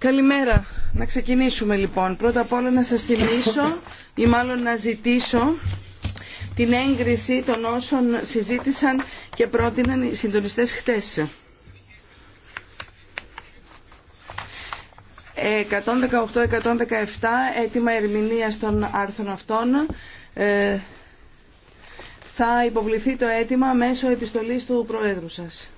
Καλημέρα. Να ξεκινήσουμε λοιπόν. Πρώτα απ' όλα να σας θυμίσω ή μάλλον να ζητήσω την έγκριση των όσων συζήτησαν και πρότειναν οι συντονιστές χτες. 118-117 έτοιμα ερμηνεία των άρθρων αυτών ε, θα υποβληθεί το αίτημα μέσω επιστολής του Προέδρου σας.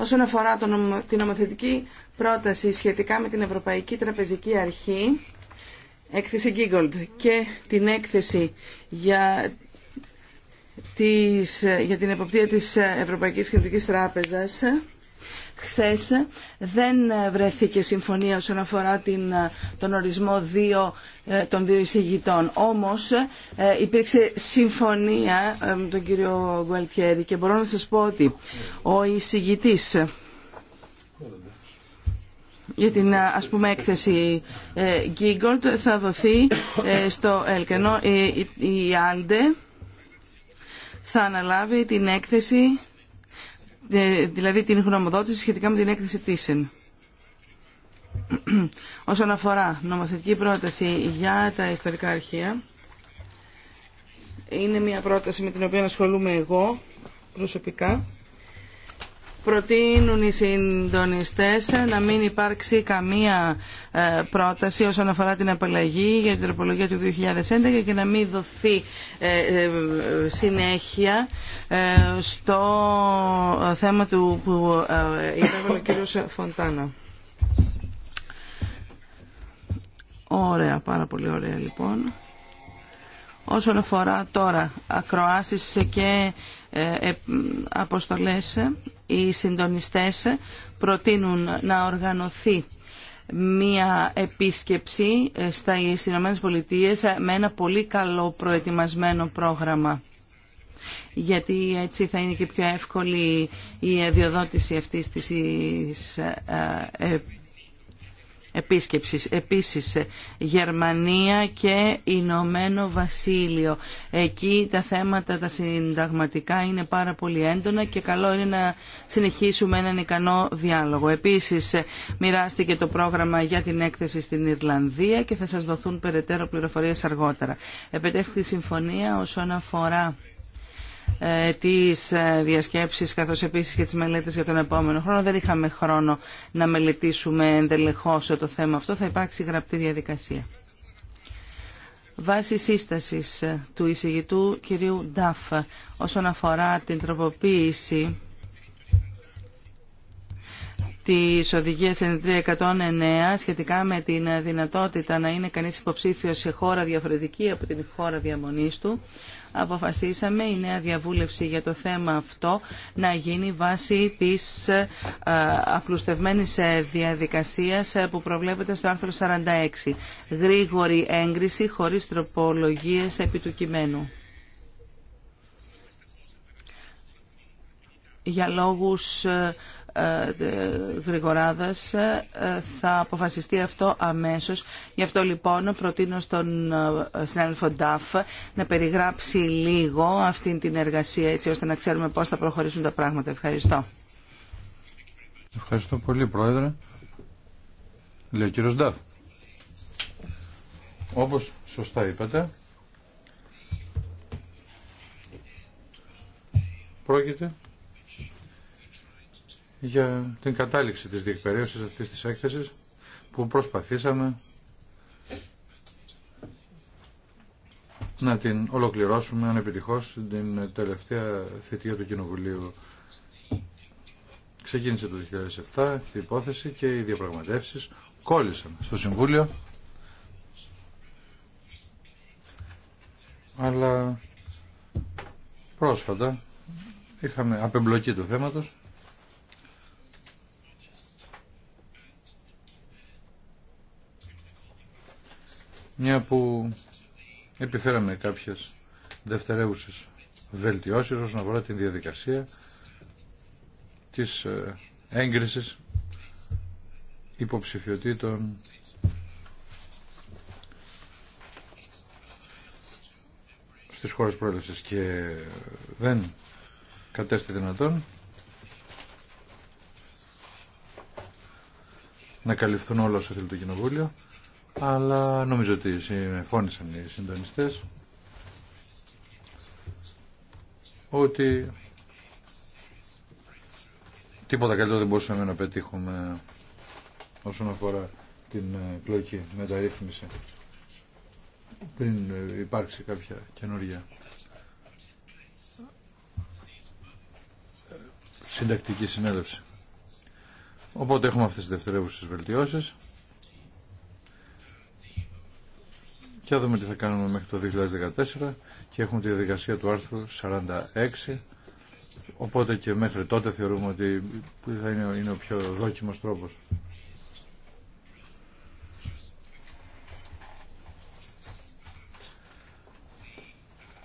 Όσον αφορά τον, την νομοθετική πρόταση σχετικά με την Ευρωπαϊκή Τραπεζική Αρχή, έκθεση Giggold και την έκθεση για, την εποπτεία της Ευρωπαϊκής Κεντρικής Τράπεζας, χθες δεν βρεθήκε συμφωνία όσον αφορά την, τον ορισμό δύο, ε, των δύο εισηγητών. Όμως ε, υπήρξε συμφωνία ε, με τον κύριο Γκουαλτιέρη και μπορώ να σας πω ότι ο εισηγητής για την ας πούμε έκθεση Γκίγκολτ θα δοθεί στο ΕΛΚΕΝΟ, η Άλντε θα αναλάβει την έκθεση ε, δηλαδή την γνωμοδότηση σχετικά με την έκθεση Τίσεν. Όσον αφορά νομοθετική πρόταση για τα ιστορικά αρχεία, είναι μια πρόταση με την οποία ασχολούμαι εγώ προσωπικά προτείνουν οι συντονιστές να μην υπάρξει καμία ε, πρόταση όσον αφορά την απαλλαγή για την τροπολογία του 2011 και να μην δοθεί ε, ε, συνέχεια στο θέμα του που υπέβαλε ο κύριος Φοντάνα. Ωραία, πάρα πολύ ωραία λοιπόν. Όσον αφορά τώρα ακροάσεις και αποστολές οι συντονιστές προτείνουν να οργανωθεί μία επίσκεψη στα Ηνωμένες Πολιτείες με ένα πολύ καλό προετοιμασμένο πρόγραμμα γιατί έτσι θα είναι και πιο εύκολη η αδειοδότηση αυτής της ε, ε, επίσκεψης. Επίσης, Γερμανία και Ηνωμένο Βασίλειο. Εκεί τα θέματα τα συνταγματικά είναι πάρα πολύ έντονα και καλό είναι να συνεχίσουμε έναν ικανό διάλογο. Επίσης, μοιράστηκε το πρόγραμμα για την έκθεση στην Ιρλανδία και θα σας δοθούν περαιτέρω πληροφορίες αργότερα. Επετέχθη συμφωνία όσον αφορά ε, τις ε, διασκέψεις καθώς επίσης και τις μελέτες για τον επόμενο χρόνο. Δεν είχαμε χρόνο να μελετήσουμε εντελεχώς το θέμα αυτό. Θα υπάρξει γραπτή διαδικασία. Βάσει σύστασης ε, του εισηγητού κυρίου Νταφ όσον αφορά την τροποποίηση της οδηγίας 9309 σχετικά με την δυνατότητα να είναι κανείς υποψήφιος σε χώρα διαφορετική από την χώρα διαμονής του αποφασίσαμε η νέα διαβούλευση για το θέμα αυτό να γίνει βάση της ε, απλουστευμένης ε, διαδικασίας ε, που προβλέπεται στο άρθρο 46. Γρήγορη έγκριση χωρίς τροπολογίες επί του κειμένου. Για λόγους ε, Γρηγοράδας ε, θα αποφασιστεί αυτό αμέσως. Γι' αυτό λοιπόν προτείνω στον ε, συνάδελφο Νταφ να περιγράψει λίγο αυτή την εργασία έτσι ώστε να ξέρουμε πώς θα προχωρήσουν τα πράγματα. Ευχαριστώ. Ευχαριστώ πολύ Πρόεδρε. Λέω ο κύριος Νταφ. Όπως σωστά είπατε, πρόκειται για την κατάληξη της διεκπαιρέωσης αυτής της έκθεσης που προσπαθήσαμε να την ολοκληρώσουμε ανεπιτυχώς την τελευταία θητεία του Κοινοβουλίου. Ξεκίνησε το 2007 η υπόθεση και οι διαπραγματεύσεις κόλλησαν στο Συμβούλιο αλλά πρόσφατα είχαμε απεμπλοκή του θέματος μια που επιφέραμε κάποιες δευτερεύουσες βελτιώσεις όσον αφορά την διαδικασία της ε, έγκρισης υποψηφιωτήτων στις χώρες πρόλευσης και δεν κατέστη δυνατόν να καλυφθούν όλα όσα θέλει το Κοινοβούλιο αλλά νομίζω ότι συμφώνησαν οι συντονιστές ότι τίποτα καλύτερο δεν μπορούσαμε να πετύχουμε όσον αφορά την πλοκή ε, μεταρρύθμιση πριν ε, υπάρξει κάποια καινούργια συντακτική συνέλευση. Οπότε έχουμε αυτές τις δευτερεύουσες βελτιώσεις. και θα δούμε τι θα κάνουμε μέχρι το 2014 και έχουμε τη διαδικασία του άρθρου 46 οπότε και μέχρι τότε θεωρούμε ότι θα είναι, είναι ο πιο δόκιμος τρόπος.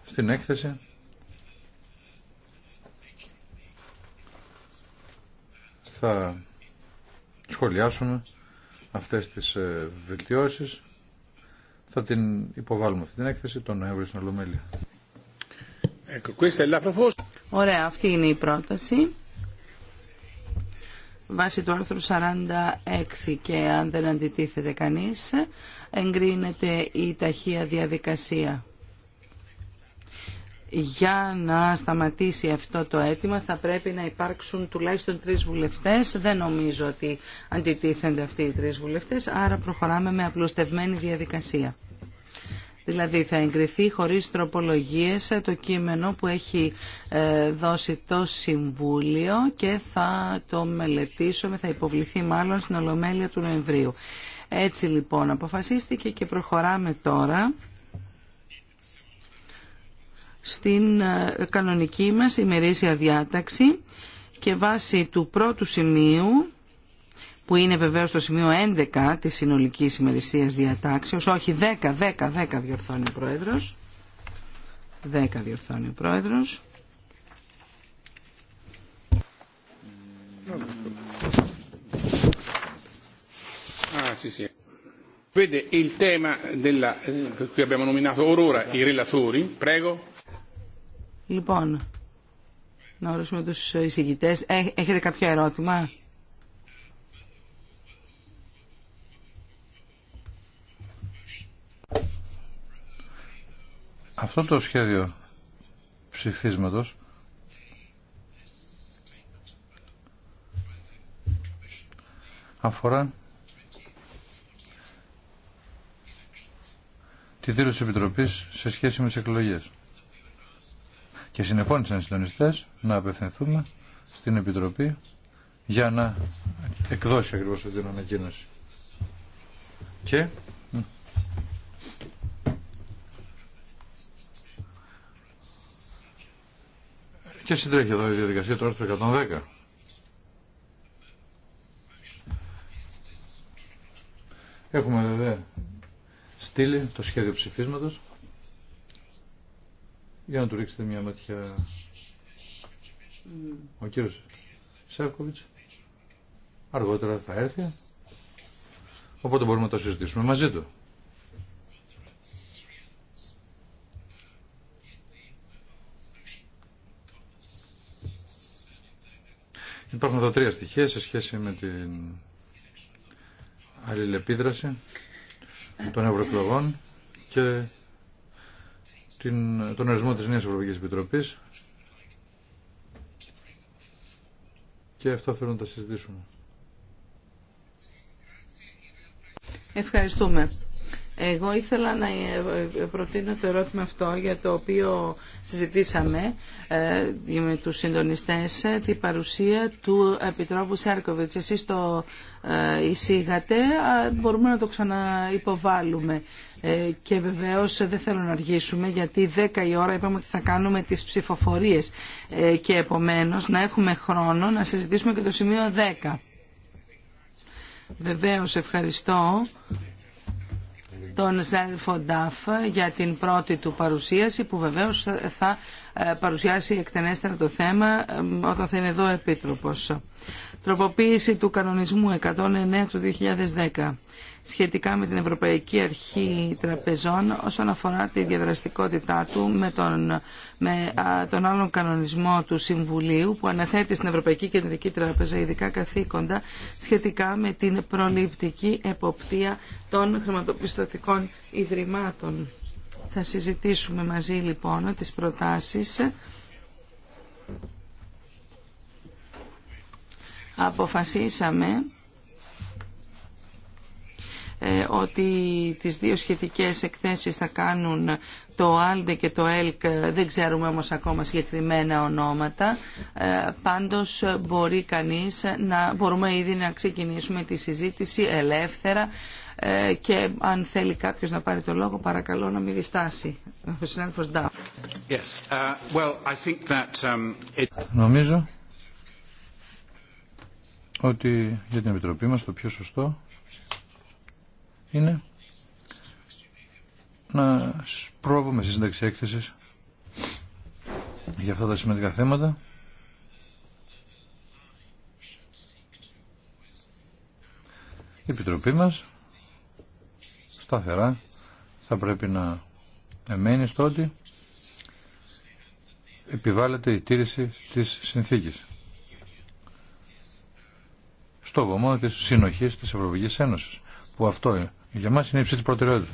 Στην έκθεση θα σχολιάσουμε αυτές τις ε, βελτιώσεις θα την υποβάλουμε αυτή την έκθεση τον Νοέμβριο στην Ολομέλεια. Ωραία, αυτή είναι η πρόταση. Βάσει του άρθρου 46 και αν δεν αντιτίθεται κανείς, εγκρίνεται η ταχεία διαδικασία. Για να σταματήσει αυτό το αίτημα θα πρέπει να υπάρξουν τουλάχιστον τρεις βουλευτές. Δεν νομίζω ότι αντιτίθενται αυτοί οι τρεις βουλευτές, άρα προχωράμε με απλουστευμένη διαδικασία. Δηλαδή θα εγκριθεί χωρίς τροπολογίες το κείμενο που έχει ε, δώσει το Συμβούλιο και θα το μελετήσουμε, θα υποβληθεί μάλλον στην Ολομέλεια του Νοεμβρίου. Έτσι λοιπόν αποφασίστηκε και προχωράμε τώρα στην ε, κανονική μας ημερήσια διάταξη και βάσει του πρώτου σημείου που είναι βεβαίως το σημείο 11 της συνολικής ημερησίας διατάξεως, όχι 10, 10, 10 διορθώνει ο Πρόεδρος, 10 διορθώνει ο Πρόεδρος. Ah, sì, sì. Vede il tema della, per eh, cui abbiamo nominato i relatori, prego. Λοιπόν, να ορίσουμε τους εισηγητές. Ε, έχετε κάποιο ερώτημα. Αυτό το σχέδιο ψηφίσματος αφορά τη δήλωση Επιτροπής σε σχέση με τις εκλογές. Και συνεφώνησαν οι συντονιστές να απευθυνθούμε στην Επιτροπή για να εκδώσει ακριβώς αυτή την ανακοίνωση. Και Και συντρέχει εδώ η διαδικασία του άρθρου 110. Έχουμε βέβαια στείλει το σχέδιο ψηφίσματος για να του ρίξετε μια ματιά ο κύριος Σεύκοβιτς αργότερα θα έρθει οπότε μπορούμε να το συζητήσουμε μαζί του. Υπάρχουν εδώ τρία στοιχεία σε σχέση με την αλληλεπίδραση των ευρωεκλογών και την, τον ορισμό της Νέας Ευρωπαϊκής Επιτροπής και αυτά θέλω να τα συζητήσουμε. Ευχαριστούμε. Εγώ ήθελα να ε, ε, προτείνω το ερώτημα αυτό για το οποίο συζητήσαμε ε, με τους συντονιστές την παρουσία του Επιτρόπου Σέρκοβιτς. Εσείς το εισήγατε, μπορούμε να το ξαναυποβάλουμε. Και βεβαίως δεν θέλω να αργήσουμε γιατί 10 η ώρα είπαμε ότι θα κάνουμε τις ψηφοφορίες και επομένως να έχουμε χρόνο να συζητήσουμε και το σημείο 10. Βεβαίως ευχαριστώ τον συνάδελφο για την πρώτη του παρουσίαση που βεβαίως θα ε, παρουσιάσει εκτενέστερα το θέμα ε, όταν θα είναι εδώ ο Επίτροπος τροποποίηση του κανονισμού 109 του 2010 σχετικά με την Ευρωπαϊκή Αρχή Τραπεζών όσον αφορά τη διαδραστικότητά του με τον, με, τον άλλον κανονισμό του Συμβουλίου που αναθέτει στην Ευρωπαϊκή Κεντρική Τράπεζα ειδικά καθήκοντα σχετικά με την προληπτική εποπτεία των χρηματοπιστωτικών ιδρυμάτων. Θα συζητήσουμε μαζί λοιπόν τις προτάσεις αποφασίσαμε ε, ότι τις δύο σχετικές εκθέσεις θα κάνουν το ALDE και το ΕΛΚ, δεν ξέρουμε όμως ακόμα συγκεκριμένα ονόματα. Ε, πάντως μπορεί κανείς να μπορούμε ήδη να ξεκινήσουμε τη συζήτηση ελεύθερα ε, και αν θέλει κάποιος να πάρει το λόγο παρακαλώ να μην διστάσει. Ο συνάδελφος uh, um, Νομίζω ότι για την Επιτροπή μας το πιο σωστό είναι να πρόβουμε στη σύνταξη έκθεσης για αυτά τα σημαντικά θέματα η Επιτροπή μας σταθερά θα πρέπει να εμένει στο ότι επιβάλλεται η τήρηση της συνθήκης στο βωμό τη συνοχή τη Ευρωπαϊκή Ένωση, που αυτό για μας είναι υψηλή προτεραιότητα.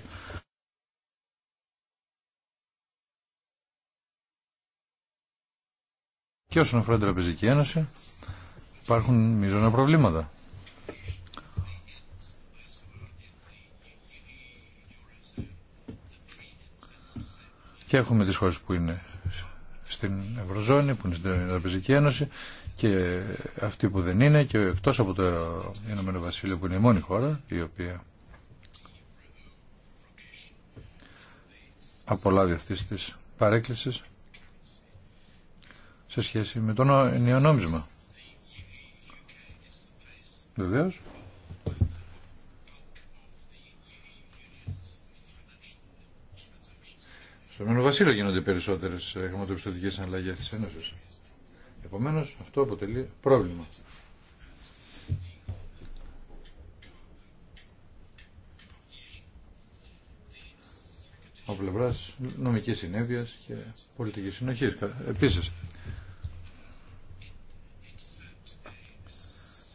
Και όσον αφορά την Τραπεζική Ένωση, υπάρχουν μείζωνα προβλήματα. Και έχουμε τις χώρες που είναι στην Ευρωζώνη, που είναι στην Τραπεζική Ένωση και αυτοί που δεν είναι και εκτός από το Ηνωμένο Βασίλειο που είναι η μόνη χώρα η οποία απολάβει αυτής της παρέκκλησης σε σχέση με το νεονόμισμα. Βεβαίω, Βεβαίως. Στο Ηνωμένο Βασίλειο γίνονται περισσότερες χρηματοπιστωτικές αλλαγές της Ένωσης. Επομένως αυτό αποτελεί πρόβλημα. από πλευρά νομική συνέπεια και πολιτική συνοχή. Επίση,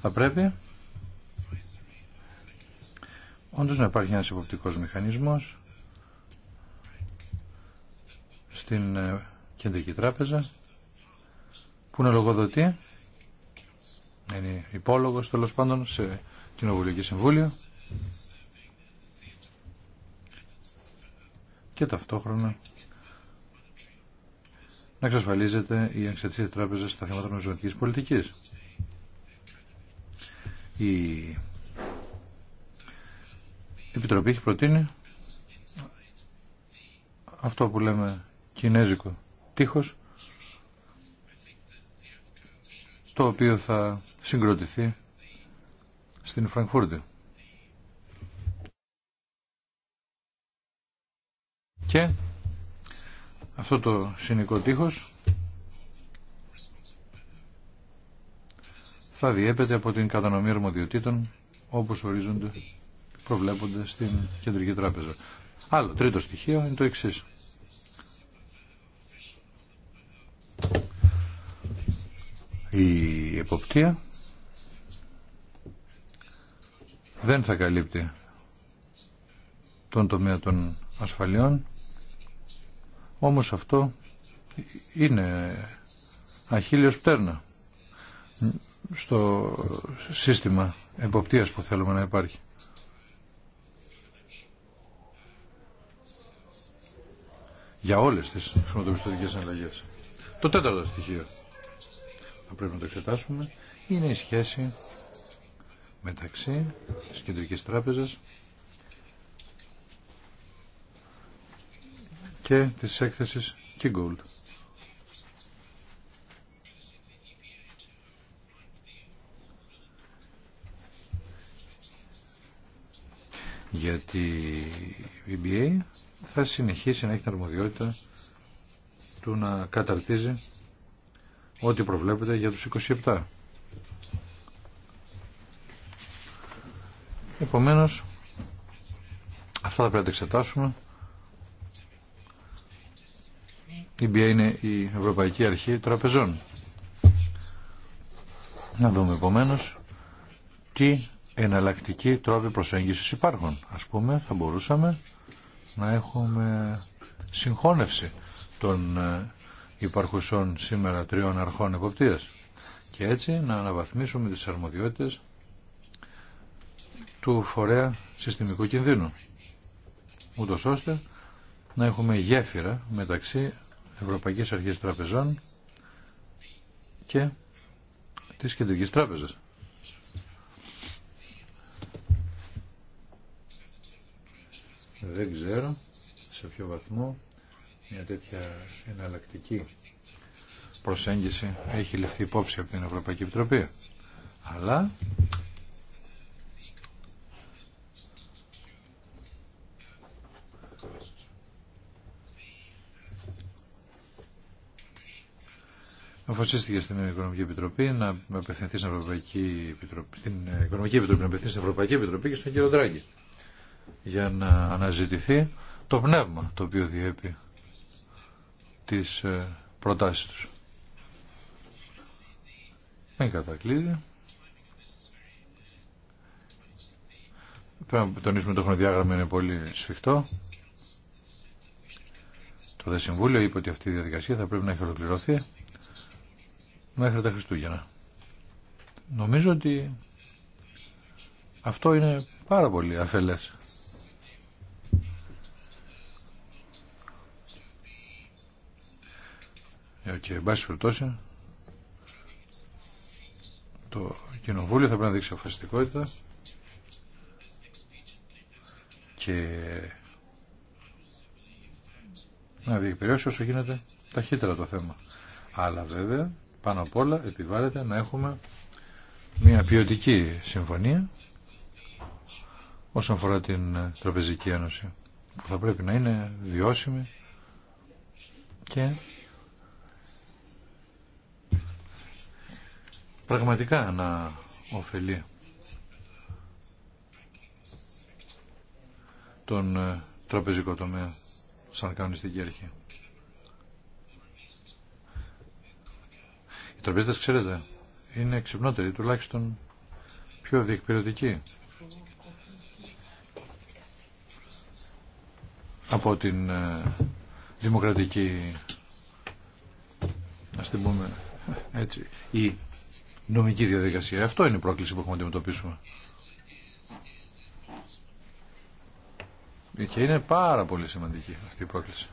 θα πρέπει όντω να υπάρχει ένα υποπτικό μηχανισμό στην ε, Κεντρική Τράπεζα που είναι λογοδοτή, είναι υπόλογο τέλο πάντων σε κοινοβουλιακή συμβούλια και ταυτόχρονα να εξασφαλίζεται η ανεξαρτησία τράπεζα στα θέματα νομισματικής πολιτικής. Η Επιτροπή έχει προτείνει αυτό που λέμε κινέζικο τείχος το οποίο θα συγκροτηθεί στην Φραγκφούρτη. Και αυτό το συνικό τείχος θα διέπεται από την κατανομή αρμοδιοτήτων όπως ορίζονται, προβλέπονται στην Κεντρική Τράπεζα. Άλλο τρίτο στοιχείο είναι το εξής. Η εποπτεία δεν θα καλύπτει τον τομέα των ασφαλιών όμως αυτό είναι αχίλιος πτέρνα στο σύστημα εποπτείας που θέλουμε να υπάρχει. Για όλες τις χρηματοπιστωτικές αλλαγές. Το τέταρτο στοιχείο πρέπει να το εξετάσουμε είναι η σχέση μεταξύ της Κεντρικής Τράπεζας και της έκθεσης Kingold. Γιατί η EBA θα συνεχίσει να έχει την αρμοδιότητα του να καταρτίζει ό,τι προβλέπετε για τους 27. Επομένως, αυτά θα πρέπει να τα εξετάσουμε. Η ΜΠΑ είναι η Ευρωπαϊκή Αρχή Τραπεζών. Να δούμε επομένως τι εναλλακτικοί τρόποι προσέγγισης υπάρχουν. Ας πούμε θα μπορούσαμε να έχουμε συγχώνευση των ε, υπαρχουσών σήμερα τριών αρχών εποπτείας και έτσι να αναβαθμίσουμε τις αρμοδιότητες του φορέα συστημικού κινδύνου ούτως ώστε να έχουμε γέφυρα μεταξύ Ευρωπαϊκής Αρχής Τραπεζών και της Κεντρικής Τράπεζας. Δεν ξέρω σε ποιο βαθμό μια τέτοια εναλλακτική προσέγγιση έχει ληφθεί υπόψη από την Ευρωπαϊκή Επιτροπή. Αλλά Αποφασίστηκε στην Οικονομική Επιτροπή να απευθυνθεί στην Ευρωπαϊκή Επιτροπή, στην Οικονομική Επιτροπή, να απευθυνθεί στην Ευρωπαϊκή Επιτροπή και στον κύριο Ντράγκη για να αναζητηθεί το πνεύμα το οποίο διέπει τις ε, προτάσεις τους. Μην κατακλείδη. Πρέπει να τονίσουμε το χρονοδιάγραμμα είναι πολύ σφιχτό. Το δε Συμβούλιο είπε ότι αυτή η διαδικασία θα πρέπει να έχει ολοκληρωθεί μέχρι τα Χριστούγεννα. Νομίζω ότι αυτό είναι πάρα πολύ αφελές. Ε, και εν πάση το κοινοβούλιο θα πρέπει να δείξει αποφασιστικότητα και να διεκπαιρεώσει όσο γίνεται ταχύτερα το θέμα. Αλλά βέβαια, πάνω απ' όλα, επιβάλλεται να έχουμε μια ποιοτική συμφωνία όσον αφορά την Τραπεζική Ένωση, που θα πρέπει να είναι βιώσιμη και πραγματικά να ωφελεί τον ε, τραπεζικό τομέα σαν κανονιστική αρχή. Οι τραπεζίτες, ξέρετε, είναι ξυπνότεροι, τουλάχιστον πιο διεκπαιρεωτικοί από την ε, δημοκρατική, ας την πούμε έτσι, ή νομική διαδικασία. Αυτό είναι η πρόκληση που έχουμε να αντιμετωπίσουμε. Και είναι πάρα πολύ σημαντική αυτή η πρόκληση.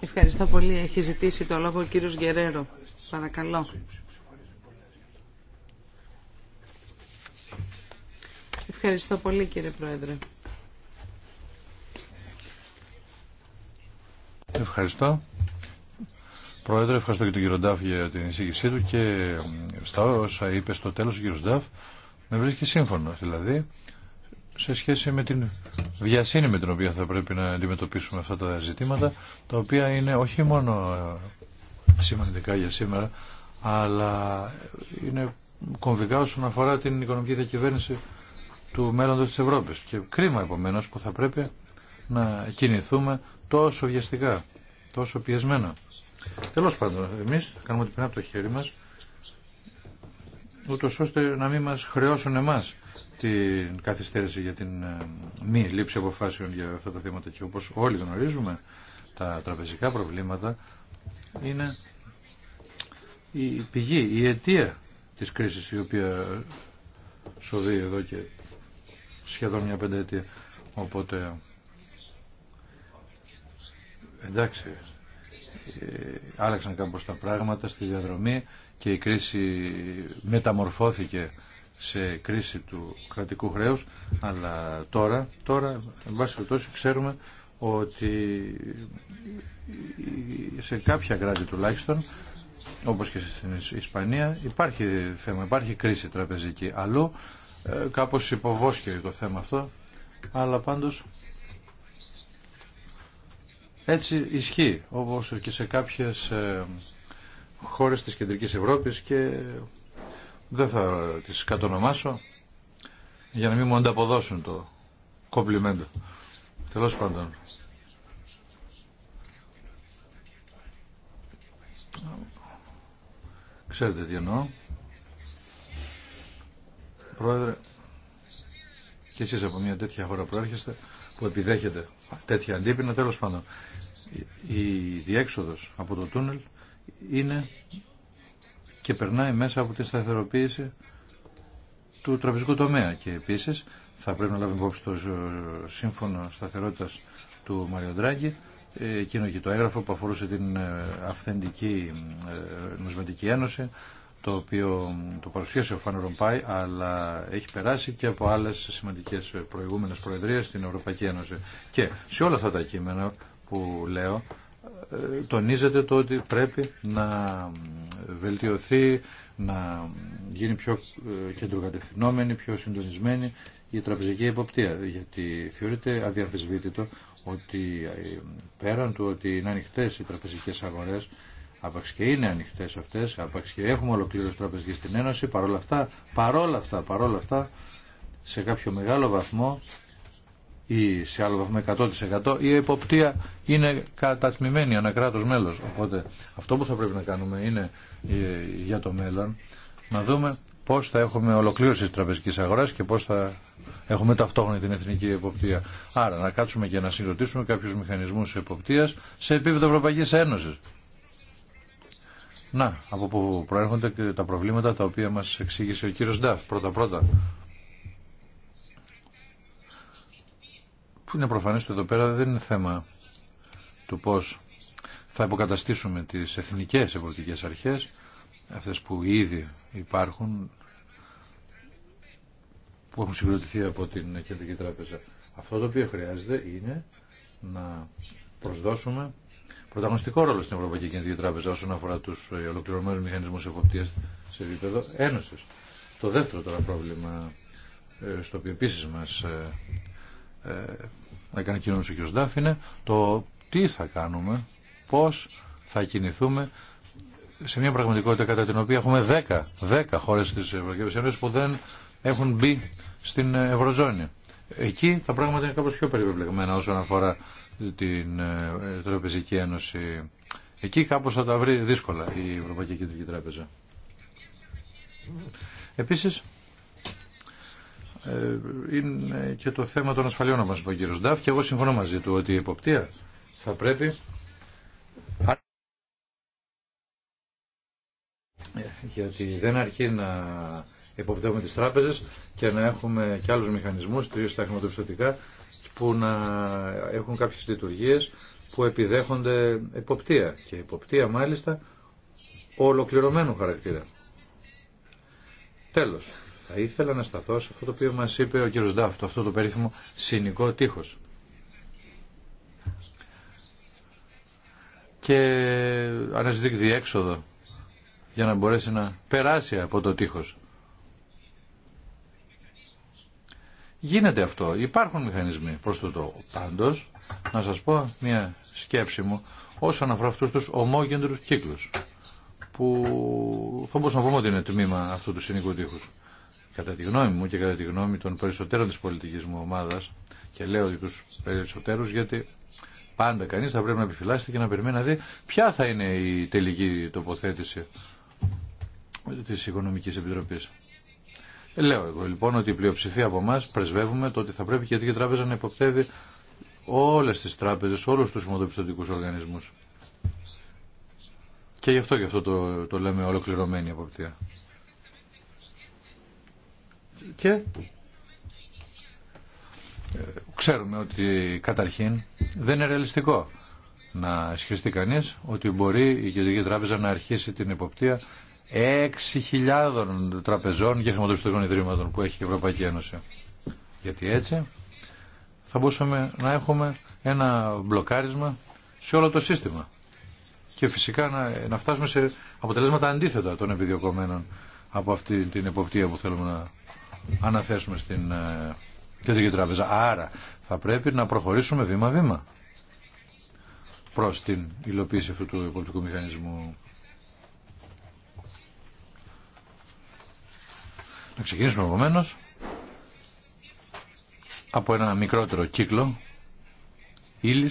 Ευχαριστώ πολύ. Έχει ζητήσει το λόγο ο κύριος Γκερέρο. Παρακαλώ. Ευχαριστώ πολύ κύριε Πρόεδρε. Ευχαριστώ. Πρόεδρε, ευχαριστώ και τον κύριο Ντάφ για την εισήγησή του και ε, στα όσα είπε στο τέλος ο κύριο Ντάφ με βρίσκει σύμφωνο δηλαδή σε σχέση με την βιασύνη με την οποία θα πρέπει να αντιμετωπίσουμε αυτά τα ζητήματα τα οποία είναι όχι μόνο ε, σημαντικά για σήμερα αλλά είναι κομβικά όσον αφορά την οικονομική διακυβέρνηση του μέλλοντος της Ευρώπης και κρίμα επομένως που θα πρέπει να κινηθούμε τόσο βιαστικά, τόσο πιεσμένα. Τέλος πάντων, εμείς κάνουμε ότι πέρα από το χέρι μας, ούτω ώστε να μην μας χρεώσουν εμά την καθυστέρηση για την ε, μη λήψη αποφάσεων για αυτά τα θέματα και όπως όλοι γνωρίζουμε τα τραπεζικά προβλήματα είναι η πηγή, η αιτία της κρίσης η οποία σοδεί εδώ και σχεδόν μια πενταετία οπότε εντάξει ε, άλλαξαν κάπως τα πράγματα στη διαδρομή και η κρίση μεταμορφώθηκε σε κρίση του κρατικού χρέους αλλά τώρα, τώρα εν πάση ξέρουμε ότι σε κάποια κράτη τουλάχιστον όπως και στην Ισπανία υπάρχει θέμα, υπάρχει κρίση τραπεζική αλλού ε, κάπως υποβόσκει το θέμα αυτό αλλά πάντως έτσι ισχύει, όπως και σε κάποιες ε, χώρες της Κεντρικής Ευρώπης και δεν θα τις κατονομάσω για να μην μου ανταποδώσουν το κομπλιμέντο. Τέλο πάντων. Ξέρετε τι εννοώ. Πρόεδρε, και εσείς από μια τέτοια χώρα προέρχεστε που επιδέχεται τέτοια αντίπεινα. Τέλος πάντων, η διέξοδος από το τούνελ είναι και περνάει μέσα από τη σταθεροποίηση του τραπεζικού τομέα. Και επίσης θα πρέπει να λάβουμε υπόψη το σύμφωνο σταθερότητας του Μαριοντράγκη, ε, εκείνο και το έγγραφο που αφορούσε την ε, αυθεντική ε, νομισματική ένωση, το οποίο το παρουσίασε ο Φαν Ρομπάι, αλλά έχει περάσει και από άλλε σημαντικέ προηγούμενε προεδρίες στην Ευρωπαϊκή Ένωση. Και σε όλα αυτά τα κείμενα που λέω, ε, τονίζεται το ότι πρέπει να βελτιωθεί, να γίνει πιο ε, κεντροκατευθυνόμενη, πιο συντονισμένη η τραπεζική υποπτία, Γιατί θεωρείται αδιαμφισβήτητο ότι ε, πέραν του ότι είναι ανοιχτέ οι τραπεζικέ αγορέ, Άπαξ και είναι ανοιχτέ αυτέ, άπαξ και έχουμε ολοκλήρωση τραπεζική στην Ένωση. Παρόλα αυτά, παρόλα αυτά, παρόλα αυτά, σε κάποιο μεγάλο βαθμό ή σε άλλο βαθμό 100% η εποπτεία είναι κατατμημένη ανά κράτος μέλος. Οπότε αυτό που θα πρέπει να κάνουμε είναι ε, για το μέλλον να δούμε πώς θα έχουμε ολοκλήρωση της τραπεζικής αγοράς και πώς θα έχουμε ταυτόχρονη την εθνική εποπτεία. Άρα να κάτσουμε και να συγκροτήσουμε κάποιους μηχανισμούς εποπτείας σε επίπεδο Ευρωπαϊκής Ένωση να, από που προέρχονται τα προβλήματα τα οποία μας εξήγησε ο κύριος Νταφ πρώτα-πρώτα. Που είναι προφανές ότι εδώ πέρα δεν είναι θέμα του πώς θα υποκαταστήσουμε τις εθνικές ευρωπαϊκές αρχές, αυτές που ήδη υπάρχουν, που έχουν συγκροτηθεί από την Κεντρική Τράπεζα. Αυτό το οποίο χρειάζεται είναι να προσδώσουμε πρωταγωνιστικό ρόλο στην Ευρωπαϊκή Κεντρική Τράπεζα όσον αφορά του ε, ολοκληρωμένου μηχανισμού εφοπτεία σε επίπεδο Ένωση. Το δεύτερο τώρα πρόβλημα, ε, στο οποίο επίση μα ε, έκανε κοινό ο κ. Ντάφ, είναι το τι θα κάνουμε, πώ θα κινηθούμε σε μια πραγματικότητα κατά την οποία έχουμε 10, 10 χώρε τη Ευρωπαϊκή Ένωση που δεν έχουν μπει στην Ευρωζώνη. Εκεί τα πράγματα είναι κάπως πιο περιπλεγμένα όσον αφορά την ε, Τραπεζική Ένωση. Εκεί κάπως θα τα βρει δύσκολα η Ευρωπαϊκή Κεντρική Τράπεζα. Επίσης, ε, είναι και το θέμα των ασφαλιών μας είπε ο Ντάφ και εγώ συμφωνώ μαζί του ότι η εποπτεία θα πρέπει γιατί δεν αρκεί να υποπτεύουμε τις τράπεζες και να έχουμε και άλλους μηχανισμούς, κυρίως τα χρηματοπιστωτικά, που να έχουν κάποιες λειτουργίες που επιδέχονται εποπτεία και εποπτεία μάλιστα ολοκληρωμένου χαρακτήρα. Τέλος, θα ήθελα να σταθώ σε αυτό το οποίο μας είπε ο κύριος Ντάφτο, αυτό το περίφημο συνικό τείχος. Και αναζητεί διέξοδο για να μπορέσει να περάσει από το τείχος. Γίνεται αυτό. Υπάρχουν μηχανισμοί προς το το. Πάντως, να σας πω μια σκέψη μου όσον αφορά αυτούς τους ομόγεντρους κύκλους που θα μπορούσα να πούμε ότι είναι τμήμα αυτού του συνοικού τείχους. Κατά τη γνώμη μου και κατά τη γνώμη των περισσότερων της πολιτικής μου ομάδας και λέω ότι τους περισσότερους γιατί πάντα κανείς θα πρέπει να επιφυλάσσεται και να περιμένει να δει ποια θα είναι η τελική τοποθέτηση της Οικονομικής Επιτροπής. Λέω εγώ λοιπόν ότι η πλειοψηφία από εμά πρεσβεύουμε το ότι θα πρέπει και η Κεντρική Τράπεζα να υποπτεύει όλε τι τράπεζε, όλου του χρηματοπιστωτικού οργανισμού. Και γι' αυτό και αυτό το, το λέμε ολοκληρωμένη αποπτία. Και ε, ξέρουμε ότι καταρχήν δεν είναι ρεαλιστικό να ισχυριστεί κανείς ότι μπορεί η Κεντρική Τράπεζα να αρχίσει την υποπτία 6.000 τραπεζών και χρηματοπιστωτικών ιδρύματων που έχει η Ευρωπαϊκή Ένωση. Γιατί έτσι θα μπορούσαμε να έχουμε ένα μπλοκάρισμα σε όλο το σύστημα. Και φυσικά να, να φτάσουμε σε αποτελέσματα αντίθετα των επιδιωκομένων από αυτή την εποπτεία που θέλουμε να αναθέσουμε στην ε, Κεντρική Τράπεζα. Άρα θα πρέπει να προχωρήσουμε βήμα-βήμα προς την υλοποίηση αυτού του πολιτικού μηχανισμού. Να ξεκινήσουμε επομένω από ένα μικρότερο κύκλο ύλη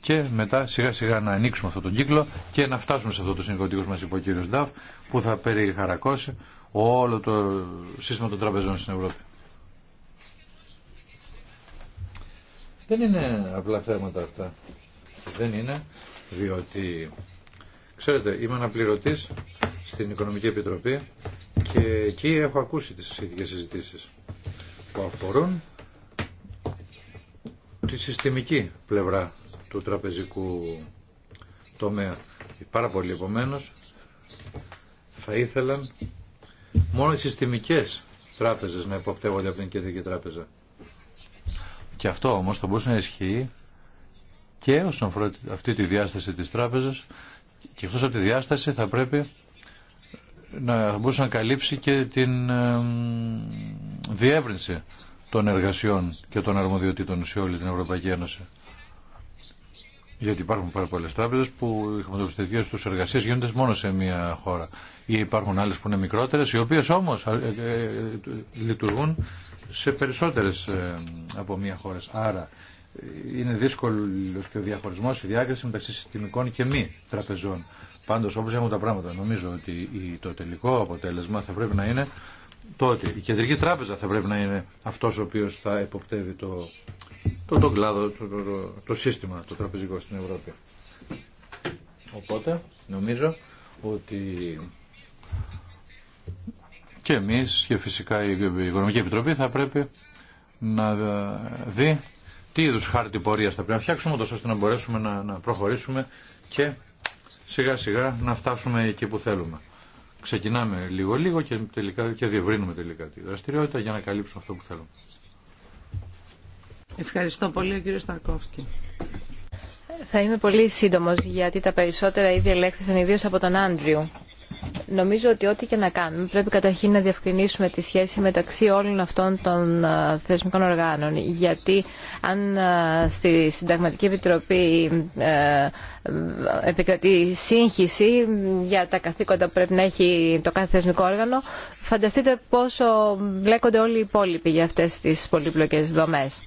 και μετά σιγά σιγά να ανοίξουμε αυτόν τον κύκλο και να φτάσουμε σε αυτό το συγκροτικό μα μας είπε ο Νταφ που θα περιχαρακώσει όλο το σύστημα των τραπεζών στην Ευρώπη. Δεν είναι απλά θέματα αυτά. Δεν είναι διότι, ξέρετε, είμαι αναπληρωτής στην Οικονομική Επιτροπή και εκεί έχω ακούσει τις ίδιες συζητήσεις που αφορούν τη συστημική πλευρά του τραπεζικού τομέα. Πάρα πολύ επομένω θα ήθελαν μόνο οι συστημικές τράπεζες να υποπτεύονται από την κεντρική τράπεζα. Και αυτό όμως θα μπορούσε να ισχύει και όσον αφορά αυτή τη διάσταση της τράπεζας και εκτός από τη διάσταση θα πρέπει να μπορούσε να καλύψει και την διεύρυνση των εργασιών και των αρμοδιοτήτων σε όλη την Ευρωπαϊκή Ένωση. Γιατί υπάρχουν πάρα πολλέ τράπεζε που οι χρηματοπιστωτικέ του εργασίε γίνονται μόνο σε μία χώρα. Ή υπάρχουν άλλε που είναι μικρότερε, οι οποίε όμω ε, ε, ε, λειτουργούν σε περισσότερε από μία χώρα. Άρα είναι δύσκολο και ο διαχωρισμό, η διάκριση μεταξύ συστημικών και μη τραπεζών. Πάντως όπως έχουν τα πράγματα νομίζω ότι το τελικό αποτέλεσμα θα πρέπει να είναι το ότι η Κεντρική Τράπεζα θα πρέπει να είναι αυτό ο οποίο θα εποπτεύει το, το, το κλάδο, το, το, σύστημα το τραπεζικό στην Ευρώπη. Οπότε νομίζω ότι και εμείς και φυσικά η Οικονομική Επιτροπή θα πρέπει να δει τι είδου χάρτη πορεία θα πρέπει να φτιάξουμε, ώστε να μπορέσουμε να, να προχωρήσουμε και σιγά σιγά να φτάσουμε εκεί που θέλουμε. Ξεκινάμε λίγο λίγο και, τελικά, και διευρύνουμε τελικά τη δραστηριότητα για να καλύψουμε αυτό που θέλουμε. Ευχαριστώ πολύ κύριε Σταρκόφσκι. Θα είμαι πολύ σύντομος γιατί τα περισσότερα ήδη ελέγχθησαν ιδίως από τον Άντριου. Νομίζω ότι ό,τι και να κάνουμε πρέπει καταρχήν να διευκρινίσουμε τη σχέση μεταξύ όλων αυτών των ε, θεσμικών οργάνων. Γιατί αν ε, στη Συνταγματική Επιτροπή ε, επικρατεί σύγχυση για τα καθήκοντα που πρέπει να έχει το κάθε θεσμικό όργανο, φανταστείτε πόσο μπλέκονται όλοι οι υπόλοιποι για αυτές τις πολύπλοκες δομές.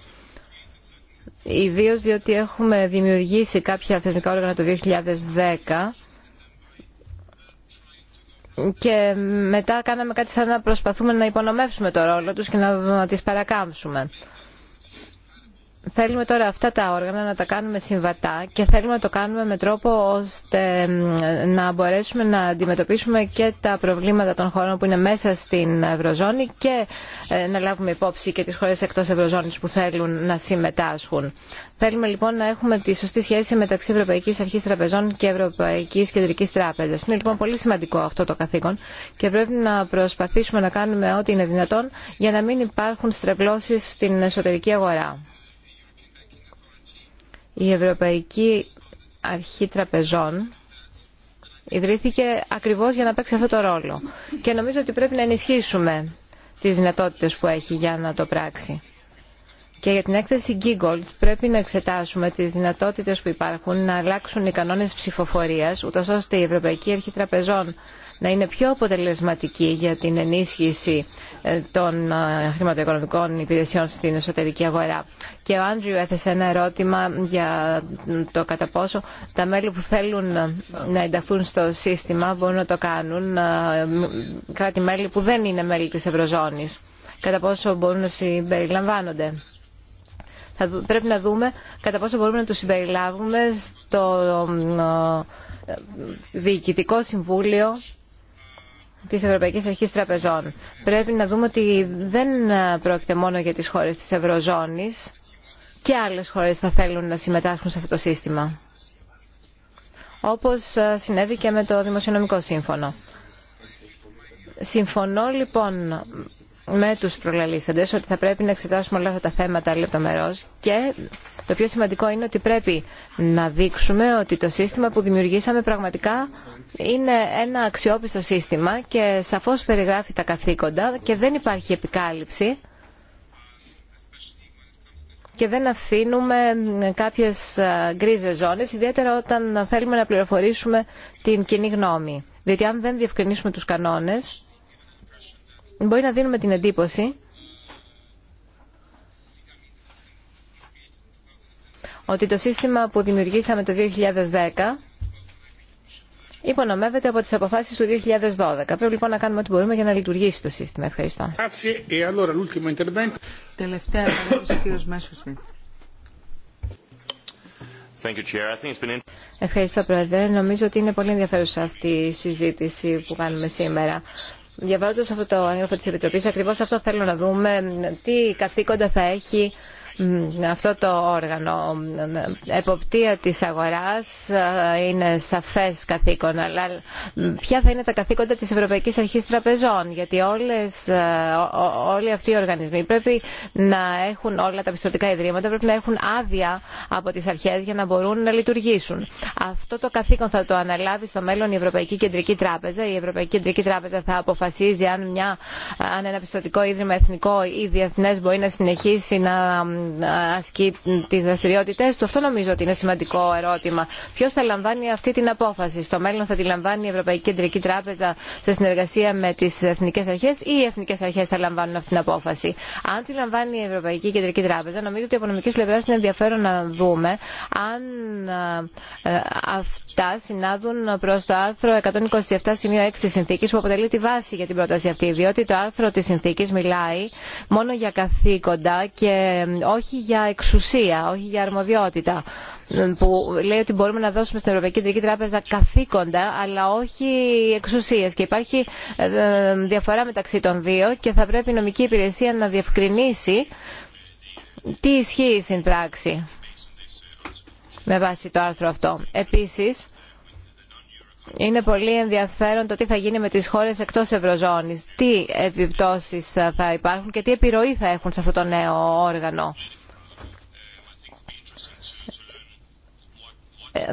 Ιδίω διότι έχουμε δημιουργήσει κάποια θεσμικά όργανα το 2010 και μετά κάναμε κάτι σαν να προσπαθούμε να υπονομεύσουμε το ρόλο τους και να τις παρακάμψουμε θέλουμε τώρα αυτά τα όργανα να τα κάνουμε συμβατά και θέλουμε να το κάνουμε με τρόπο ώστε να μπορέσουμε να αντιμετωπίσουμε και τα προβλήματα των χωρών που είναι μέσα στην Ευρωζώνη και ε, να λάβουμε υπόψη και τις χώρες εκτός Ευρωζώνης που θέλουν να συμμετάσχουν. Θέλουμε λοιπόν να έχουμε τη σωστή σχέση μεταξύ Ευρωπαϊκή Αρχή Τραπεζών και Ευρωπαϊκή Κεντρική Τράπεζα. Είναι λοιπόν πολύ σημαντικό αυτό το καθήκον και πρέπει να προσπαθήσουμε να κάνουμε ό,τι είναι δυνατόν για να μην υπάρχουν στρεβλώσει στην εσωτερική αγορά. Η Ευρωπαϊκή Αρχή Τραπεζών ιδρύθηκε ακριβώς για να παίξει αυτό το ρόλο και νομίζω ότι πρέπει να ενισχύσουμε τις δυνατότητες που έχει για να το πράξει. Και για την έκθεση Giggold πρέπει να εξετάσουμε τις δυνατότητες που υπάρχουν να αλλάξουν οι κανόνες ψηφοφορίας, ούτως ώστε η Ευρωπαϊκή Αρχή Τραπεζών να είναι πιο αποτελεσματική για την ενίσχυση ε, των ε, χρηματοοικονομικών υπηρεσιών στην εσωτερική αγορά. Και ο Άντριου έθεσε ένα ερώτημα για το κατά πόσο τα μέλη που θέλουν ε, να ενταχθούν στο σύστημα μπορούν να το κάνουν κράτη-μέλη που δεν είναι μέλη της Ευρωζώνης. Κατά πόσο μπορούν να συμπεριλαμβάνονται. Θα, πρέπει να δούμε κατά πόσο μπορούμε να τους συμπεριλάβουμε στο Διοικητικό Συμβούλιο της Ευρωπαϊκής Αρχής Τραπεζών. Πρέπει να δούμε ότι δεν πρόκειται μόνο για τις χώρες της Ευρωζώνης και άλλες χώρες θα θέλουν να συμμετάσχουν σε αυτό το σύστημα. Όπως συνέβη και με το Δημοσιονομικό Σύμφωνο. Συμφωνώ λοιπόν με τους προλαλήσαντες ότι θα πρέπει να εξετάσουμε όλα αυτά τα θέματα λεπτομερώς και το πιο σημαντικό είναι ότι πρέπει να δείξουμε ότι το σύστημα που δημιουργήσαμε πραγματικά είναι ένα αξιόπιστο σύστημα και σαφώς περιγράφει τα καθήκοντα και δεν υπάρχει επικάλυψη και δεν αφήνουμε κάποιες ε, γκρίζες ζώνες, ιδιαίτερα όταν θέλουμε να πληροφορήσουμε την κοινή γνώμη. Διότι αν δεν διευκρινίσουμε τους κανόνες, μπορεί να δίνουμε την εντύπωση ότι το σύστημα που δημιουργήσαμε το 2010 υπονομεύεται από τις αποφάσεις του 2012. Πρέπει λοιπόν να κάνουμε ό,τι μπορούμε για να λειτουργήσει το σύστημα. Ευχαριστώ. Ευχαριστώ, Πρόεδρε. Νομίζω ότι είναι πολύ ενδιαφέρουσα αυτή η συζήτηση που κάνουμε σήμερα. Διαβάζοντα αυτό το έγγραφο τη Επιτροπή, ακριβώ αυτό θέλω να δούμε, τι καθήκοντα θα έχει αυτό το όργανο. Εποπτεία της αγοράς ε, είναι σαφές καθήκον, αλλά ποια θα είναι τα καθήκοντα της Ευρωπαϊκής Αρχής Τραπεζών, γιατί όλες, ε, όλοι αυτοί οι οργανισμοί πρέπει να έχουν όλα τα πιστοτικά ιδρύματα, πρέπει να έχουν άδεια από τις αρχές για να μπορούν να λειτουργήσουν. Αυτό το καθήκον θα το αναλάβει στο μέλλον η Ευρωπαϊκή Κεντρική Τράπεζα. Η Ευρωπαϊκή Κεντρική Τράπεζα θα αποφασίζει αν, μια, αν ένα πιστοτικό ίδρυμα εθνικό ή διεθνέ μπορεί να συνεχίσει να ασκεί τις δραστηριότητές του. Αυτό νομίζω ότι είναι σημαντικό ερώτημα. Ποιο θα λαμβάνει αυτή την απόφαση. Στο μέλλον θα τη λαμβάνει η Ευρωπαϊκή Κεντρική Τράπεζα σε συνεργασία με τι εθνικέ αρχέ ή οι εθνικέ αρχέ θα λαμβάνουν αυτή την απόφαση. Αν τη λαμβάνει η Ευρωπαϊκή Κεντρική Τράπεζα, νομίζω ότι από νομική πλευρά είναι ενδιαφέρον να δούμε αν ε, αυτά συνάδουν προ το άρθρο 127 σημείο 6 τη συνθήκη, που αποτελεί τη βάση για την πρόταση αυτή. Διότι το άρθρο τη συνθήκη μιλάει μόνο για καθήκοντα και ε, όχι για εξουσία, όχι για αρμοδιότητα που λέει ότι μπορούμε να δώσουμε στην Ευρωπαϊκή Κεντρική Τράπεζα καθήκοντα αλλά όχι εξουσίες και υπάρχει ε, ε, διαφορά μεταξύ των δύο και θα πρέπει η νομική υπηρεσία να διευκρινίσει τι ισχύει στην πράξη με βάση το άρθρο αυτό. Επίσης, είναι πολύ ενδιαφέρον το τι θα γίνει με τις χώρες εκτός Ευρωζώνης. Τι επιπτώσεις θα υπάρχουν και τι επιρροή θα έχουν σε αυτό το νέο όργανο.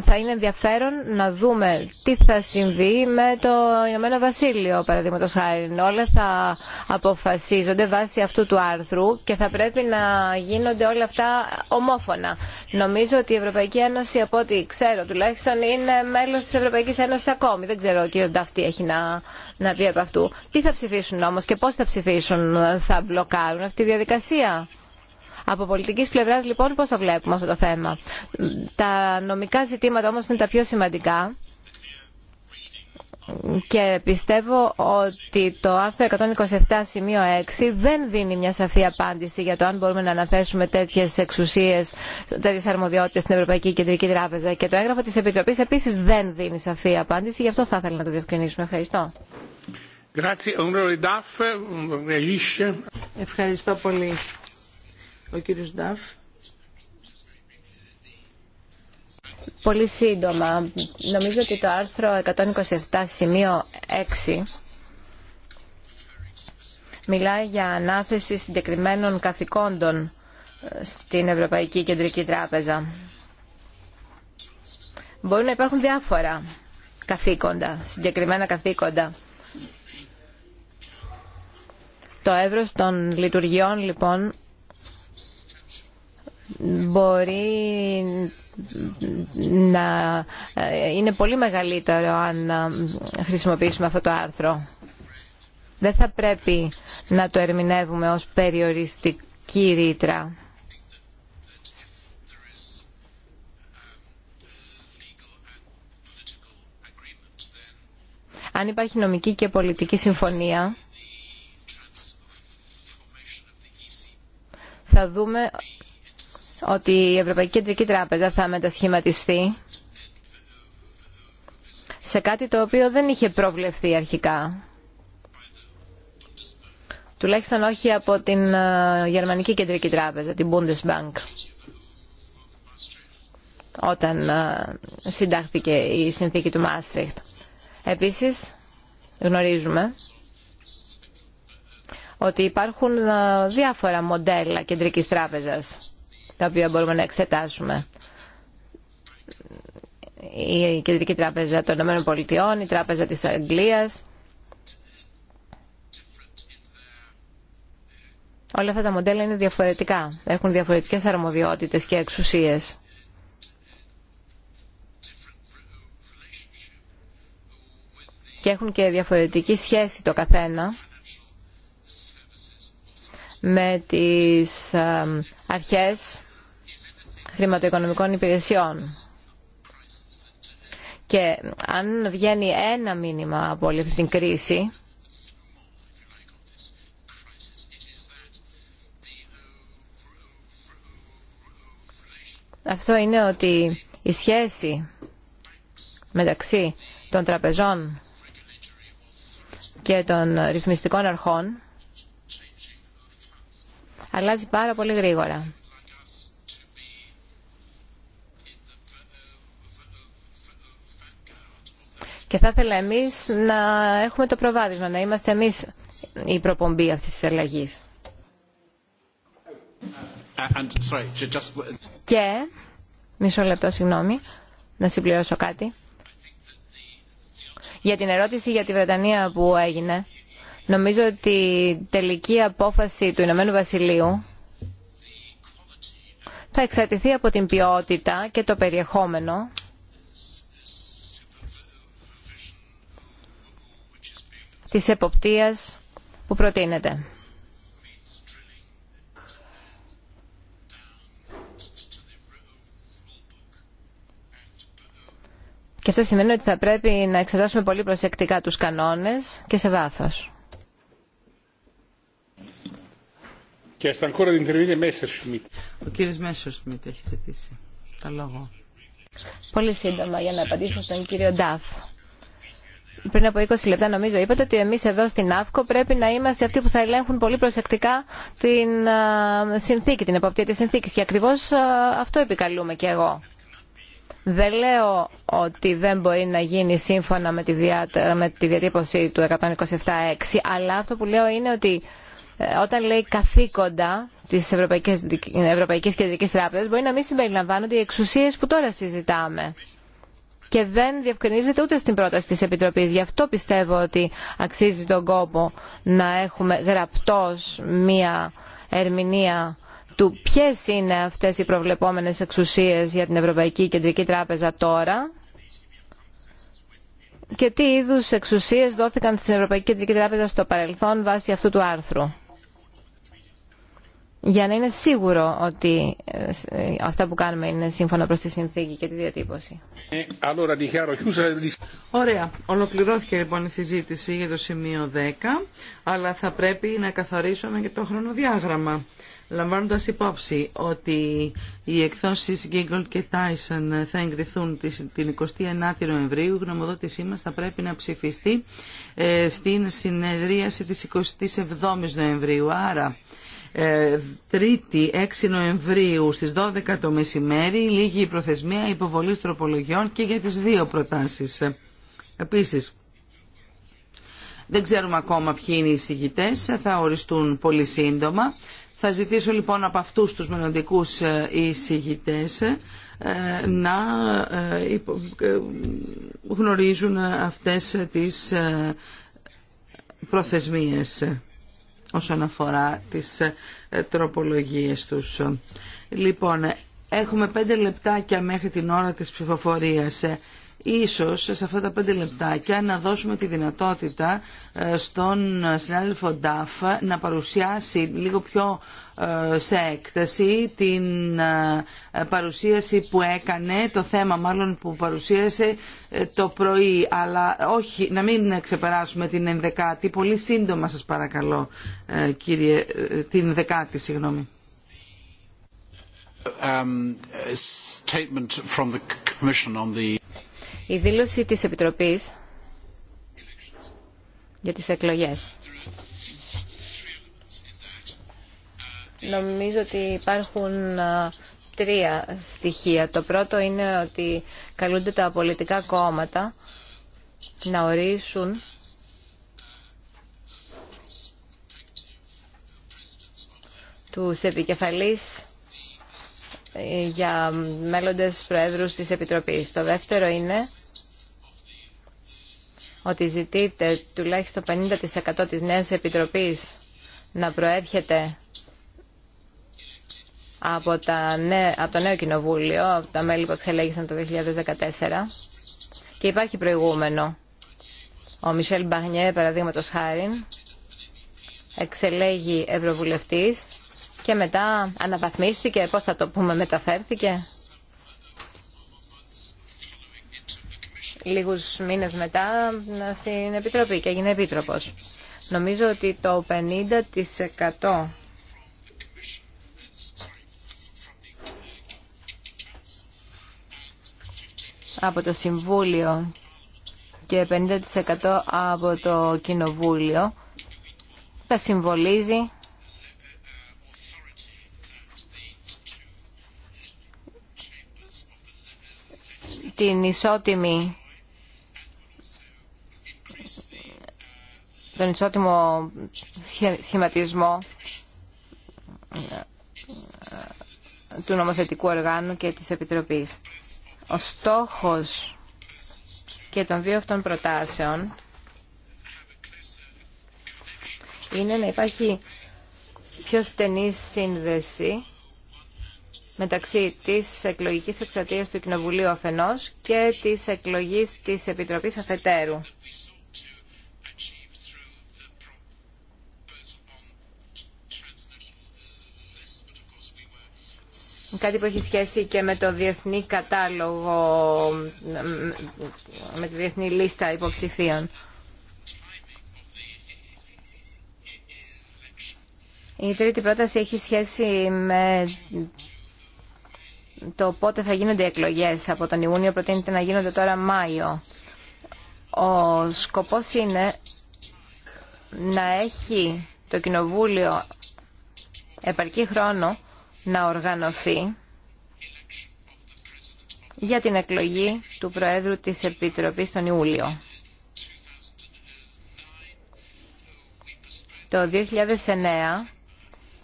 θα είναι ενδιαφέρον να δούμε τι θα συμβεί με το Ηνωμένο Βασίλειο, παραδείγματο χάρη. Όλα θα αποφασίζονται βάσει αυτού του άρθρου και θα πρέπει να γίνονται όλα αυτά ομόφωνα. Νομίζω ότι η Ευρωπαϊκή Ένωση, από ό,τι ξέρω τουλάχιστον, είναι μέλο τη Ευρωπαϊκή Ένωση ακόμη. Δεν ξέρω, ο κύριο ταυτή έχει να, να πει από αυτού. Τι θα ψηφίσουν όμω και πώ θα ψηφίσουν, θα μπλοκάρουν αυτή τη διαδικασία. Από πολιτική πλευράς λοιπόν πώς το βλέπουμε αυτό το θέμα. Τα νομικά ζητήματα όμως είναι τα πιο σημαντικά και πιστεύω ότι το άρθρο 127 σημείο 6 δεν δίνει μια σαφή απάντηση για το αν μπορούμε να αναθέσουμε τέτοιες εξουσίες, τέτοιε αρμοδιότητε στην Ευρωπαϊκή Κεντρική Τράπεζα και το έγγραφο τη Επιτροπή επίση δεν δίνει σαφή απάντηση, γι' αυτό θα ήθελα να το διευκρινίσουμε. Ευχαριστώ. Ευχαριστώ πολύ. Ο κύριος Νταφ. Πολύ σύντομα. Νομίζω ότι το άρθρο 127 σημείο 6 μιλάει για ανάθεση συγκεκριμένων καθηκόντων ε, στην Ευρωπαϊκή Κεντρική Τράπεζα. Μπορεί να υπάρχουν διάφορα καθήκοντα, συγκεκριμένα καθήκοντα. Το εύρος των λειτουργιών λοιπόν μπορεί να ε, είναι πολύ μεγαλύτερο αν ε, χρησιμοποιήσουμε αυτό το άρθρο. Δεν θα πρέπει να το ερμηνεύουμε ως περιοριστική ρήτρα. Αν υπάρχει νομική και πολιτική συμφωνία, θα δούμε ότι η Ευρωπαϊκή Κεντρική Τράπεζα θα μετασχηματιστεί σε κάτι το οποίο δεν είχε προβλεφθεί αρχικά. Τουλάχιστον όχι από την ε, Γερμανική Κεντρική Τράπεζα, την Bundesbank, όταν ε, συντάχθηκε η συνθήκη του Μάστριχτ. Επίσης, γνωρίζουμε ότι υπάρχουν ε, διάφορα μοντέλα κεντρικής τράπεζας τα οποία μπορούμε να εξετάσουμε. Η Κεντρική Τράπεζα των Ηνωμένων Πολιτειών, η Τράπεζα της Αγγλίας. Όλα αυτά τα μοντέλα είναι διαφορετικά. Έχουν διαφορετικές αρμοδιότητες και εξουσίες. Και έχουν και διαφορετική σχέση το καθένα με τις αρχές χρηματοοικονομικών υπηρεσιών. Και αν βγαίνει ένα μήνυμα από όλη αυτή την κρίση, αυτό είναι ότι η σχέση μεταξύ των τραπεζών και των ρυθμιστικών αρχών αλλάζει πάρα πολύ γρήγορα. Και θα ήθελα εμείς να έχουμε το προβάδισμα, να είμαστε εμείς η προπομπή αυτής της αλλαγής. Και, μισό λεπτό συγγνώμη, να συμπληρώσω κάτι. Για την ερώτηση για τη Βρετανία που έγινε, Νομίζω ότι η τελική απόφαση του Ηνωμένου Βασιλείου θα εξαρτηθεί από την ποιότητα και το περιεχόμενο της εποπτείας που προτείνεται. Και αυτό σημαίνει ότι θα πρέπει να εξετάσουμε πολύ προσεκτικά τους κανόνες και σε βάθος. Ο κύριο Μέσσερ Σμιτ έχει ζητήσει το λόγο. Πολύ σύντομα για να απαντήσω στον κύριο Νταφ. Πριν από 20 λεπτά νομίζω είπατε ότι εμεί εδώ στην ΑΦΚΟ πρέπει να είμαστε αυτοί που θα ελέγχουν πολύ προσεκτικά την συνθήκη, την εποπτεία τη συνθήκη. και ακριβώ αυτό επικαλούμε και εγώ. Δεν λέω ότι δεν μπορεί να γίνει σύμφωνα με τη, διά, με τη διατύπωση του 127.6, αλλά αυτό που λέω είναι ότι ε, όταν λέει καθήκοντα τη Ευρωπαϊκή Κεντρική Τράπεζα, μπορεί να μην συμπεριλαμβάνονται οι εξουσίε που τώρα συζητάμε και δεν διευκρινίζεται ούτε στην πρόταση της Επιτροπής. Γι' αυτό πιστεύω ότι αξίζει τον κόπο να έχουμε γραπτός μία ερμηνεία του ποιες είναι αυτές οι προβλεπόμενες εξουσίες για την Ευρωπαϊκή Κεντρική Τράπεζα τώρα και τι είδους εξουσίες δόθηκαν στην Ευρωπαϊκή Κεντρική Τράπεζα στο παρελθόν βάσει αυτού του άρθρου για να είναι σίγουρο ότι ε, αυτά που κάνουμε είναι σύμφωνα προς τη συνθήκη και τη διατύπωση. Ε, Ωραία. Ολοκληρώθηκε λοιπόν η συζήτηση για το σημείο 10, αλλά θα πρέπει να καθορίσουμε και το χρονοδιάγραμμα. Λαμβάνοντας υπόψη ότι οι εκθόσεις Γκίγκολ και Τάισον θα εγκριθούν την 29η Νοεμβρίου, η γνωμοδότησή μας θα πρέπει να ψηφιστεί ε, στην συνεδρίαση της 27ης Νοεμβρίου. Άρα ε, τρίτη 6 Νοεμβρίου στις 12 το μεσημέρι λίγη η προθεσμία υποβολής τροπολογιών και για τις δύο προτάσεις. Επίσης, δεν ξέρουμε ακόμα ποιοι είναι οι θα οριστούν πολύ σύντομα. Θα ζητήσω λοιπόν από αυτούς τους μελλοντικούς ε, εισηγητές ε, να γνωρίζουν αυτές τις προθεσμίες όσον αφορά τις ε, τροπολογίες τους. Λοιπόν, έχουμε πέντε λεπτάκια μέχρι την ώρα της ψηφοφορίας. Ε, ίσως σε αυτά τα πέντε λεπτάκια να δώσουμε τη δυνατότητα ε, στον συνάδελφο Νταφ να παρουσιάσει λίγο πιο σε έκταση την ε, παρουσίαση που έκανε, το θέμα μάλλον που παρουσίασε ε, το πρωί. Αλλά όχι, να μην ξεπεράσουμε την ενδεκάτη. Πολύ σύντομα σας παρακαλώ, ε, κύριε, την δεκάτη, συγγνώμη. Um, Η δήλωση της Επιτροπής για τις εκλογές. Νομίζω ότι υπάρχουν τρία στοιχεία. Το πρώτο είναι ότι καλούνται τα πολιτικά κόμματα να ορίσουν τους επικεφαλής ε, για μέλλοντες προέδρους της Επιτροπής. Το δεύτερο είναι ότι ζητείτε τουλάχιστον 50% της νέας Επιτροπής να προέρχεται από, το νέο κοινοβούλιο, από τα μέλη που εξελέγησαν το 2014 και υπάρχει προηγούμενο. Ο Μισελ Μπαγνιέ, παραδείγματο χάριν, εξελέγει ευρωβουλευτής και μετά αναβαθμίστηκε, πώ θα το πούμε, μεταφέρθηκε. Λίγους μήνες μετά στην Επιτροπή και έγινε επίτροπο. Νομίζω ότι το 50% από το Συμβούλιο και 50% από το Κοινοβούλιο θα συμβολίζει την ισότιμη τον ισότιμο σχηματισμό ε, ε, του νομοθετικού οργάνου και της Επιτροπής. Ο στόχος και των δύο αυτών προτάσεων είναι να υπάρχει πιο στενή σύνδεση μεταξύ της εκλογικής εκστρατείας του Κοινοβουλίου αφενός και της εκλογής της Επιτροπής αφετέρου. κάτι που έχει σχέση και με το διεθνή κατάλογο, με τη διεθνή λίστα υποψηφίων. Η τρίτη πρόταση έχει σχέση με το πότε θα γίνονται οι εκλογές από τον Ιούνιο, προτείνεται να γίνονται τώρα Μάιο. Ο σκοπός είναι να έχει το Κοινοβούλιο επαρκή χρόνο να οργανωθεί για την εκλογή του Προέδρου της Επιτροπής τον Ιούλιο. Το 2009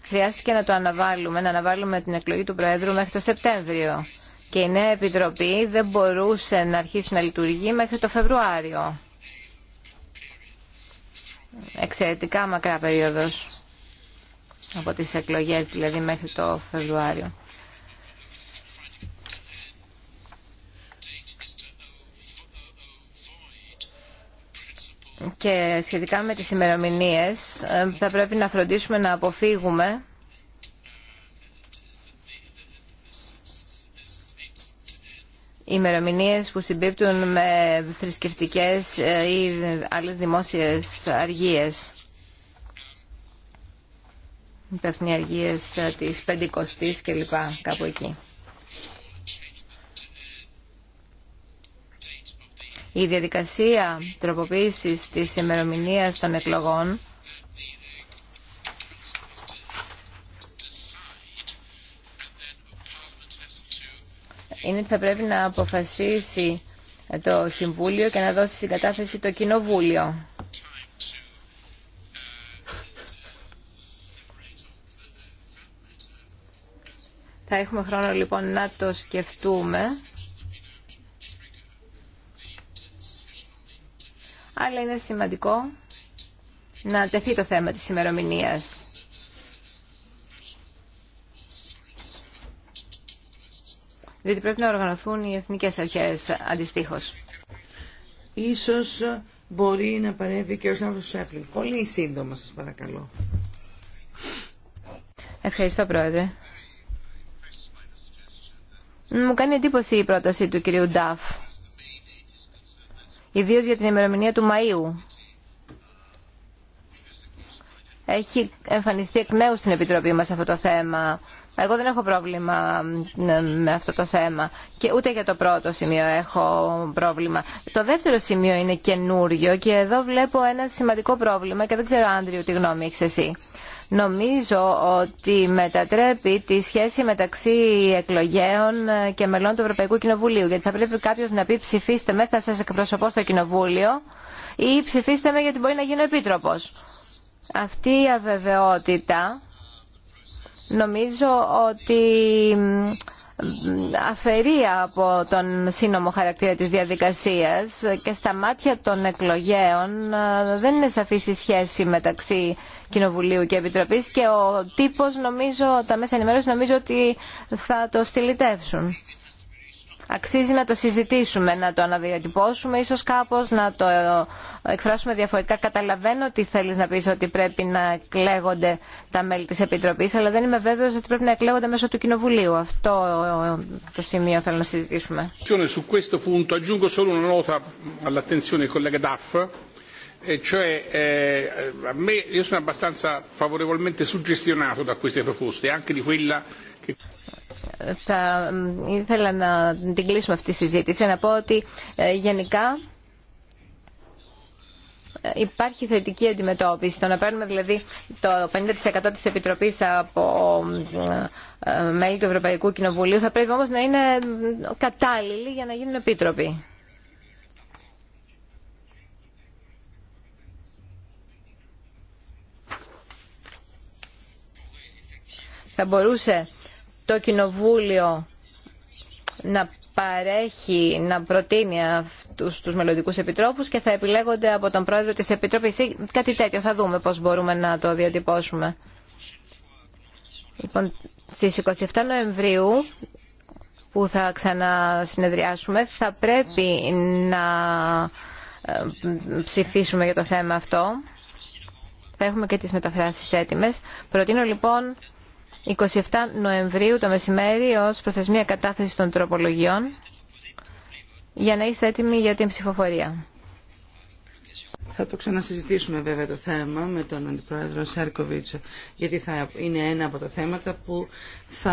χρειάστηκε να το αναβάλουμε, να αναβάλουμε την εκλογή του Προέδρου μέχρι το Σεπτέμβριο και η νέα Επιτροπή δεν μπορούσε να αρχίσει να λειτουργεί μέχρι το Φεβρουάριο. Εξαιρετικά μακρά περίοδος από τις εκλογές δηλαδή μέχρι το Φεβρουάριο. Και σχετικά με τις ημερομηνίες... Ε, θα πρέπει να φροντίσουμε να αποφύγουμε ...ημερομηνίες που συμπίπτουν με θρησκευτικές ε, ή άλλες δημόσιες αργίες υπεύθυνοι ε, της Πεντηκοστής κλπ. Κάπου εκεί. Η διαδικασία τροποποίησης της ημερομηνία των εκλογών είναι ότι θα πρέπει να αποφασίσει το Συμβούλιο και να δώσει συγκατάθεση το Κοινοβούλιο. Θα έχουμε χρόνο λοιπόν να το σκεφτούμε. Αλλά είναι σημαντικό να τεθεί το θέμα της ημερομηνία. Διότι πρέπει να οργανωθούν οι εθνικές αρχές αντιστοίχως. Ίσως μπορεί να παρέμβει και ο Σάββατος Σέπλιν. Πολύ σύντομα σας παρακαλώ. Ευχαριστώ Πρόεδρε. Μου κάνει εντύπωση η πρόταση του κυρίου Νταφ. Ιδίως για την ημερομηνία του Μαΐου. Έχει εμφανιστεί εκ νέου στην Επιτροπή μας αυτό το θέμα. Εγώ δεν έχω πρόβλημα με αυτό το θέμα και ούτε για το πρώτο σημείο έχω πρόβλημα. Το δεύτερο σημείο είναι καινούριο και εδώ βλέπω ένα σημαντικό πρόβλημα και δεν ξέρω, Άντριου, τι γνώμη έχεις εσύ. Νομίζω ότι μετατρέπει τη σχέση μεταξύ εκλογέων και μελών του Ευρωπαϊκού Κοινοβουλίου. Γιατί θα πρέπει κάποιο να πει ψηφίστε με, θα σα εκπροσωπώ στο Κοινοβούλιο ή ψηφίστε με γιατί μπορεί να γίνω επίτροπο. Αυτή η αβεβαιότητα νομίζω ότι αφαιρεί από τον σύνομο χαρακτήρα της διαδικασίας και στα μάτια των εκλογέων ε, δεν είναι σαφής η σχέση μεταξύ Κοινοβουλίου και Επιτροπής και ο τύπος νομίζω, τα μέσα ενημέρωση νομίζω ότι θα το στυλιτεύσουν αξίζει να το συζητήσουμε, να το αναδιατυπώσουμε ίσως κάπως, να το εκφράσουμε διαφορετικά. Καταλαβαίνω ότι θέλεις να πεις ότι πρέπει να εκλέγονται τα μέλη της Επιτροπής, αλλά δεν είμαι βέβαιος ότι πρέπει να εκλέγονται μέσω του Κοινοβουλίου. Αυτό ε, το σημείο θέλω να συζητήσουμε. E cioè eh, a me abbastanza favorevolmente θα ήθελα να την κλείσουμε αυτή τη συζήτηση, να πω ότι ε, γενικά ε, υπάρχει θετική αντιμετώπιση. Το να παίρνουμε δηλαδή το 50% της Επιτροπής από ε, μέλη του Ευρωπαϊκού Κοινοβουλίου θα πρέπει όμως να είναι κατάλληλοι για να γίνουν επίτροποι. Θα μπορούσε το Κοινοβούλιο να παρέχει, να προτείνει αυτούς τους μελλοντικούς επιτρόπους και θα επιλέγονται από τον πρόεδρο της Επιτροπής. Κάτι τέτοιο θα δούμε πώς μπορούμε να το διατυπώσουμε. Λοιπόν, στις 27 Νοεμβρίου που θα ξανασυνεδριάσουμε θα πρέπει να ε, ψηφίσουμε για το θέμα αυτό. Θα έχουμε και τις μεταφράσεις έτοιμες. Προτείνω λοιπόν 27 Νοεμβρίου το μεσημέρι ως προθεσμία κατάθεση των τροπολογιών για να είστε έτοιμοι για την ψηφοφορία. Θα το ξανασυζητήσουμε βέβαια το θέμα με τον Αντιπρόεδρο Σέρκοβιτ, γιατί θα είναι ένα από τα θέματα που θα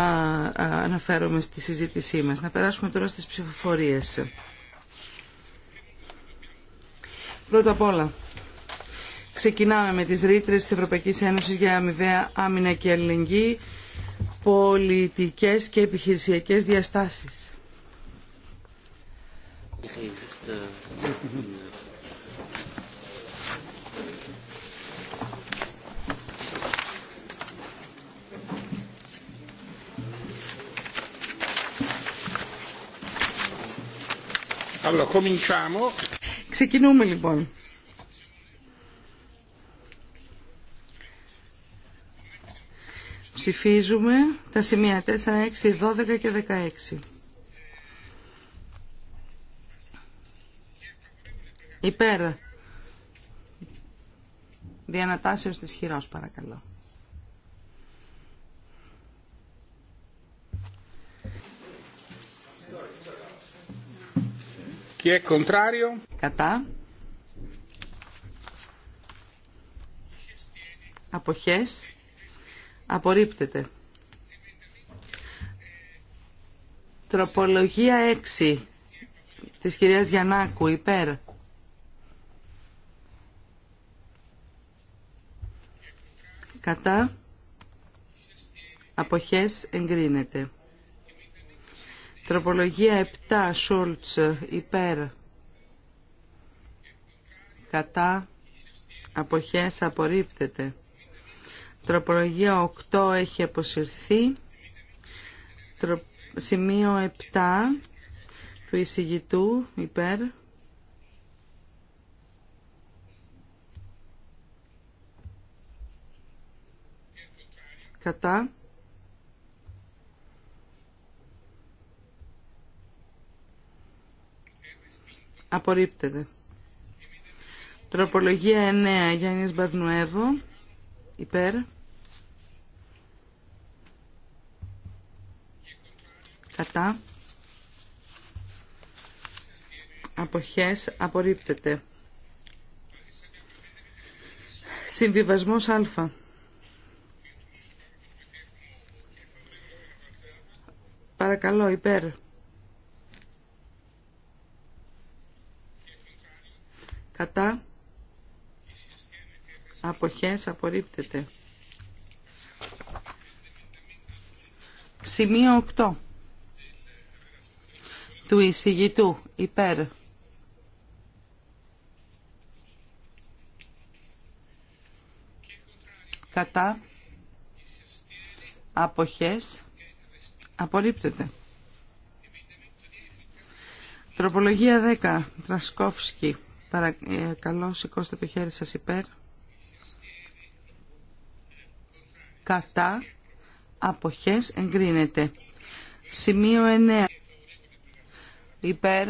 αναφέρομαι στη συζήτησή μας. Να περάσουμε τώρα στις ψηφοφορίες. Πρώτα απ' όλα, ξεκινάμε με τις ρήτρες της Ευρωπαϊκής Ένωσης για αμοιβαία άμυνα και αλληλεγγύη πολιτικές και επιχειρησιακές διαστάσεις. Ξεκινούμε λοιπόν. Ψηφίζουμε τα σημεία 4, 6, 12 και 16. Υπέρ. Διανατάσεως της χειρός παρακαλώ. Και κοντράριο. Κατά. Αποχές. Απορρίπτεται. Τροπολογία 6 της κυρίας Γιαννάκου, υπέρ. Κατά. Αποχές εγκρίνεται. Τροπολογία 7, Σούλτς, υπέρ. Κατά. Αποχές απορρίπτεται. Τροπολογία 8 έχει αποσυρθεί. Σημείο 7 του εισηγητού υπέρ. Κατά. Απορρίπτεται. Τροπολογία 9 Γιάννης Μπαρνουέβο υπέρ κατά αποχές απορρίπτεται συμβιβασμός α παρακαλώ υπέρ κατά αποχές απορρίπτεται. Σημείο 8 του εισηγητού υπέρ. Κατά αποχές απορρίπτεται. Τροπολογία 10. Τρασκόφσκι. Παρακαλώ ε, σηκώστε το χέρι σας υπέρ. κατά αποχές εγκρίνεται. Σημείο 9. Υπέρ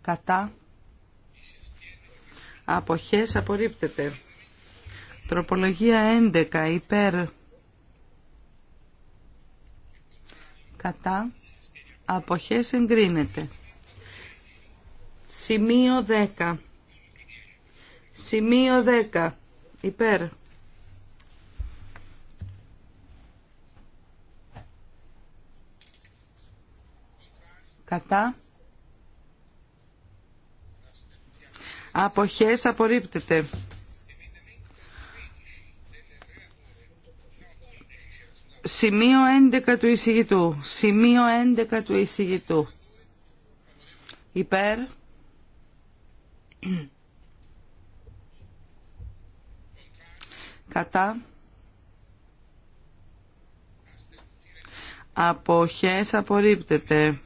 κατά αποχές απορρίπτεται. Τροπολογία 11. Υπέρ κατά αποχές εγκρίνεται. Σημείο 10. Σημείο 10 υπέρ κατά αποχές απορρίπτεται Σημείο 11 του εισηγητού. Σημείο 11 του εισηγητού. Υπέρ. κατά αποχές απορρίπτεται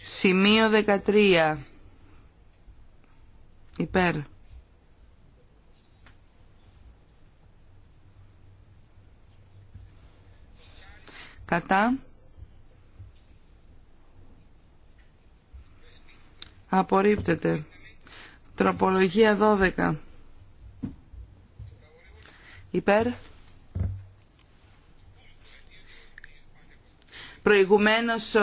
σημείο 13 υπέρ κατά απορρίπτεται τροπολογία 12 υπέρ. Προηγουμένως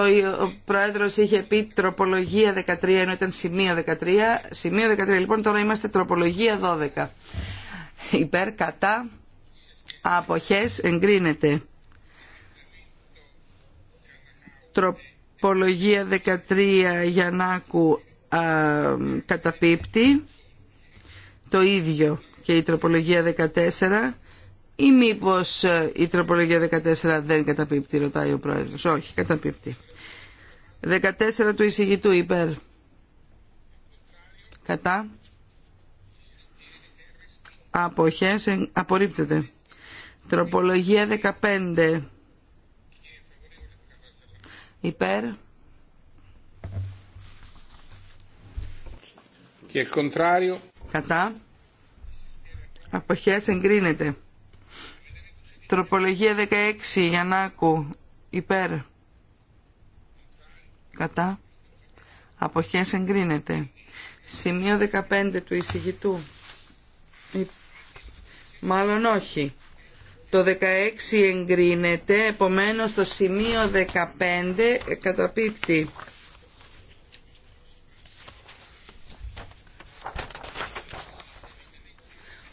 ο Πρόεδρος είχε πει τροπολογία 13 ενώ ήταν σημείο 13. Σημείο 13 λοιπόν τώρα είμαστε τροπολογία 12. Υπέρ κατά αποχές εγκρίνεται. Τροπολογία 13 να α, καταπίπτει. Το ίδιο και η τροπολογία 14 ή μήπως ε, η τροπολογία 14 δεν καταπίπτει, ρωτάει ο Πρόεδρος. Όχι, καταπίπτει. 14 του εισηγητού υπέρ. Κατά. Αποχές απορρίπτεται. Τροπολογία 15. Υπέρ. Και Κατά. Αποχές εγκρίνεται. Τροπολογία 16 Γιαννάκου υπέρ. Κατά. Αποχές εγκρίνεται. Σημείο 15 του εισηγητού. Ε, μάλλον όχι. Το 16 εγκρίνεται, επομένως το σημείο 15 καταπίπτει.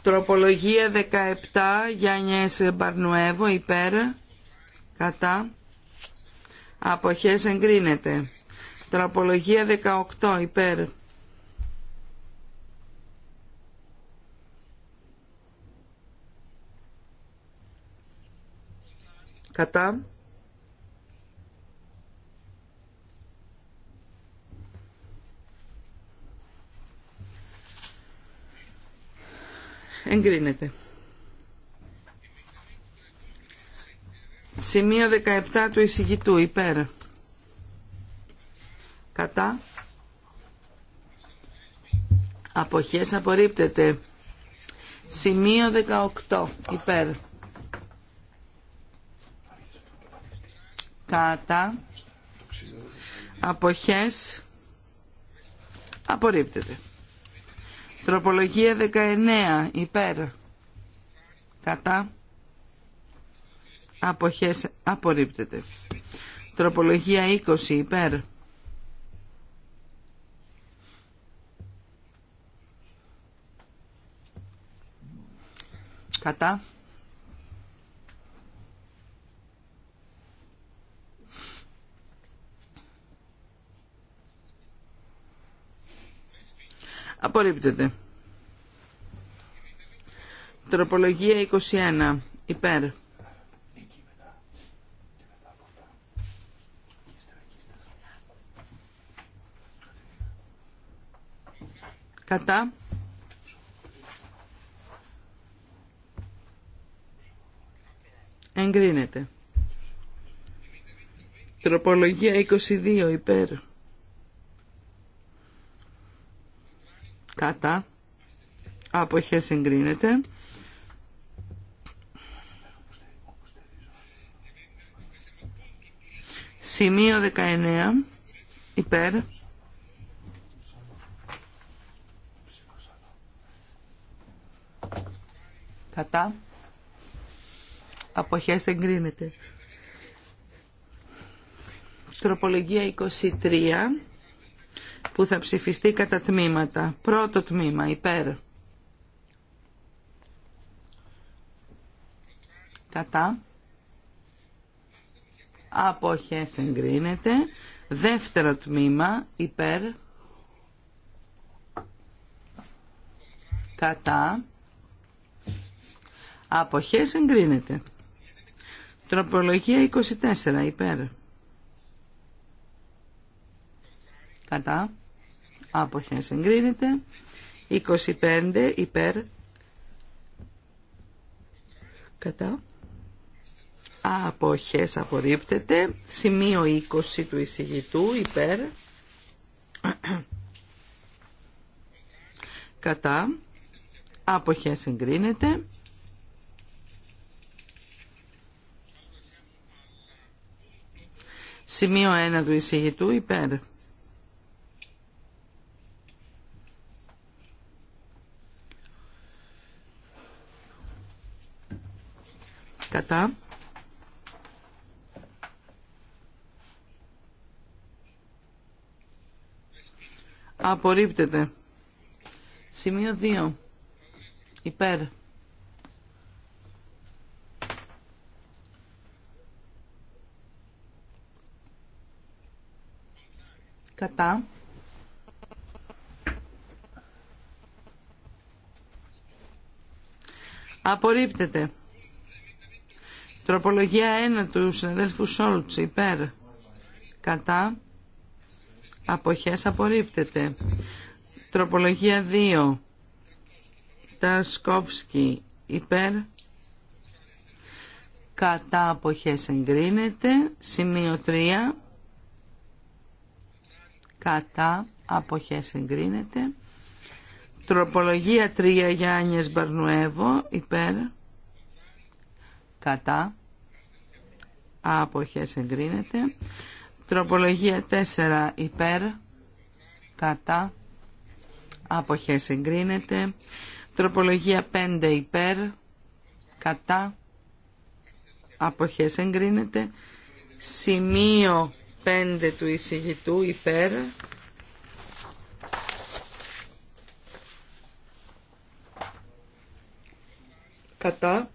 Τροπολογία 17, Γιάννιες Μπαρνουέβο, υπέρ, κατά, αποχές εγκρίνεται. Τροπολογία 18, υπέρ. Κατά. εγκρίνεται. Σημείο 17 του εισηγητού υπέρ. Κατά. Αποχές απορρίπτεται. Σημείο 18 υπέρ. Κατά. Αποχές απορρίπτεται. Τροπολογία 19 υπέρ κατά αποχές απορρίπτεται. Τροπολογία 20 υπέρ κατά Απορρίπτεται. Τροπολογία 21. Υπέρ. Κατά. Εγκρίνεται. Τροπολογία 22. Υπέρ. κατά αποχές εγκρίνεται. Σημείο 19 υπέρ κατά αποχές εγκρίνεται. Τροπολογία 23 που θα ψηφιστεί κατά τμήματα. Πρώτο τμήμα υπέρ. Κατά. Αποχές εγκρίνεται. Δεύτερο τμήμα υπέρ. Κατά. Αποχές εγκρίνεται. Τροπολογία 24 υπέρ. Κατά. Αποχέ συγκρίνεται, 25 υπέρ κατά άποχες απορρίπτεται σημείο 20 του εισηγητού υπέρ κατά άποχες απόποχέ σημείο 1 του εισηγητού υπέρ κατά. Απορρίπτεται. Σημείο 2. Υπέρ. Κατά. Απορρίπτεται. Τροπολογία 1 του συναδέλφου Σόλτς υπέρ κατά αποχές απορρίπτεται. Τροπολογία 2 Ταρσκόφσκι υπέρ κατά αποχές εγκρίνεται. Σημείο 3 κατά αποχές εγκρίνεται. Τροπολογία 3 Γιάννης Μπαρνουέβο υπέρ κατά άποχες εγκρίνεται τροπολογία 4 υπέρ κατά άποχες εγκρίνεται τροπολογία 5 υπέρ κατά άποχες εγκρίνεται σημείο 5 του εισηγητού υπέρ κατά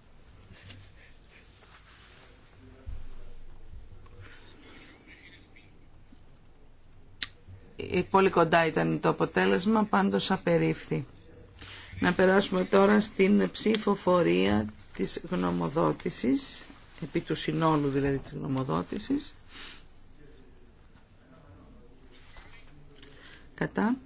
Ε, πολύ κοντά ήταν το αποτέλεσμα, πάντως απερίφθη. Να περάσουμε τώρα στην ψηφοφορία της γνωμοδότησης, επί του συνόλου δηλαδή της γνωμοδότησης. Κατά.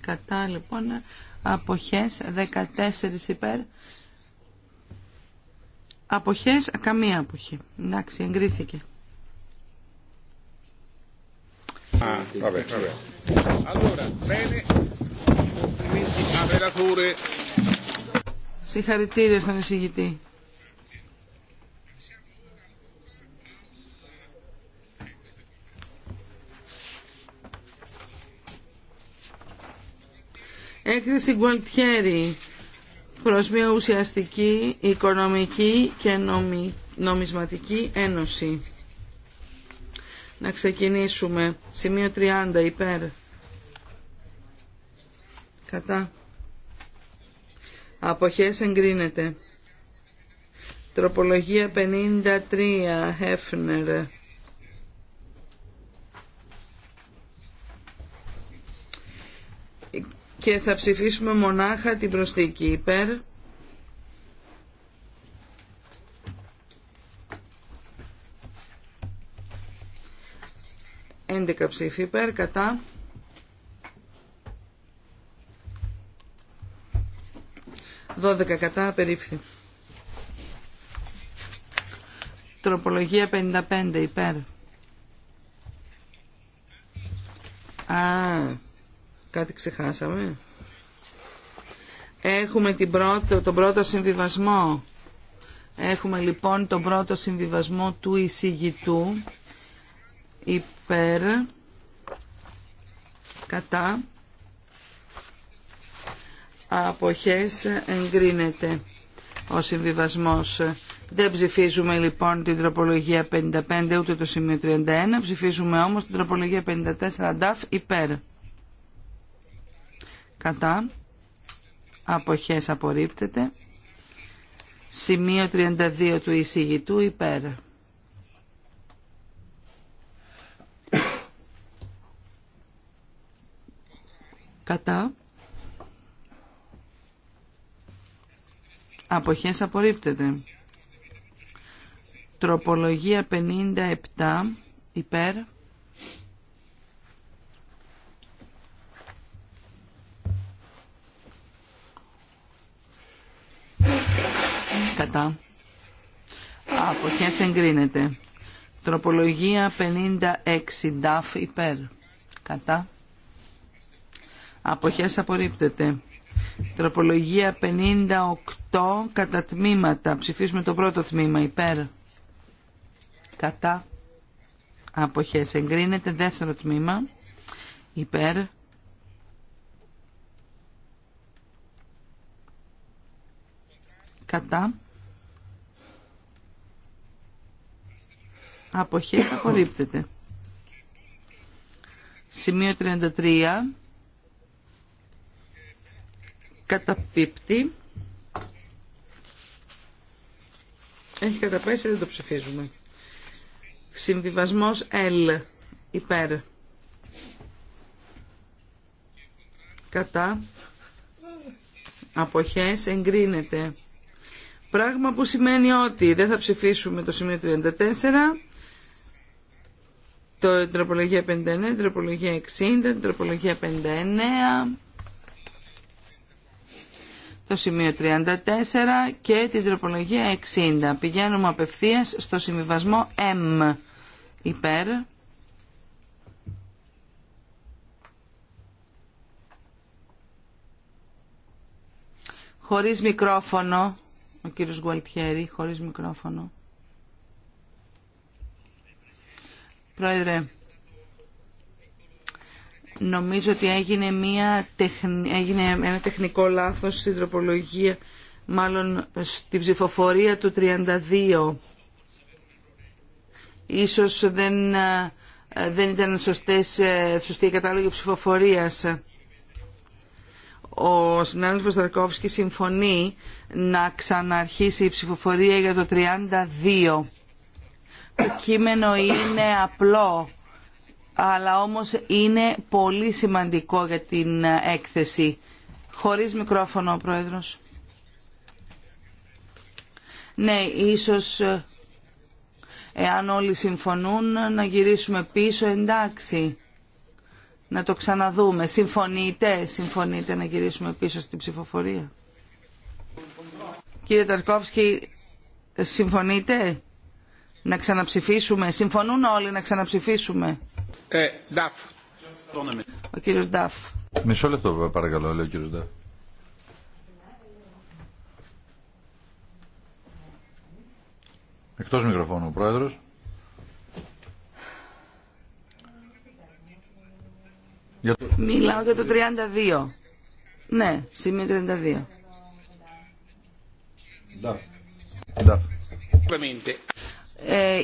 Κατά λοιπόν αποχές 14 υπέρ Αποχές, καμία αποχή. Εντάξει, εγκρίθηκε. Συγχαρητήρια στον εισηγητή. Έκθεση Γκουαλτιέρη προς μια ουσιαστική οικονομική και νομισματική ένωση. Να ξεκινήσουμε. Σημείο 30 υπέρ. Κατά. Αποχές εγκρίνεται. Τροπολογία 53 Hefner και θα ψηφίσουμε μονάχα την προσθήκη υπέρ. Έντεκα ψήφι υπέρ, κατά. 12 κατά, απερίφθη. Τροπολογία 55 υπέρ. Α, Κάτι ξεχάσαμε. Έχουμε την πρώτο, τον πρώτο συμβιβασμό. Έχουμε λοιπόν τον πρώτο συμβιβασμό του εισηγητού υπέρ κατά αποχές εγκρίνεται ο συμβιβασμός. Δεν ψηφίζουμε λοιπόν την τροπολογία 55 ούτε το σημείο 31, ψηφίζουμε όμως την τροπολογία 54 αντάφ υπέρ κατά αποχές απορρίπτεται σημείο 32 του εισηγητού υπέρ κατά αποχές απορρίπτεται τροπολογία 57 υπέρ κατά αποχές εγκρίνεται τροπολογία 56 νταφ υπέρ κατά αποχές απορρίπτεται τροπολογία 58 κατά τμήματα ψηφίσουμε το πρώτο τμήμα υπέρ κατά αποχές εγκρίνεται δεύτερο τμήμα υπέρ κατά Αποχές απορρίπτεται. Σημείο 33. Καταπίπτει. Έχει καταπέσει, δεν το ψηφίζουμε. Συμβιβασμός L. Υπέρ. Κατά. Αποχές εγκρίνεται. Πράγμα που σημαίνει ότι δεν θα ψηφίσουμε το σημείο 34 το, τροπολογία 59, τροπολογία 60, τροπολογία 59, το σημείο 34 και την τροπολογία 60. Πηγαίνουμε απευθείας στο συμβιβασμό M υπέρ. Χωρίς μικρόφωνο, ο κύριος Γουαλτιέρη, χωρίς μικρόφωνο. Πρόεδρε, νομίζω ότι έγινε, μια έγινε ένα τεχνικό λάθος στην τροπολογία, μάλλον στη ψηφοφορία του 32. Ίσως δεν, δεν ήταν σωστές, σωστή η κατάλογη ψηφοφορίας ο συνάδελφος Δαρκόφσκι συμφωνεί να ξαναρχίσει η ψηφοφορία για το 32. Το κείμενο είναι απλό, αλλά όμως είναι πολύ σημαντικό για την έκθεση. Χωρίς μικρόφωνο Πρόεδρος. Ναι, ίσως εάν όλοι συμφωνούν να γυρίσουμε πίσω, εντάξει. Να το ξαναδούμε. Συμφωνείτε, συμφωνείτε να γυρίσουμε πίσω στην ψηφοφορία. Κύριε Ταρκόφσκι, συμφωνείτε να ξαναψηφίσουμε. Συμφωνούν όλοι να ξαναψηφίσουμε. Ε, Ο κύριος Νταφ. Μισό λεπτό παρακαλώ, λέει ο κύριος Νταφ. Εκτός μικροφώνου ο πρόεδρος. Μιλάω για το 32. Ναι, σημείο 32. Νταφ. Νταφ. Ε,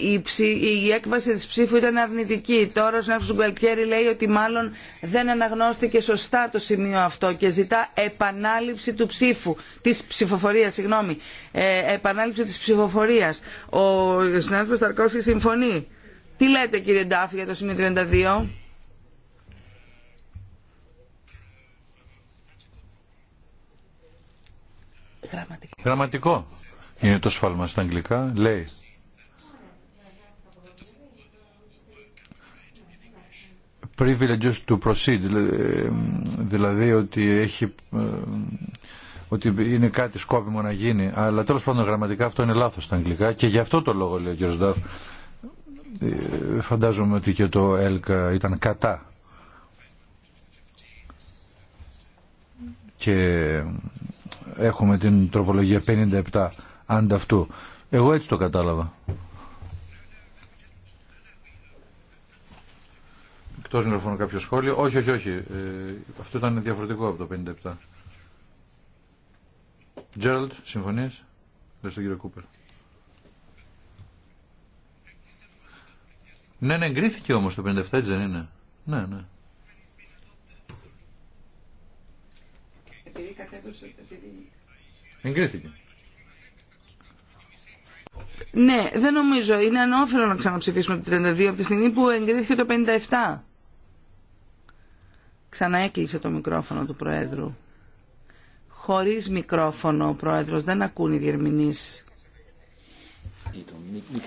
η, έκβαση της ψήφου ήταν αρνητική. Τώρα ο Σνάφος Γκουαλτιέρη λέει ότι μάλλον δεν αναγνώστηκε σωστά το σημείο αυτό και ζητά επανάληψη του ψήφου, της ψηφοφορίας, συγγνώμη, ε, επανάληψη της ψηφοφορίας. Ο συνάδελφος Ταρκόφης συμφωνεί. Τι λέτε κύριε Ντάφη για το σημείο 32. Γραμματικό. Γραμματικό είναι το σφάλμα στα αγγλικά. Λέει privileges to proceed, ε, δηλαδή ότι, έχει, ε, ότι είναι κάτι σκόπιμο να γίνει. Αλλά τέλος πάντων γραμματικά αυτό είναι λάθος στα αγγλικά και γι' αυτό το λόγο λέει ο κ. Ε, φαντάζομαι ότι και το ΕΛΚΑ ήταν κατά. Και έχουμε την τροπολογία 57 ανταυτού. Εγώ έτσι το κατάλαβα. Εκτός μικροφώνου κάποιο σχόλιο. Όχι, όχι, όχι. Ε, αυτό ήταν διαφορετικό από το 57. Τζέραλτ, συμφωνείς. Λες τον κύριο Κούπερ. Ναι, ναι, εγκρίθηκε όμω το 57, έτσι δεν είναι. Ναι, ναι. Εγκρίθηκε. Ναι, δεν νομίζω. Είναι ανώφελο να ξαναψηφίσουμε το 32 από τη στιγμή που εγκρίθηκε το 57. Ξαναέκλεισε το μικρόφωνο του Προέδρου. Χωρίς μικρόφωνο ο Πρόεδρος, δεν ακούν οι διερμηνείς.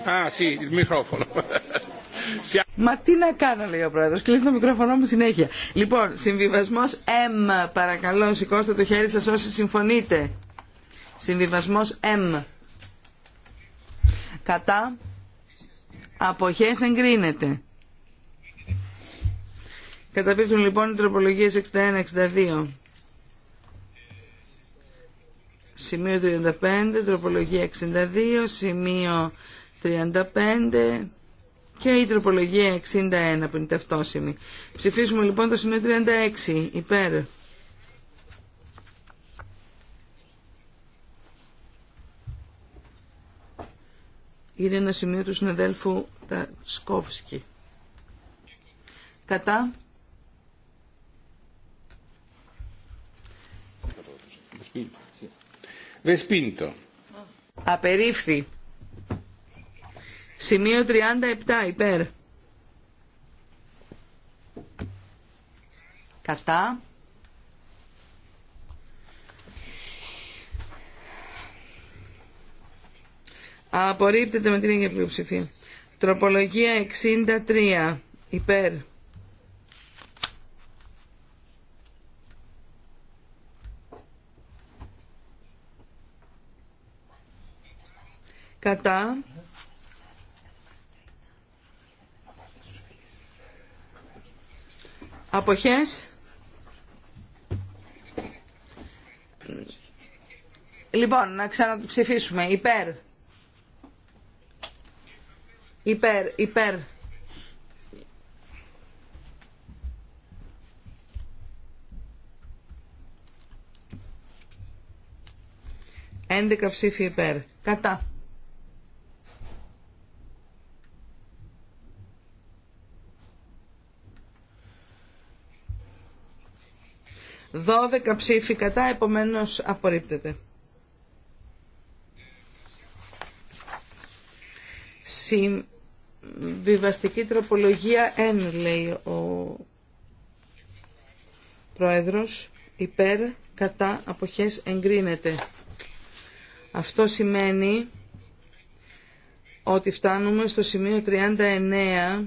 Α, Μα τι να κάνω, λέει ο πρόεδρο. Κλείνει το μικρόφωνο μου συνέχεια. Λοιπόν, συμβιβασμό M. Παρακαλώ, σηκώστε το χέρι σα όσοι συμφωνείτε. Συμβιβασμό M. Κατά. Αποχέ εγκρίνεται. Καταπίπτουν λοιπόν οι τροπολογίε 61-62. Σημείο 35, τροπολογία 62, σημείο 35 και η τροπολογία 61 που είναι ταυτόσημη. Ψηφίσουμε λοιπόν το σημείο 36 υπέρ. Είναι ένα σημείο του συναδέλφου Τασκόφσκι. Κατά. βεσπίντο, Απερίφθη. Σημείο 37 υπέρ. Κατά. Απορρίπτεται με την ίδια πλειοψηφία. Τροπολογία 63 υπέρ. κατά αποχές Λοιπόν, να ξαναψηφίσουμε. Υπέρ. Υπέρ, υπέρ. Έντεκα ψήφοι υπέρ. Κατά. 12 ψήφοι κατά, επομένως απορρίπτεται. Συμβιβαστική τροπολογία N λέει ο Πρόεδρος υπέρ κατά αποχές εγκρίνεται. Αυτό σημαίνει ότι φτάνουμε στο σημείο 39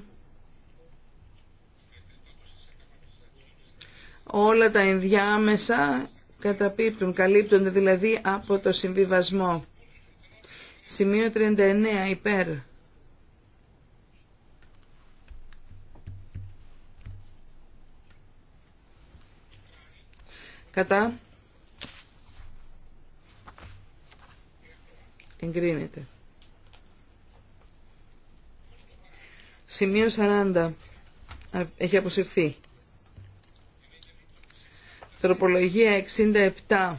όλα τα ενδιάμεσα καταπίπτουν, καλύπτονται δηλαδή από το συμβιβασμό. Σημείο 39 υπέρ. Κατά. Εγκρίνεται. Σημείο 40. Έχει αποσυρθεί. Τροπολογία 67.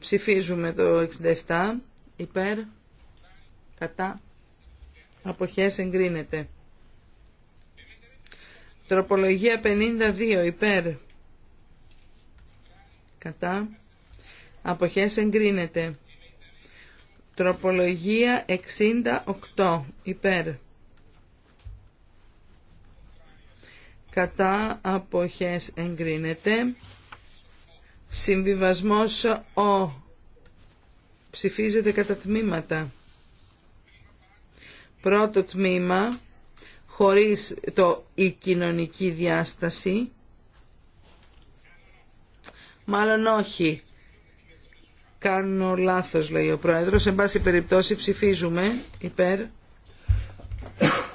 Ψηφίζουμε το 67. Υπέρ. Κατά. Αποχές εγκρίνεται. Τροπολογία 52. Υπέρ. Κατά. Αποχές εγκρίνεται. Τροπολογία 68. Υπέρ. κατά αποχές εγκρίνεται. Συμβιβασμός ο ψηφίζεται κατά τμήματα. Πρώτο τμήμα χωρίς το η κοινωνική διάσταση. Μάλλον όχι. Κάνω λάθος λέει ο Πρόεδρος. Σε πάση περιπτώσει ψηφίζουμε υπέρ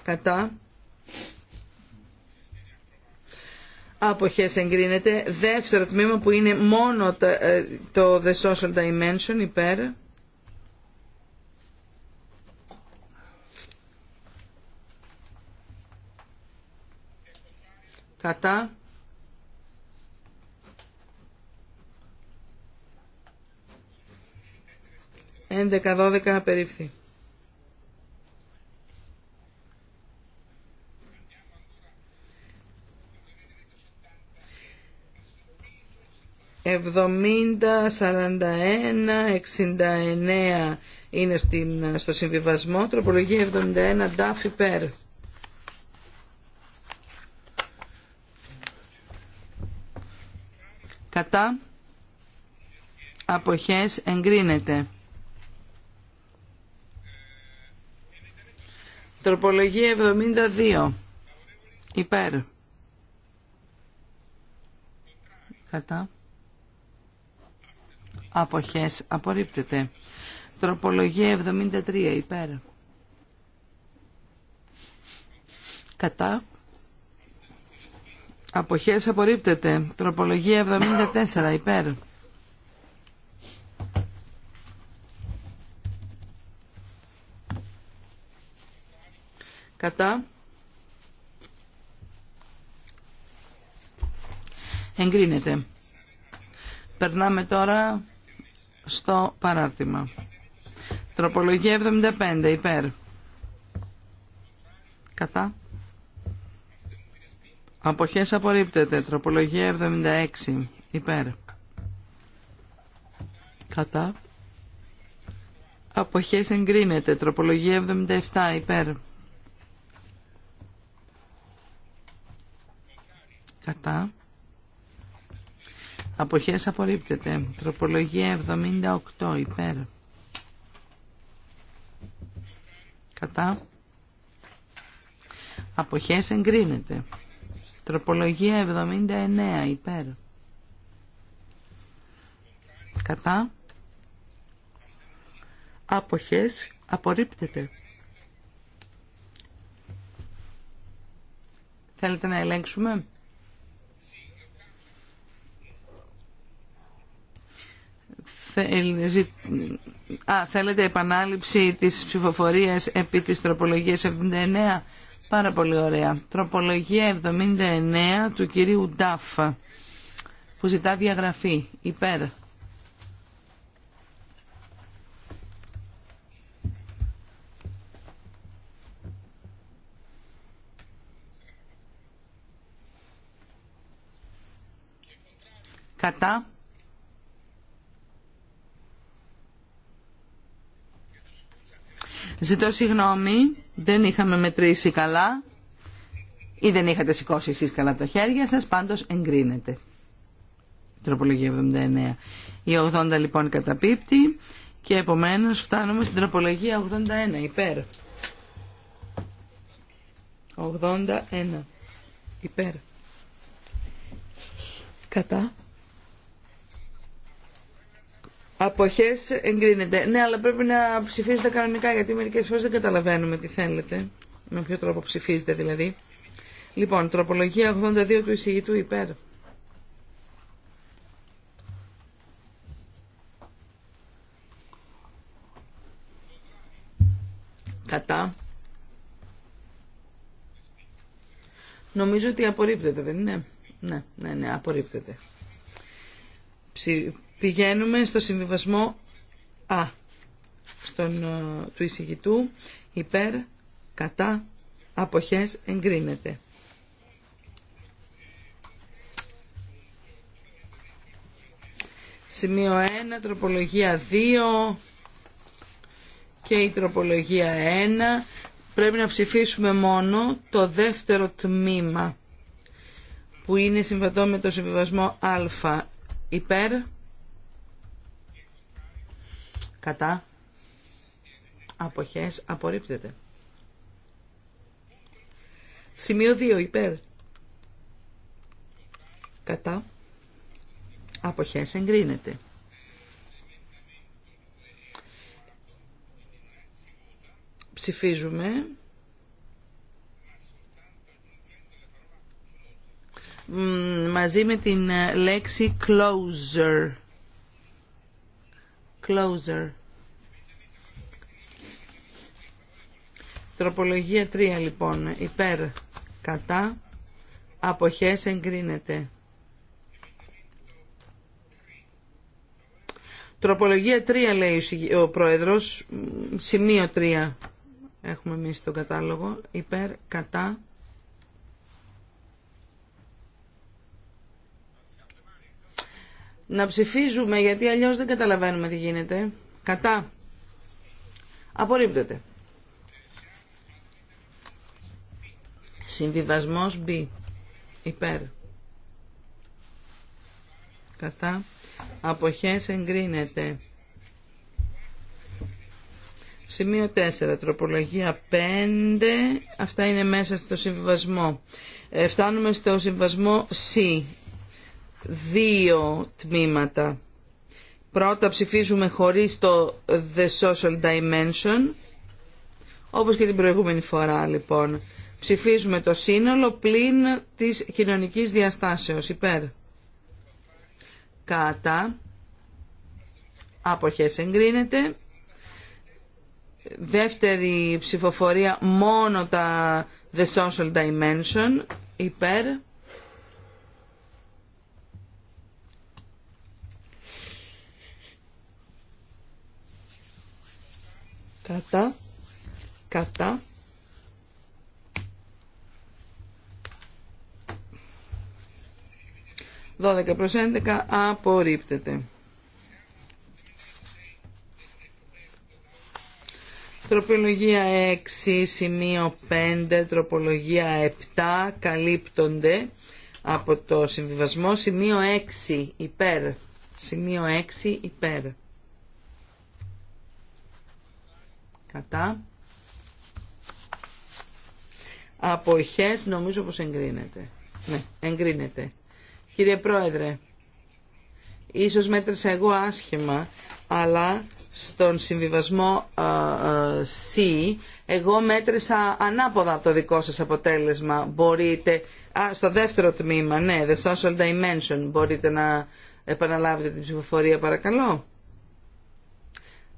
κατά αποχές εγκρίνεται. Δεύτερο τμήμα που είναι μόνο ε, το, The Social Dimension υπέρ. Κατά. Έντεκα δώδεκα απερίφθη. 70, 41, 69 είναι στην, στο συμβιβασμό. Τροπολογία 71, DAF υπέρ. Κατά αποχές εγκρίνεται. Τροπολογία 72. Υπέρ. Κατά αποχές απορρίπτεται. Τροπολογία 73 υπέρ. Κατά. Αποχές απορρίπτεται. Τροπολογία 74 υπέρ. Κατά. Εγκρίνεται. Περνάμε τώρα στο παράρτημα. Τροπολογία 75 υπέρ. Κατά. Αποχές απορρίπτεται. Τροπολογία 76 υπέρ. Κατά. Αποχές εγκρίνεται. Τροπολογία 77 υπέρ. Κατά. Αποχές απορρίπτεται. Τροπολογία 78 υπέρ. Κατά. Αποχές εγκρίνεται. Τροπολογία 79 υπέρ. Κατά. Αποχές απορρίπτεται. Θέλετε να ελέγξουμε. Α, θέλετε επανάληψη της ψηφοφορίας επί της τροπολογίας 79. Πάρα πολύ ωραία. Τροπολογία 79 του κυρίου Ντάφα που ζητά διαγραφή. Υπέρ. Κατά. Ζητώ συγγνώμη, δεν είχαμε μετρήσει καλά ή δεν είχατε σηκώσει εσείς καλά τα χέρια σας, πάντως εγκρίνεται. Τροπολογία 79. Η 80 λοιπόν καταπίπτει και επομένως φτάνουμε στην τροπολογία 81, υπέρ. 81, υπέρ. Κατά. Αποχές εγκρίνεται. Ναι, αλλά πρέπει να ψηφίζετε κανονικά, γιατί μερικές φορές δεν καταλαβαίνουμε τι θέλετε. Με ποιο τρόπο ψηφίζετε δηλαδή. Λοιπόν, τροπολογία 82 του εισηγητού υπέρ. Κατά. Νομίζω ότι απορρίπτεται, δεν είναι. Ναι, ναι, ναι, απορρίπτεται. Πηγαίνουμε στο συμβιβασμό Α στον, ε, του εισηγητού υπέρ, κατά, αποχές εγκρίνεται. Σημείο 1, τροπολογία 2 και η τροπολογία 1. Πρέπει να ψηφίσουμε μόνο το δεύτερο τμήμα που είναι συμβατό με το συμβιβασμό α υπέρ κατά αποχές απορρίπτεται. Σημείο 2 υπέρ κατά αποχές εγκρίνεται. Ψηφίζουμε μαζί με την λέξη closer. Τροπολογία 3 λοιπόν. Υπέρ. Κατά. Αποχές εγκρίνεται. Τροπολογία 3 λέει ο Πρόεδρος. Σημείο 3 έχουμε εμεί τον κατάλογο. Υπέρ. Κατά. να ψηφίζουμε γιατί αλλιώς δεν καταλαβαίνουμε τι γίνεται. Κατά. Απορρίπτεται. Συμβιβασμός B. Υπέρ. Κατά. Αποχές εγκρίνεται. Σημείο 4. Τροπολογία 5. Αυτά είναι μέσα στο συμβιβασμό. Ε, φτάνουμε στο συμβασμό C δύο τμήματα. Πρώτα ψηφίζουμε χωρίς το The Social Dimension, όπως και την προηγούμενη φορά λοιπόν. Ψηφίζουμε το σύνολο πλην της κοινωνικής διαστάσεως. Υπέρ. Κατά. Αποχές εγκρίνεται. Δεύτερη ψηφοφορία μόνο τα The Social Dimension. Υπέρ. κατά, κατά, δώδεκα προς 11 απορρίπτεται. Τροπολογία 6, σημείο 5, τροπολογία 7 καλύπτονται από το συμβιβασμό. Σημείο 6 υπέρ. Σημείο 6 υπέρ. κατά χες νομίζω πως εγκρίνεται ναι, εγκρίνεται κύριε πρόεδρε ίσως μέτρησα εγώ άσχημα αλλά στον συμβιβασμό uh, εγώ μέτρησα ανάποδα από το δικό σας αποτέλεσμα μπορείτε στο δεύτερο τμήμα ναι, the social dimension μπορείτε να επαναλάβετε την ψηφοφορία παρακαλώ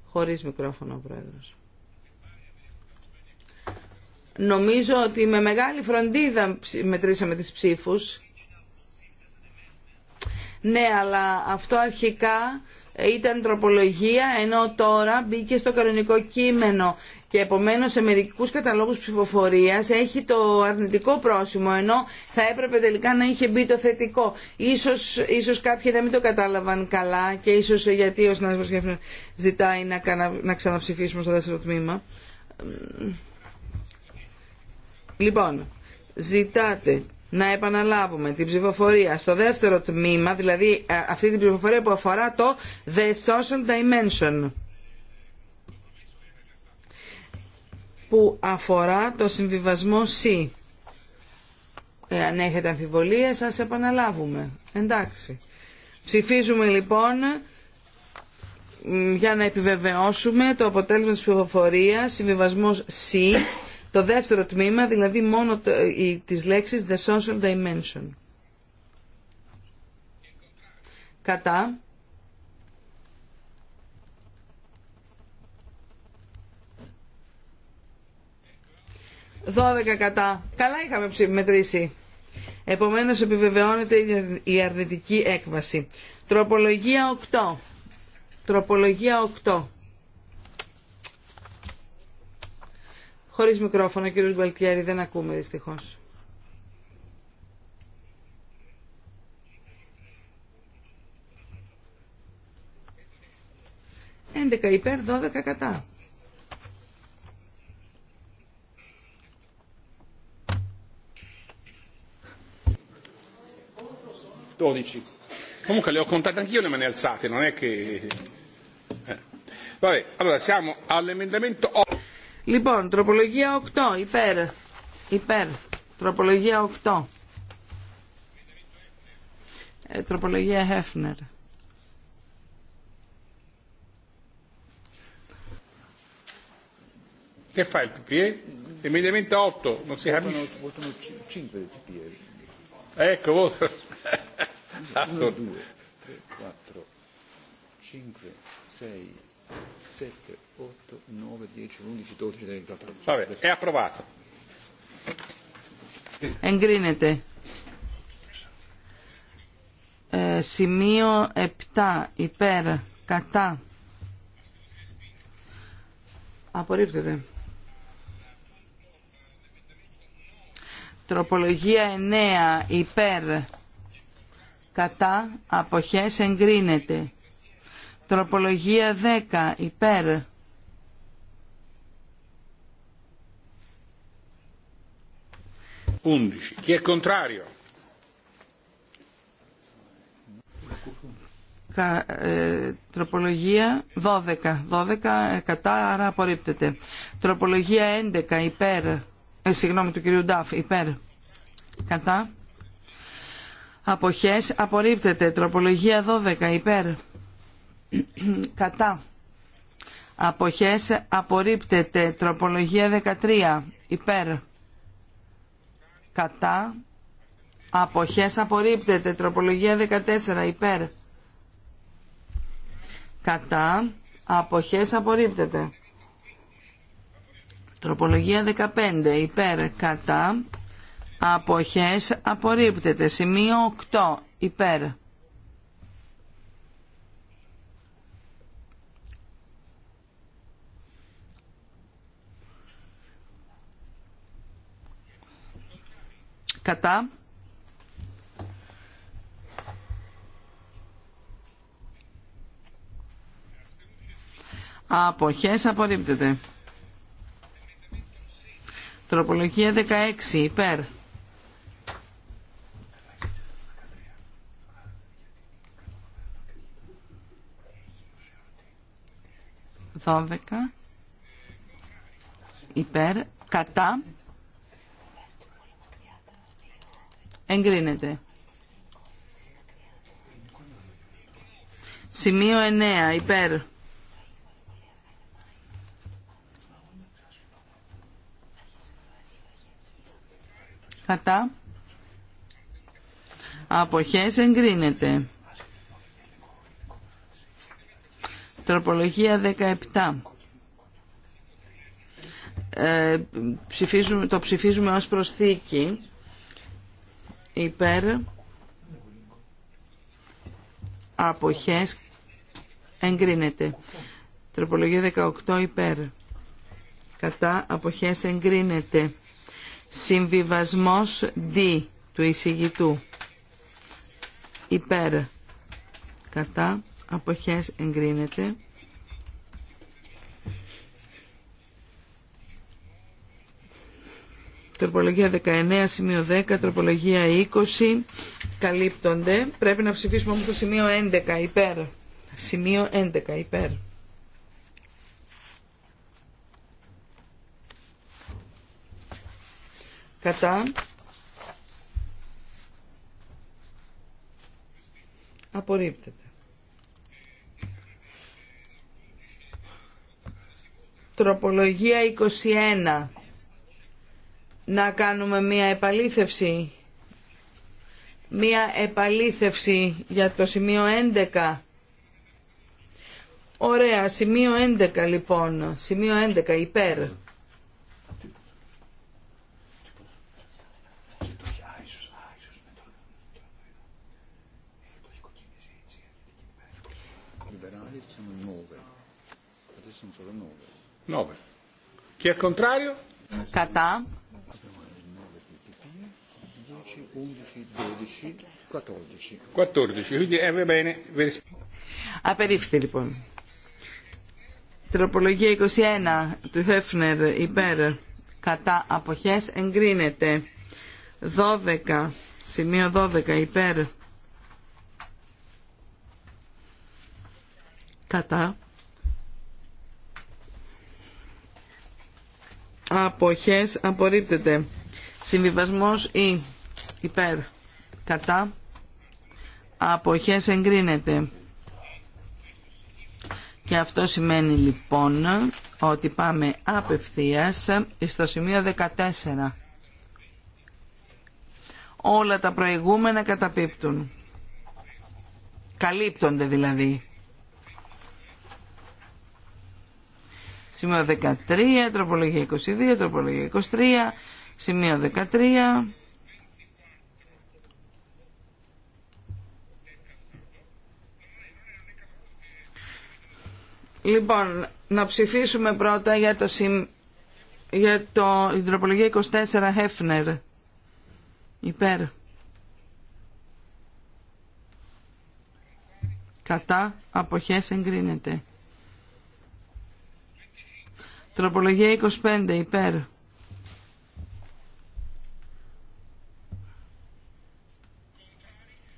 χωρίς μικρόφωνο ο πρόεδρος Νομίζω ότι με μεγάλη φροντίδα μετρήσαμε τις ψήφους. Ναι, αλλά αυτό αρχικά ήταν τροπολογία, ενώ τώρα μπήκε στο κανονικό κείμενο και επομένω σε μερικού καταλόγου ψηφοφορία έχει το αρνητικό πρόσημο, ενώ θα έπρεπε τελικά να είχε μπει το θετικό. Ίσως, ίσως κάποιοι δεν μην το κατάλαβαν καλά και ίσως γιατί ο συνάδελφος ζητάει να, να ξαναψηφίσουμε στο δεύτερο τμήμα. Λοιπόν, ζητάτε να επαναλάβουμε την ψηφοφορία στο δεύτερο τμήμα, δηλαδή ε, αυτή την ψηφοφορία που αφορά το The Social Dimension. που αφορά το συμβιβασμό C. Ε, αν έχετε αμφιβολία σας επαναλάβουμε. Εντάξει. Ψηφίζουμε λοιπόν για να επιβεβαιώσουμε το αποτέλεσμα της ψηφοφορίας, συμβιβασμός C, το δεύτερο τμήμα, δηλαδή μόνο το, η, τις λέξεις the social dimension. Κατά. Δώδεκα κατά. Καλά είχαμε μετρήσει. Επομένως επιβεβαιώνεται η αρνητική έκβαση. Τροπολογία 8. Τροπολογία 8. Χωρίς μικρόφωνο, ο κύριος Γκουαλτιέρη, δεν ακούμε δυστυχώς. Έντεκα υπέρ, δώδεκα κατά. Δώδεκα. Comunque le ho contate anch'io le mani alzate, non è che... Eh. Vabbè, allora siamo all'emendamento 8. Λοιπόν, τροπολογία 8, υπέρ. Υπέρ. Τροπολογία 8. Ε, τροπολογία Χέφνερ. Che fa il PPE? Immediatamente 8, non si capisce. Votano 5 del PPE. Ecco, voto. 1, 2, 3, 4, 5, 6, 7, 8, 9, 10, 11, 12, 13, 14. Vabbè, è approvato. Εγκρίνεται. Ε, σημείο 7. Υπέρ. Κατά. Απορρίπτεται. Τροπολογία 9. Υπέρ. Κατά. Αποχές. Εγκρίνεται. Τροπολογία 10. Υπέρ. Chi è contrario? Ε, τροπολογία 12. 12 ε, κατά, άρα απορρίπτεται. Τροπολογία 11 υπέρ. Ε, συγγνώμη του κυρίου Νταφ, υπέρ. Κατά. Αποχές απορρίπτεται. Τροπολογία 12 υπέρ. Κατά. Αποχές απορρίπτεται. Τροπολογία 13 υπέρ κατά, αποχές απορρίπτεται. Τροπολογία 14 υπέρ, κατά, αποχές απορρίπτεται. Τροπολογία 15 υπέρ, κατά, αποχές απορρίπτεται. Σημείο 8 υπέρ. κατά αποχές απορρίπτεται τροπολογία 16 υπέρ δώδεκα υπέρ κατά Εγκρίνεται. Σημείο 9. Υπέρ. Κατά. Αποχές εγκρίνεται. Τροπολογία 17. Ε, ψηφίζουμε, το ψηφίζουμε ως προσθήκη υπέρ αποχές εγκρίνεται. Τροπολογία 18 υπέρ κατά αποχές εγκρίνεται. Συμβιβασμός D του εισηγητού υπέρ κατά αποχές εγκρίνεται. τροπολογία 19, σημείο 10, τροπολογία 20 καλύπτονται. Πρέπει να ψηφίσουμε όμως το σημείο 11 υπέρ. Σημείο 11 υπέρ. Κατά. Απορρίπτεται. Τροπολογία 21 να κάνουμε μία επαλήθευση. Μία επαλήθευση για το σημείο 11. Ωραία, σημείο 11 λοιπόν. Σημείο 11 υπέρ. Κατά. Eh, Απερίφθη λοιπόν. Τροπολογία 21 του Χέφνερ υπέρ κατά αποχές εγκρίνεται. 12, σημείο 12 υπέρ κατά αποχές απορρίπτεται. Συμβιβασμός ή υπέρ κατά αποχές εγκρίνεται. Και αυτό σημαίνει λοιπόν ότι πάμε απευθείας στο σημείο 14. Όλα τα προηγούμενα καταπίπτουν. Καλύπτονται δηλαδή. Σημείο 13, τροπολογία 22, τροπολογία 23, σημείο 13. Λοιπόν, να ψηφίσουμε πρώτα για, το, για το, την τροπολογία 24 Χέφνερ. Υπέρ. Κατά αποχές εγκρίνεται. Τροπολογία 25 υπέρ.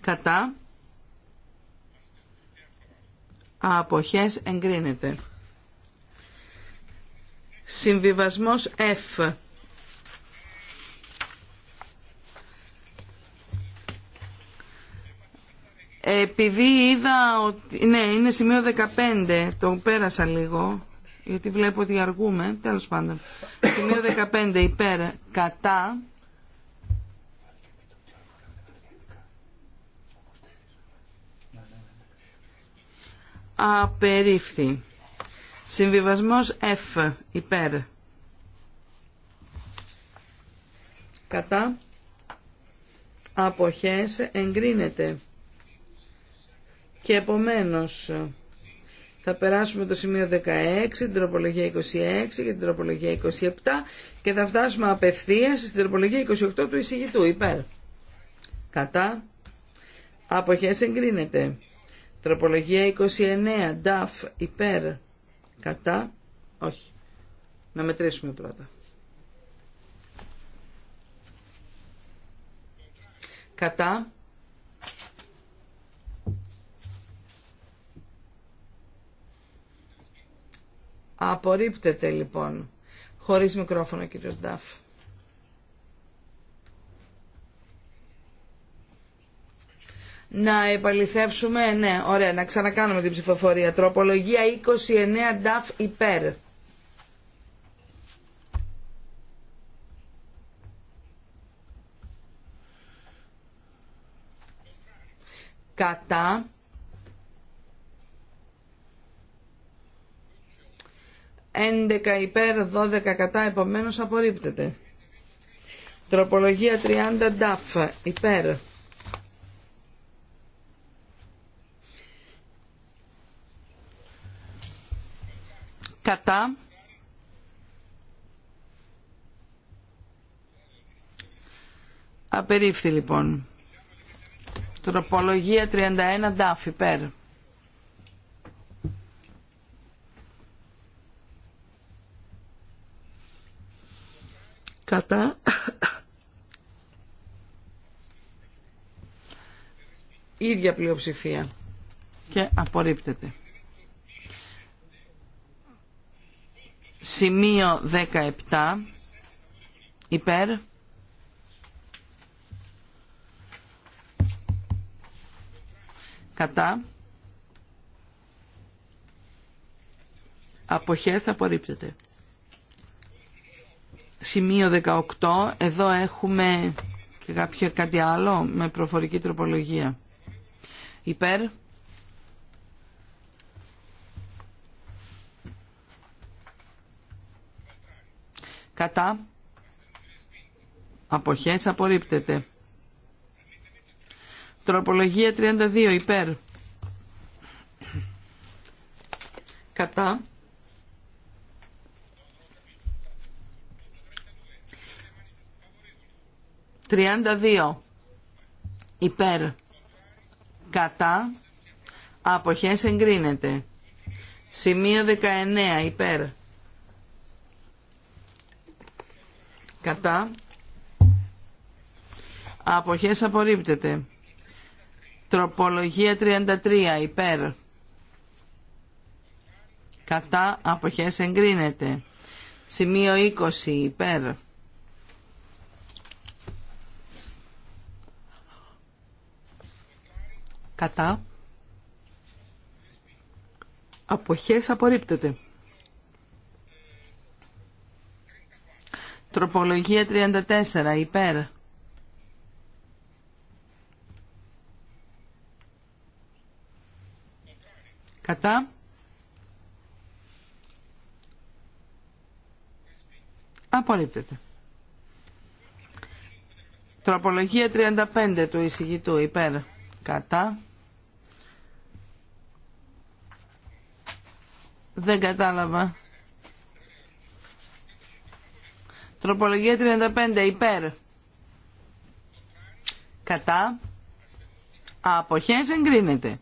Κατά αποχές εγκρίνεται. Συμβιβασμός F. Επειδή είδα ότι... Ναι, είναι σημείο 15, το πέρασα λίγο, γιατί βλέπω ότι αργούμε, τέλος πάντων. Σημείο 15 υπέρ, κατά, απερίφθη. Συμβιβασμός F υπέρ. Κατά αποχές εγκρίνεται. Και επομένως θα περάσουμε το σημείο 16, την τροπολογία 26 και την τροπολογία 27 και θα φτάσουμε απευθείας στην τροπολογία 28 του εισηγητού υπέρ. Κατά αποχές εγκρίνεται. Τροπολογία 29. Νταφ υπέρ. Κατά. Όχι. Να μετρήσουμε πρώτα. Κατά. Απορρίπτεται λοιπόν. Χωρίς μικρόφωνο κύριο Νταφ. να επαληθεύσουμε, ναι, ωραία, να ξανακάνουμε την ψηφοφορία. Τροπολογία 29 DAF υπέρ. Κατά. 11 υπέρ, 12 κατά, επομένως απορρίπτεται. Τροπολογία 30 DAF υπέρ. κατά Απερίφθη λοιπόν. Τροπολογία 31 ντάφι πέρ Κατά. Ίδια πλειοψηφία. Και απορρίπτεται. Σημείο 17 υπέρ κατά αποχές απορρίπτεται. Σημείο 18, εδώ έχουμε και κάποιο κάτι άλλο με προφορική τροπολογία. Υπέρ, κατά αποχές απορρίπτεται. Τροπολογία 32 υπέρ κατά 32. δύο υπέρ κατά αποχές εγκρίνεται. Σημείο 19 υπέρ κατά αποχές απορρίπτεται τροπολογία 33 υπέρ κατά αποχές εγκρίνεται σημείο 20 υπέρ κατά αποχές απορρίπτεται Τροπολογία 34 υπέρ. Κατά. Απορρίπτεται. Τροπολογία 35 του εισηγητού υπέρ. Κατά. Δεν κατάλαβα. Τροπολογία 35 υπέρ. Κατά. Αποχές εγκρίνεται.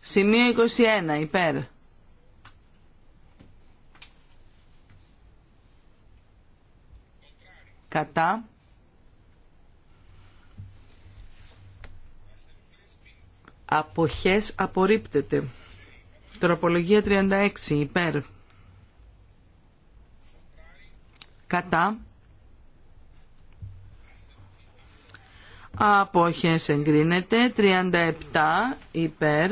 Σημείο 21 υπέρ. Κατά. Αποχές απορρίπτεται. Τροπολογία 36 υπέρ. κατά απόχες εγκρίνεται 37 υπέρ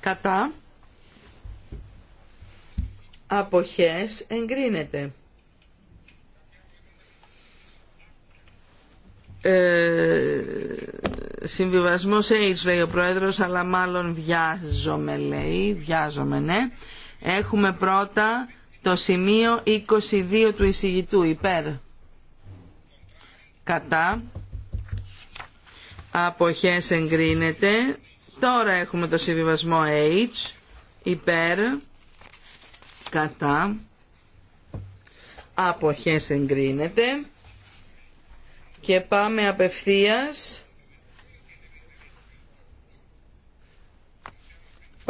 κατά αποχές εγκρίνεται ε, Συμβιβασμό H λέει ο Πρόεδρος, αλλά μάλλον βιάζομαι λέει, βιάζομαι ναι. Έχουμε πρώτα το σημείο 22 του εισηγητού, υπέρ. Κατά. Αποχέ εγκρίνεται. Τώρα έχουμε το συμβιβασμό H, υπέρ. Κατά. απόχέ εγκρίνεται. Και πάμε απευθείας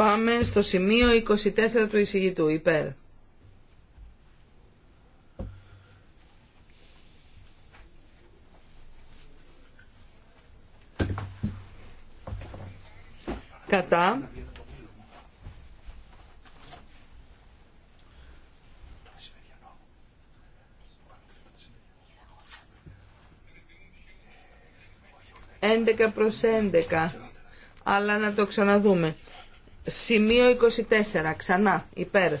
Πάμε στο σημείο 24 του εισηγητού. Υπέρ. Κατά. Έντεκα προς έντεκα. Αλλά να το ξαναδούμε. Σημείο 24. Ξανά. Υπέρ.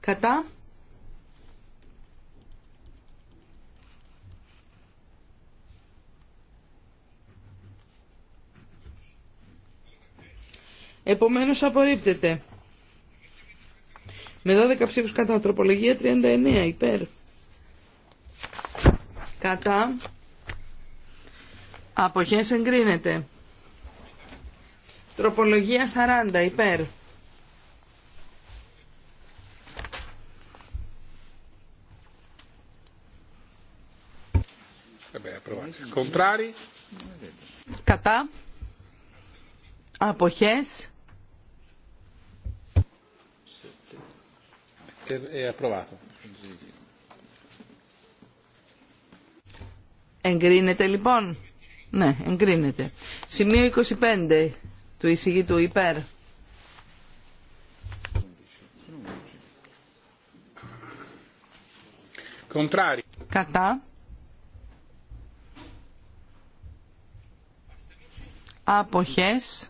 Κατά. Επομένω απορρίπτεται. Με 12 ψήφου κατά τροπολογία 39 υπέρ. Κατά. Αποχέ εγκρίνεται. Τροπολογία 40 υπέρ. Κοντράρι. Κατά. Αποχές. è approvato. Εγκρίνεται λοιπόν. Ναι, εγκρίνεται. Σημείο 25 του εισηγήτου υπέρ. Contrari. Κατά. Αποχές.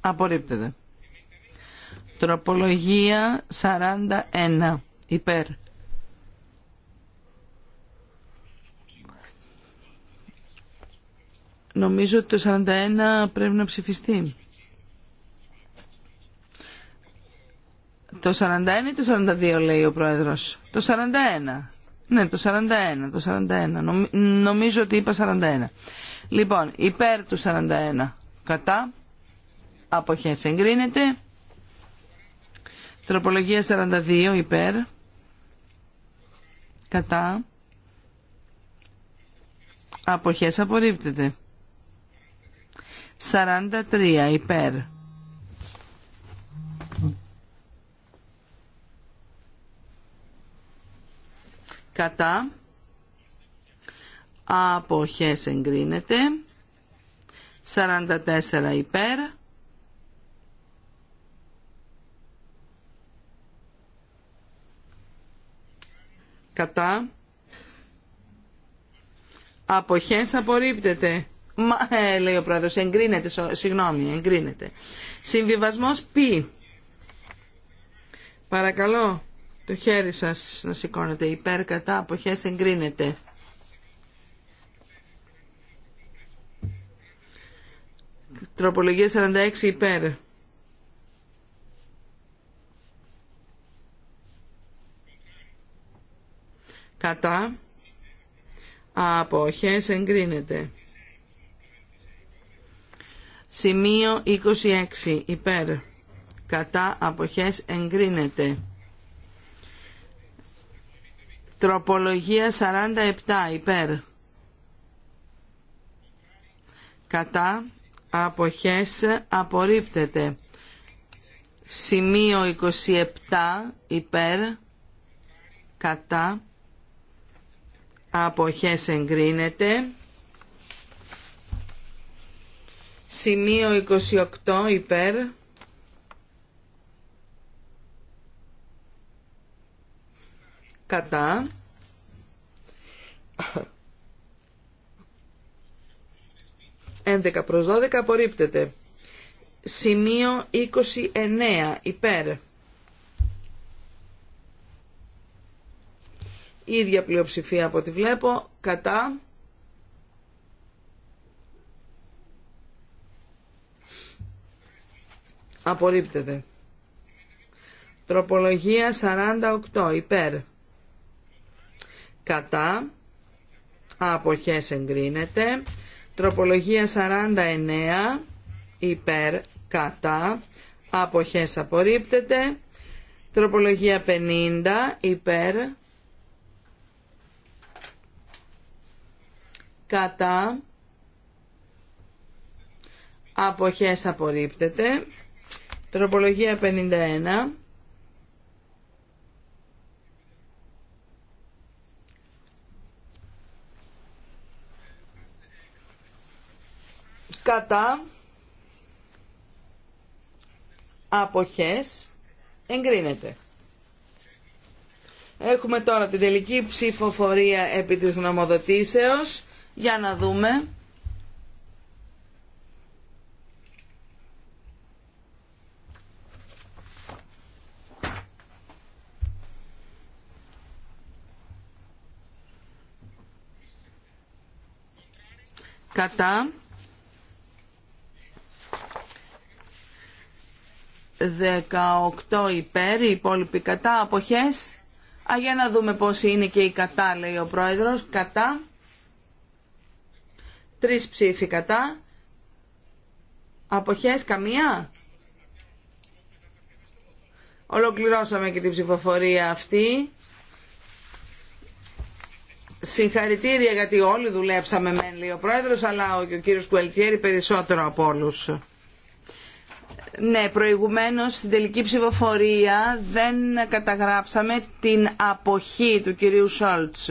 Απορρίπτεται. Τροπολογία 41. Υπέρ. Νομίζω ότι το 41 πρέπει να ψηφιστεί. Το 41 ή το 42 λέει ο πρόεδρος. Το 41. Ναι, το 41, το 41. Νομίζω ότι είπα 41. Λοιπόν, υπέρ του 41. Κατά. Αποχές εγκρίνεται. Τροπολογία 42 υπέρ. Κατά. Αποχές απορρίπτεται. 43 υπέρ. Κατά. Αποχές εγκρίνεται. 44 υπέρ. κατά αποχές απορρίπτεται Μα, ε, λέει ο πρόεδρος εγκρίνεται συγγνώμη εγκρίνεται συμβιβασμός π παρακαλώ το χέρι σας να σηκώνετε υπέρ κατά αποχές εγκρίνεται τροπολογία 46 υπέρ κατά αποχές εγκρίνεται. Σημείο 26 υπέρ κατά αποχές εγκρίνεται. Τροπολογία 47 υπέρ κατά αποχές απορρίπτεται. Σημείο 27 υπέρ κατά αποχές εγκρίνεται. Σημείο 28 υπέρ. Κατά. Έντεκα προς 12 απορρίπτεται. Σημείο 29 υπέρ. Η ίδια πλειοψηφία από ό,τι βλέπω. Κατά. Απορρίπτεται. Τροπολογία 48. Υπέρ. Κατά. Αποχές εγκρίνεται. Τροπολογία 49. Υπέρ. Κατά. Αποχές απορρίπτεται. Τροπολογία 50. Υπέρ. κατά αποχές απορρίπτεται τροπολογία 51 κατά αποχές εγκρίνεται. Έχουμε τώρα την τελική ψηφοφορία επί της γνωμοδοτήσεως. Για να δούμε. Κατά. Δεκαοκτώ υπέρ, οι υπόλοιποι κατά, αποχές. Α, για να δούμε πώς είναι και η κατά, λέει ο πρόεδρος. Κατά. Τρεις ψήφοι κατά. Αποχές καμία. Ολοκληρώσαμε και την ψηφοφορία αυτή. Συγχαρητήρια γιατί όλοι δουλέψαμε μεν λέει ο Πρόεδρος αλλά ο, και ο κύριος Κουελτιέρη περισσότερο από όλους. Ναι, προηγουμένως στην τελική ψηφοφορία δεν καταγράψαμε την αποχή του κυρίου Σόλτς.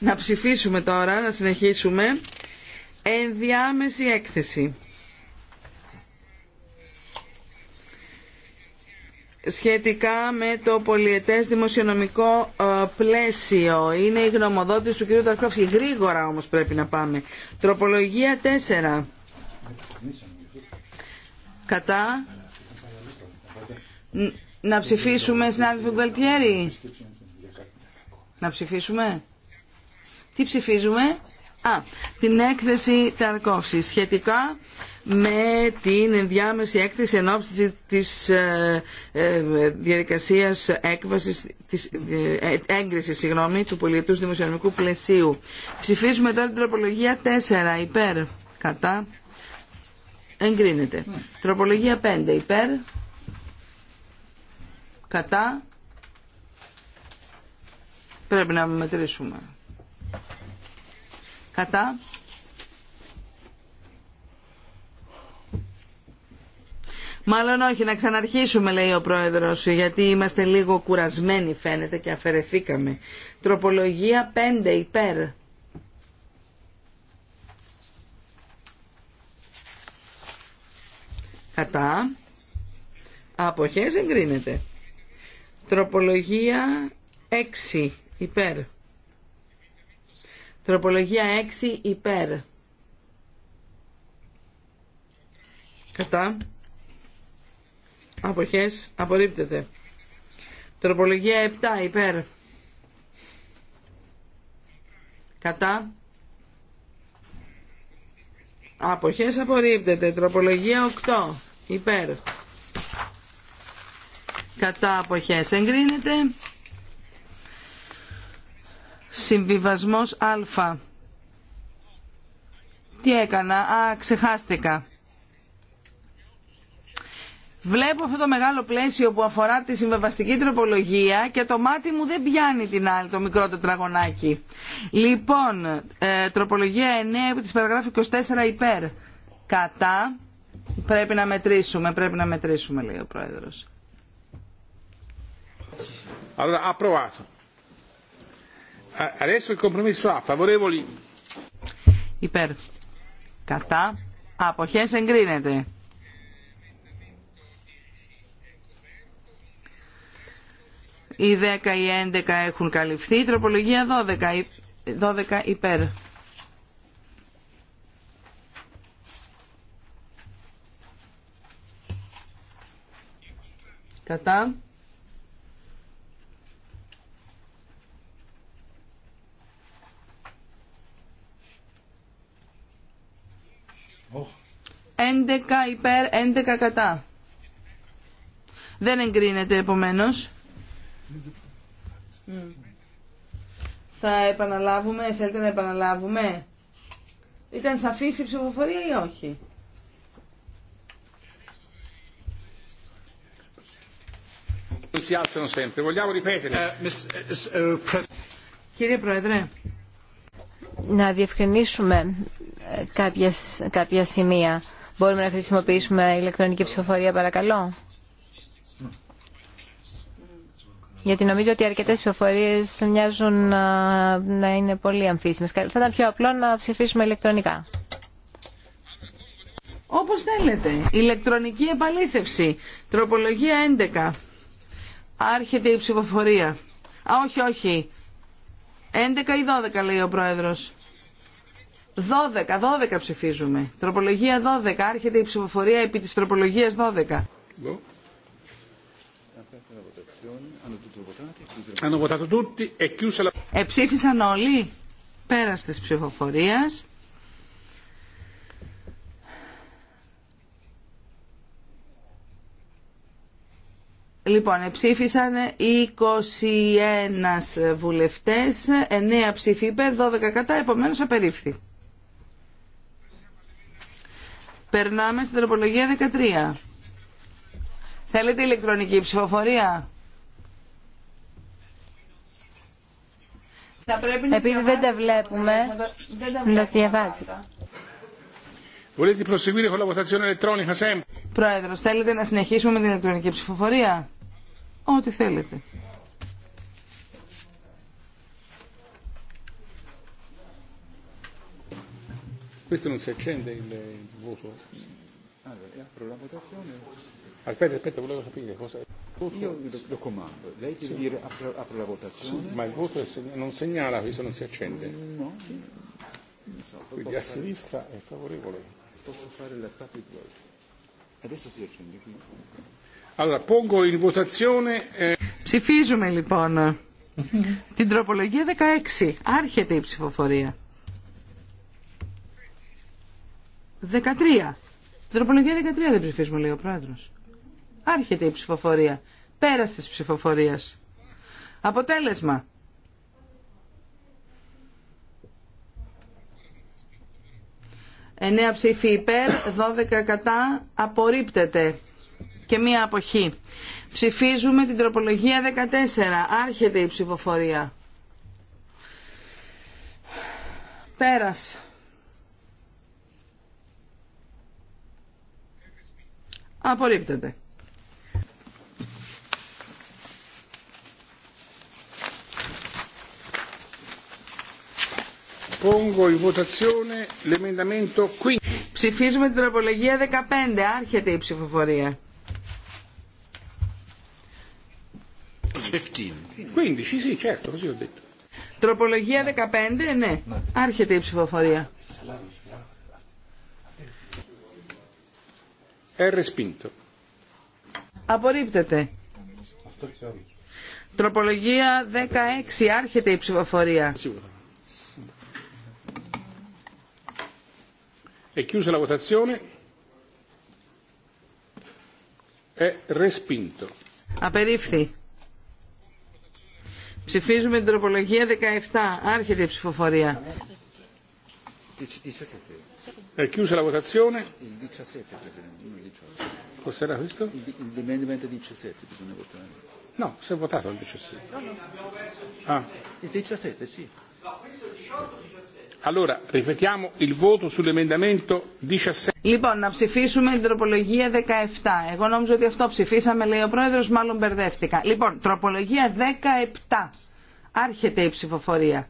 Να, ψηφίσουμε τώρα, να συνεχίσουμε. Ενδιάμεση έκθεση. σχετικά με το πολιετές δημοσιονομικό ε, πλαίσιο. Είναι η γνωμοδότηση του κ. Ταρκόφσκη. Γρήγορα όμως πρέπει να πάμε. Τροπολογία 4. Κατά. Να ψηφίσουμε, συνάδελφε Γκουαλτιέρη. Να ψηφίσουμε. Τι ψηφίζουμε. Α, την έκθεση Ταρκόφση σχετικά με την ενδιάμεση έκθεση εν της ε, ε, διαδικασίας έκβασης, της, ε, ε έγκρισης του πολιτούς δημοσιονομικού πλαισίου. Ψηφίζουμε τώρα την τροπολογία 4 υπέρ κατά. Εγκρίνεται. Ναι. Τροπολογία 5 υπέρ κατά πρέπει να μετρήσουμε. Κατά. Μάλλον όχι, να ξαναρχίσουμε λέει ο πρόεδρος, γιατί είμαστε λίγο κουρασμένοι φαίνεται και αφαιρεθήκαμε. Τροπολογία 5 υπέρ. Κατά. Αποχές εγκρίνεται. Τροπολογία 6 υπέρ. Τροπολογία 6 υπέρ. Κατά. Αποχές απορρίπτεται. Τροπολογία 7 υπέρ. Κατά. Αποχές απορρίπτεται. Τροπολογία 8 υπέρ. Κατά αποχές εγκρίνεται. Συμβιβασμός Α. Τι έκανα. Α, ξεχάστηκα. Βλέπω αυτό το μεγάλο πλαίσιο που αφορά τη συμβεβαστική τροπολογία και το μάτι μου δεν πιάνει την άλλη, το μικρό τετραγωνάκι. Λοιπόν, ε, τροπολογία 9 της παραγράφου 24 υπέρ. Κατά. Πρέπει να μετρήσουμε, πρέπει να μετρήσουμε λέει ο Πρόεδρος. Άρα, Adesso il compromesso A, favorevoli. Υπέρ. Κατά. Αποχές εγκρίνεται. Οι 10, οι 11 έχουν καλυφθεί. Η τροπολογία 12, 12 υπέρ. Κατά. 11 υπέρ, 11 κατά. Δεν εγκρίνεται επομένως. Θα επαναλάβουμε, θέλετε να επαναλάβουμε. Ήταν σαφής η ψηφοφορία ή όχι. Κύριε Πρόεδρε, να διευκρινίσουμε ε, κάποια σημεία. Μπορούμε να χρησιμοποιήσουμε ηλεκτρονική ψηφοφορία, παρακαλώ. Γιατί νομίζω ότι αρκετές ψηφοφορίες μοιάζουν να είναι πολύ αμφίσιμες. Θα ήταν πιο απλό να ψηφίσουμε ηλεκτρονικά. Όπως θέλετε. Ηλεκτρονική επαλήθευση. Τροπολογία 11. Άρχεται η ψηφοφορία. Α, όχι, όχι. 11 ή 12 λέει ο Πρόεδρος. 12, 12 ψηφίζουμε. Τροπολογία 12. Άρχεται η ψηφοφορία επί της τροπολογίας 12. Εψήφισαν όλοι πέρα της ψηφοφορίας. Λοιπόν, εψήφισαν 21 βουλευτές, 9 ψήφοι υπέρ, 12 κατά, επομένως απερίφθη. Περνάμε στην τροπολογία 13. Θέλετε ηλεκτρονική ψηφοφορία. Θα Επειδή δεν τα βλέπουμε, δεν τα διαβάζει. Πρόεδρος, θέλετε να συνεχίσουμε με την ηλεκτρονική ψηφοφορία. Ό,τι θέλετε voto. Allora, apro la votazione. Aspetta, aspetta, volevo capire cosa... Io lo, comando, lei deve dire apro, apro la votazione. Sì, ma il voto non segnala, questo non si accende. No, non so, Quindi a sinistra è favorevole. Posso fare la public vote. Adesso si accende qui. Allora, pongo in votazione... Ψηφίζουμε λοιπόν την τροπολογία 16. Άρχεται η ψηφοφορία. 13. Τροπολογία 13 δεν ψηφίζουμε, λέει ο πρόεδρο. Άρχεται η ψηφοφορία. Πέρα τη ψηφοφορία. Αποτέλεσμα. Εννέα ψήφοι υπέρ, 12 κατά, απορρίπτεται και μία αποχή. Ψηφίζουμε την τροπολογία 14. Άρχεται η ψηφοφορία. Πέρας. Απορρίπτεται. Ψηφίζουμε την τροπολογία 15. Άρχεται η ψηφοφορία. 15. Τροπολογία 15, ναι. ναι. Άρχεται η ψηφοφορία. È Απορρίπτεται. Τροπολογία 16. Άρχεται η ψηφοφορία. È chiusa la votazione. È Απερίφθη. Ψηφίζουμε την τροπολογία 17. Άρχεται η ψηφοφορία. Λοιπόν, να ψηφίσουμε την τροπολογία 17. Εγώ νόμιζα ότι αυτό ψηφίσαμε, λέει ο πρόεδρος, μάλλον μπερδεύτηκα. Λοιπόν, τροπολογία 17. Άρχεται η ψηφοφορία.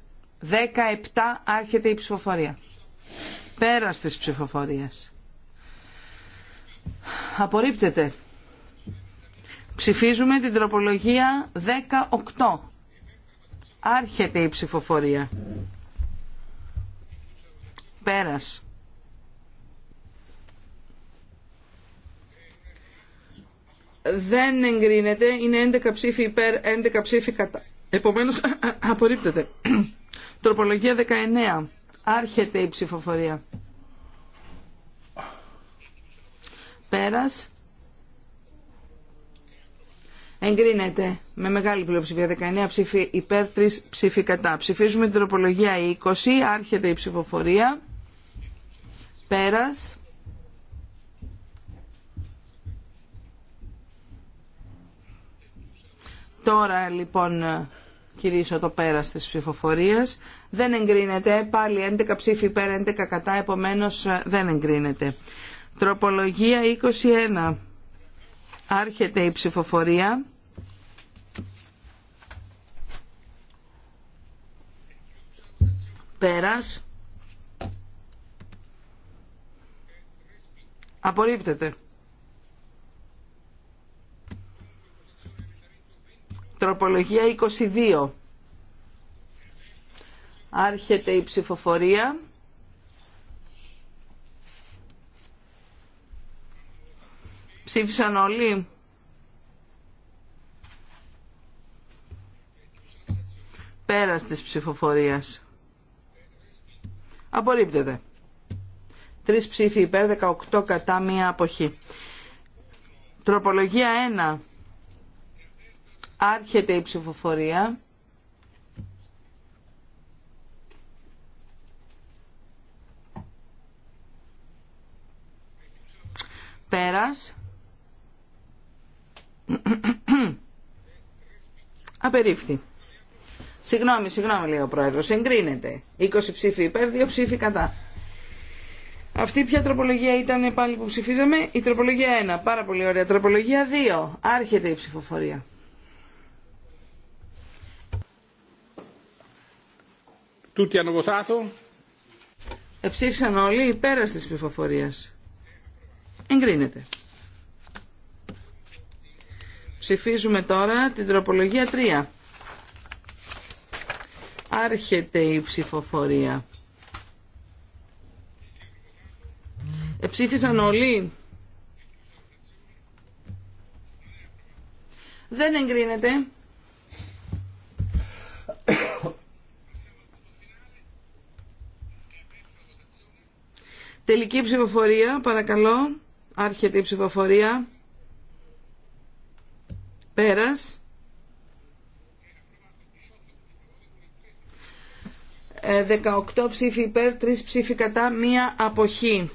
17. Άρχεται η ψηφοφορία. Πέρας της ψηφοφορίας. Απορρίπτεται. Ψηφίζουμε την τροπολογία 18. Άρχεται η ψηφοφορία. Πέρας. Δεν εγκρίνεται. Είναι 11 ψήφοι υπέρ, 11 ψήφοι κατά. Επομένως απορρίπτεται. Τροπολογία 19. Άρχεται η ψηφοφορία. Πέρας. Εγκρίνεται με μεγάλη πλειοψηφία 19 ψήφοι υπέρ 3 ψήφοι κατά. Ψηφίζουμε την τροπολογία 20. Άρχεται η ψηφοφορία. Πέρας. Τώρα λοιπόν κυρίσω το πέρας της ψηφοφορίας. Δεν εγκρίνεται. Πάλι 11 ψήφοι υπέρ, 11 κατά, επομένως ε, δεν εγκρίνεται. Τροπολογία 21. Άρχεται η ψηφοφορία. Πέρας. Απορρίπτεται. Τροπολογία 22. Άρχεται η ψηφοφορία. Ψήφισαν όλοι. Πέρας της ψηφοφορίας. Απορρίπτεται. Τρεις ψήφοι υπέρ, 18 κατά μία αποχή. Τροπολογία 1. Άρχεται η ψηφοφορία. Πέρας. Απερίφθη. Συγγνώμη, συγγνώμη λέει ο πρόεδρος. Εγκρίνεται. 20 ψήφοι υπέρ, 2 ψήφοι κατά. Αυτή ποια τροπολογία ήταν πάλι που ψηφίζαμε. Η τροπολογία 1. Πάρα πολύ ωραία. Τροπολογία 2. Άρχεται η ψηφοφορία. Εψήφισαν όλοι πέρα τη ψηφοφορία. Εγκρίνεται. Ψηφίζουμε τώρα την τροπολογία 3. Άρχεται η ψηφοφορία. Εψήφισαν όλοι. Δεν εγκρίνεται. Τελική ψηφοφορία, παρακαλώ. Άρχεται η ψηφοφορία. Πέρας. 18 ε, ψήφοι υπέρ, 3 ψήφοι κατά, μία αποχή.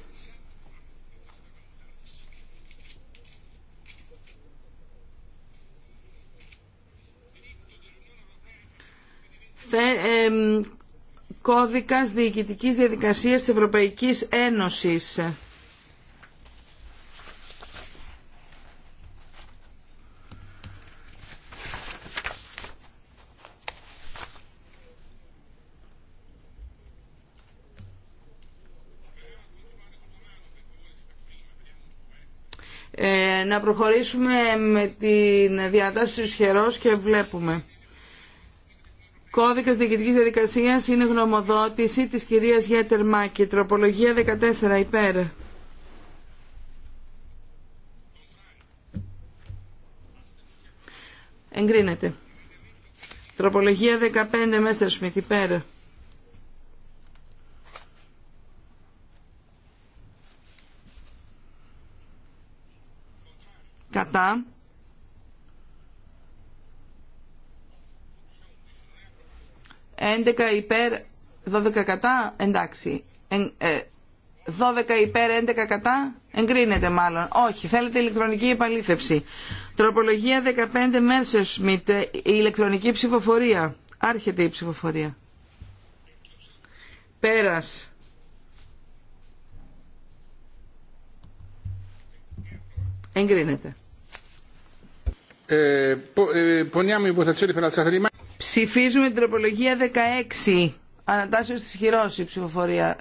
Θε, ε, κώδικας διοικητικής διαδικασίας της Ευρωπαϊκής Ένωσης. Ε, να προχωρήσουμε με την διατάσταση του και βλέπουμε. Κώδικας διοικητική διαδικασία είναι γνωμοδότηση της κυρίας Γέτερ Μάκη. Τροπολογία 14 υπέρ. Εγκρίνεται. Τροπολογία 15 μέσα Σμιτ υπέρ. Κατά. 11 υπέρ 12 κατά, εντάξει. 12 ε, υπέρ 11 κατά, εγκρίνεται μάλλον. Όχι, θέλετε ηλεκτρονική επαλήθευση. Τροπολογία 15 Μέρσερ Σμιτ, ηλεκτρονική ψηφοφορία. Άρχεται η ψηφοφορία. Πέρας. Εγκρίνεται. Ε, πονιάμε votazione per Ψηφίζουμε την τροπολογία 16. Ανατάσσεως της χειρός η ψηφοφορία.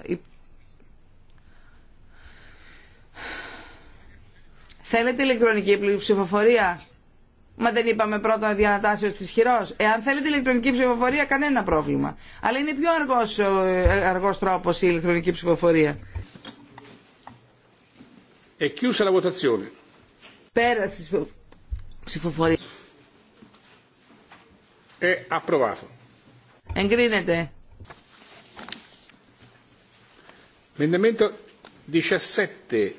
Θέλετε ηλεκτρονική ψηφοφορία. Μα δεν είπαμε πρώτα διανατάσσεως της χειρός. Εάν θέλετε ηλεκτρονική ψηφοφορία, κανένα πρόβλημα. Αλλά είναι πιο αργός, ε, αργός τρόπος η ηλεκτρονική ψηφοφορία. E chiusa la Πέρα ε, approvato. Εγκρίνεται. Emendamento 17.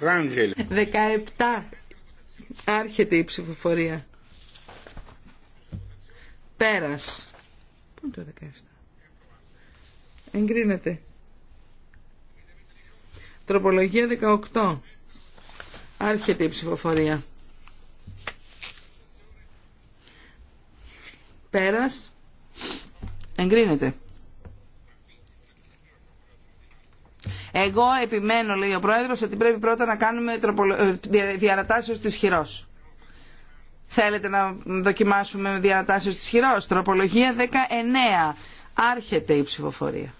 17. Άρχεται η ψηφοφορία. Πέρας. Πού είναι το 17. Εγκρίνεται. Τροπολογία 18. Άρχεται η ψηφοφορία. Πέρας. Εγκρίνεται. Εγώ επιμένω, λέει ο Πρόεδρος, ότι πρέπει πρώτα να κάνουμε ε, διανατάσεις της χειρός. Θέλετε να δοκιμάσουμε διανατάσεις της χειρός. Τροπολογία 19. Άρχεται η ψηφοφορία.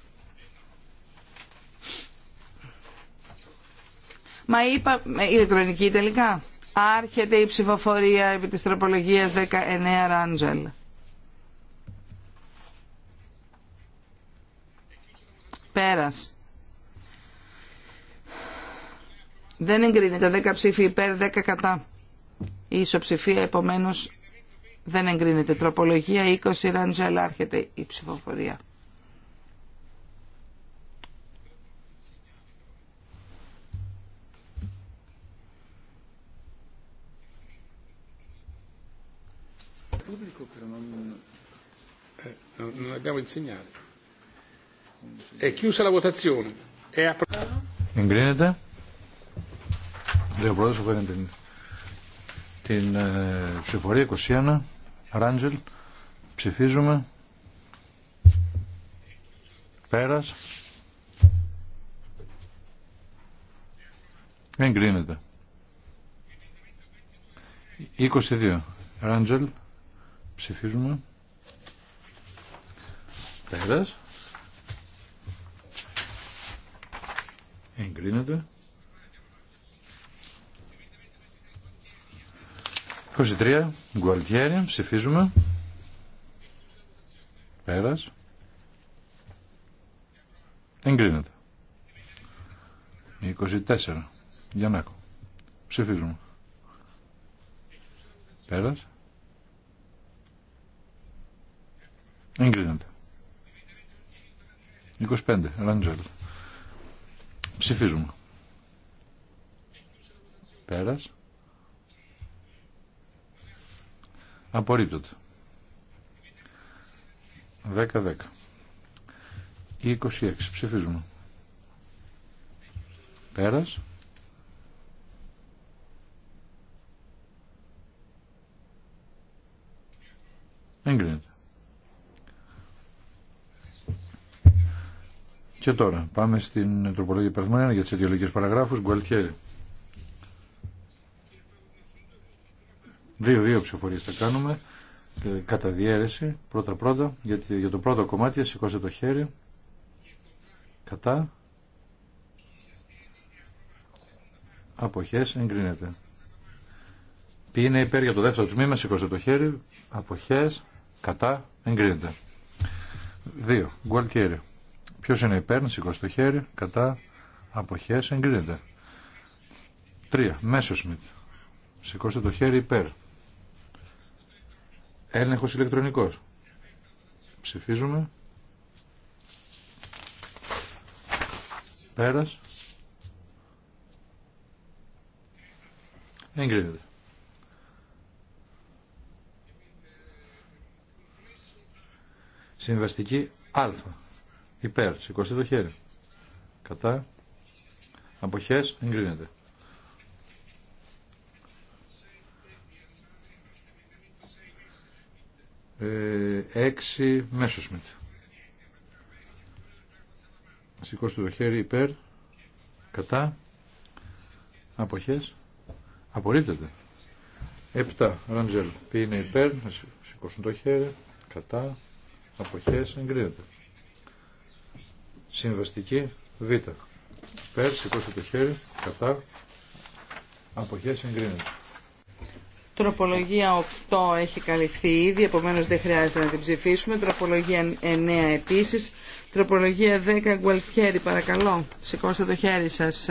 Μα είπα ε, ηλεκτρονική τελικά. Άρχεται η ψηφοφορία επί της τροπολογίας 19 Ράντζελ. Πέρας. Δεν εγκρίνεται 10 ψήφοι υπέρ, 10 κατά. Η ισοψηφία επομένως δεν εγκρίνεται. Τροπολογία 20 Ραντζέλ έρχεται η ψηφοφορία. Eh, non abbiamo il segnale. Εγκρίνεται. Λέω πρώτος, έχω την, την ε, ψηφορία 21. Ράντζελ. Ψηφίζουμε. Πέρα. Εγκρίνεται. 22. Ράντζελ. Ψηφίζουμε. Πέρα. Εγκρίνεται. 23. Γκουαλτιέρι. Ψηφίζουμε. Πέρας. Εγκρίνεται. 24. Γιαννάκο. Ψηφίζουμε. Πέρας. Εγκρίνεται. 25. Ραντζέλ. Ψηφίζουμε. Πέρας. Απορρίπτωται. 10-10. 26. Ψηφίζουμε. Πέρας. Εγκρίνεται. Και τώρα πάμε στην τροπολογία Παραθμανένα για τι αιτιολογικές παραγράφους. Γκουαλτιέρη. Δύο-δύο ψηφορίες θα κάνουμε. Ε, κατά διαίρεση, πρώτα-πρώτα, γιατί για το πρώτο κομμάτι σηκώστε το χέρι. Κατά. Αποχές εγκρίνεται. Ποιοι είναι υπέρ για το δεύτερο τμήμα, σηκώστε το χέρι. Αποχές, κατά, εγκρίνεται. Δύο. Γκουαλτιέρη. Ποιο είναι υπέρ, σηκώ στο το χέρι, κατά, αποχές, εγκρίνεται. Τρία, μέσο Σμιτ. Σηκώστε το χέρι υπέρ. Έλεγχος ηλεκτρονικός. Ψηφίζουμε. Πέρα. Εγκρίνεται. Συμβαστική Α Υπέρ. Σηκώστε το χέρι. Κατά. Αποχές. Εγκρίνεται. Ε, έξι. Μέσο σμιτ. Σηκώστε το χέρι. Υπέρ. Κατά. Αποχές. Απορρίπτεται. Έπτα. Ραντζέλ. Ποιοι είναι υπέρ, Σηκώστε το χέρι. Κατά. Αποχές. Εγκρίνεται. Συμβαστική Β. Περ, σηκώστε το χέρι, κατά, αποχές εγκρίνεται. Τροπολογία 8 έχει καλυφθεί ήδη, επομένως δεν χρειάζεται να την ψηφίσουμε. Τροπολογία 9 επίσης. Τροπολογία 10 Γκουαλτιέρη, παρακαλώ, σηκώστε το χέρι σας.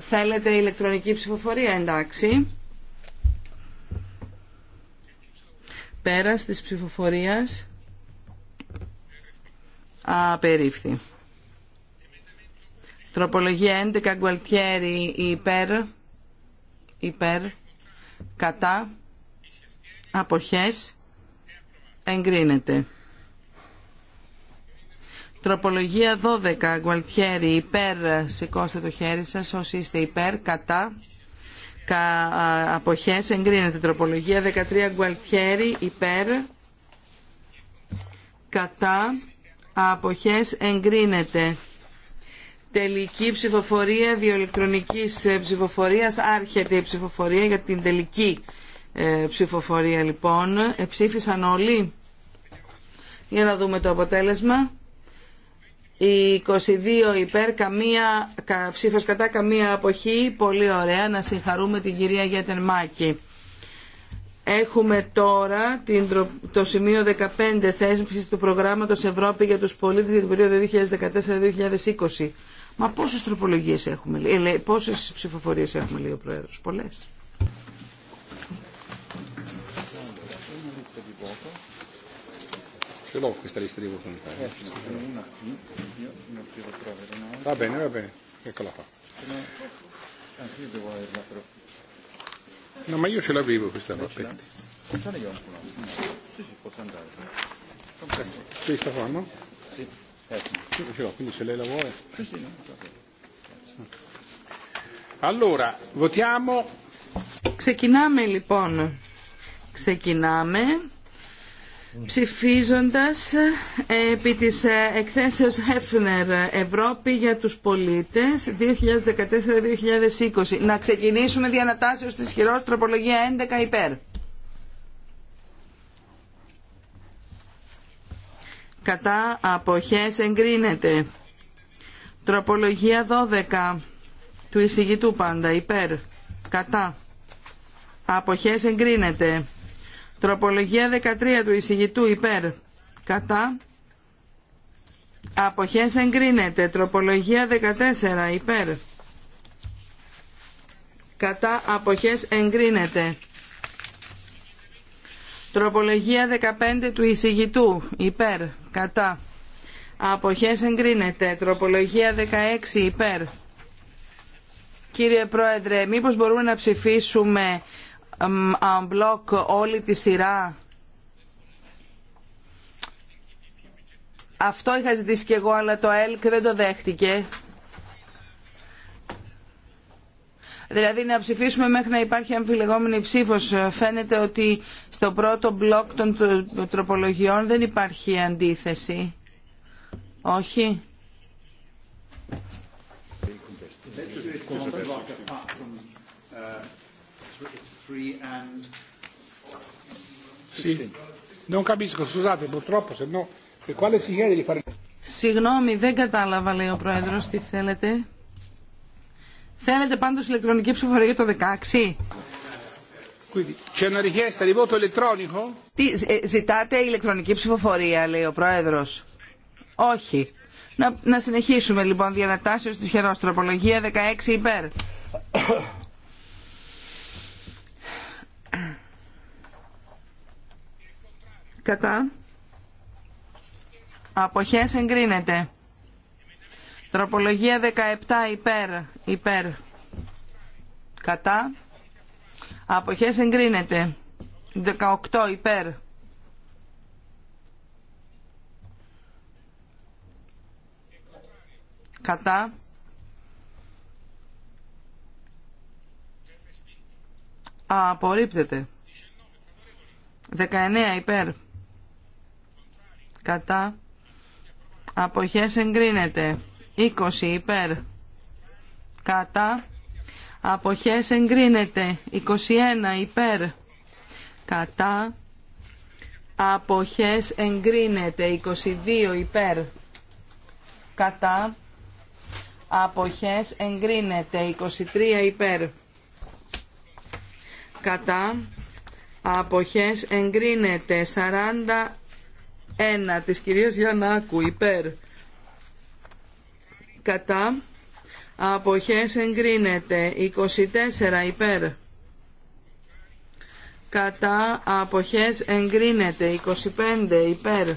θέλετε ηλεκτρονική ψηφοφορία, εντάξει. Πέρα της ψηφοφορίας Απερίφθη. Τροπολογία 11 Γκουαλτιέρη υπέρ, υπέρ, κατά, αποχές, εγκρίνεται. Τροπολογία 12 Γκουαλτιέρη υπέρ, σηκώστε το χέρι σας όσοι είστε υπέρ, κατά, κα, αποχές, εγκρίνεται. Τροπολογία 13 Γκουαλτιέρη υπέρ, κατά, αποχές εγκρίνεται. Τελική ψηφοφορία διολεκτρονικής ε, ψηφοφορίας. Άρχεται η ψηφοφορία για την τελική ε, ψηφοφορία λοιπόν. Εψήφισαν όλοι. Για να δούμε το αποτέλεσμα. Οι 22 υπέρ, καμία, ψήφος κατά, καμία αποχή. Πολύ ωραία. Να συγχαρούμε την κυρία Γέτεν Μάκη. Έχουμε τώρα το σημείο 15 θέσμιση του προγράμματο Ευρώπη για του πολίτε για την περίοδο 2014-2020. Μα πόσε τροπολογίε έχουμε, πόσε ψηφοφορίε ψηφοφορίες έχουμε, λέει ο Πρόεδρος. Πολλές. Ce No, ma io ce l'avevo questa roba. aperta. Questa qua, no? Sì. Ce l'ho, quindi se lei la vuole. Allora, votiamo. Ξεκινάμε λοιπόν. Ξεκινάμε ψηφίζοντας ε, επί της ε, εκθέσεως Hefner Ευρώπη για τους πολίτες 2014-2020. Να ξεκινήσουμε διανατάσεως της χειρός τροπολογία 11 υπέρ. Κατά αποχές εγκρίνεται. Τροπολογία 12 του εισηγητού πάντα υπέρ. Κατά. Αποχές εγκρίνεται. Τροπολογία 13 του εισηγητού υπέρ. Κατά. Αποχές εγκρίνεται. Τροπολογία 14 υπέρ. Κατά αποχές εγκρίνεται. Τροπολογία 15 του εισηγητού υπέρ. Κατά. Αποχές εγκρίνεται. Τροπολογία 16 υπέρ. Κύριε Πρόεδρε, μήπως μπορούμε να ψηφίσουμε αμπλόκ όλη τη σειρά. Αυτό είχα ζητήσει και εγώ, αλλά το ΕΛΚ δεν το δέχτηκε. Δηλαδή να ψηφίσουμε μέχρι να υπάρχει αμφιλεγόμενη ψήφος. Ε, φαίνεται ότι στο πρώτο μπλοκ των τροπολογιών δεν υπάρχει αντίθεση. Όχι. Συγγνώμη, δεν κατάλαβα, λέει ο Προεδρο. τι θέλετε. Θέλετε πάντω ηλεκτρονική ψηφοφορία για το 16. Τι, ε, ζητάτε ηλεκτρονική ψηφοφορία, λέει ο προεδρο Όχι. Να, να συνεχίσουμε λοιπόν διανατάσσεω τη χειρός. Τροπολογία 16 υπέρ. κατά αποχές εγκρίνεται τροπολογία 17 υπέρ υπέρ κατά αποχές εγκρίνεται 18 υπέρ κατά απορρίπτεται 19 υπέρ κατά αποχές εγκρίνεται 20 υπέρ κατά αποχές εγκρίνεται 21 υπέρ κατά αποχές εγκρίνεται 22 υπέρ κατά αποχές εγκρίνεται 23 υπέρ κατά αποχές εγκρίνεται 40 ένα της κυρίας Γιαννάκου υπέρ κατά αποχές εγκρίνεται 24 υπέρ κατά αποχές εγκρίνεται 25 υπέρ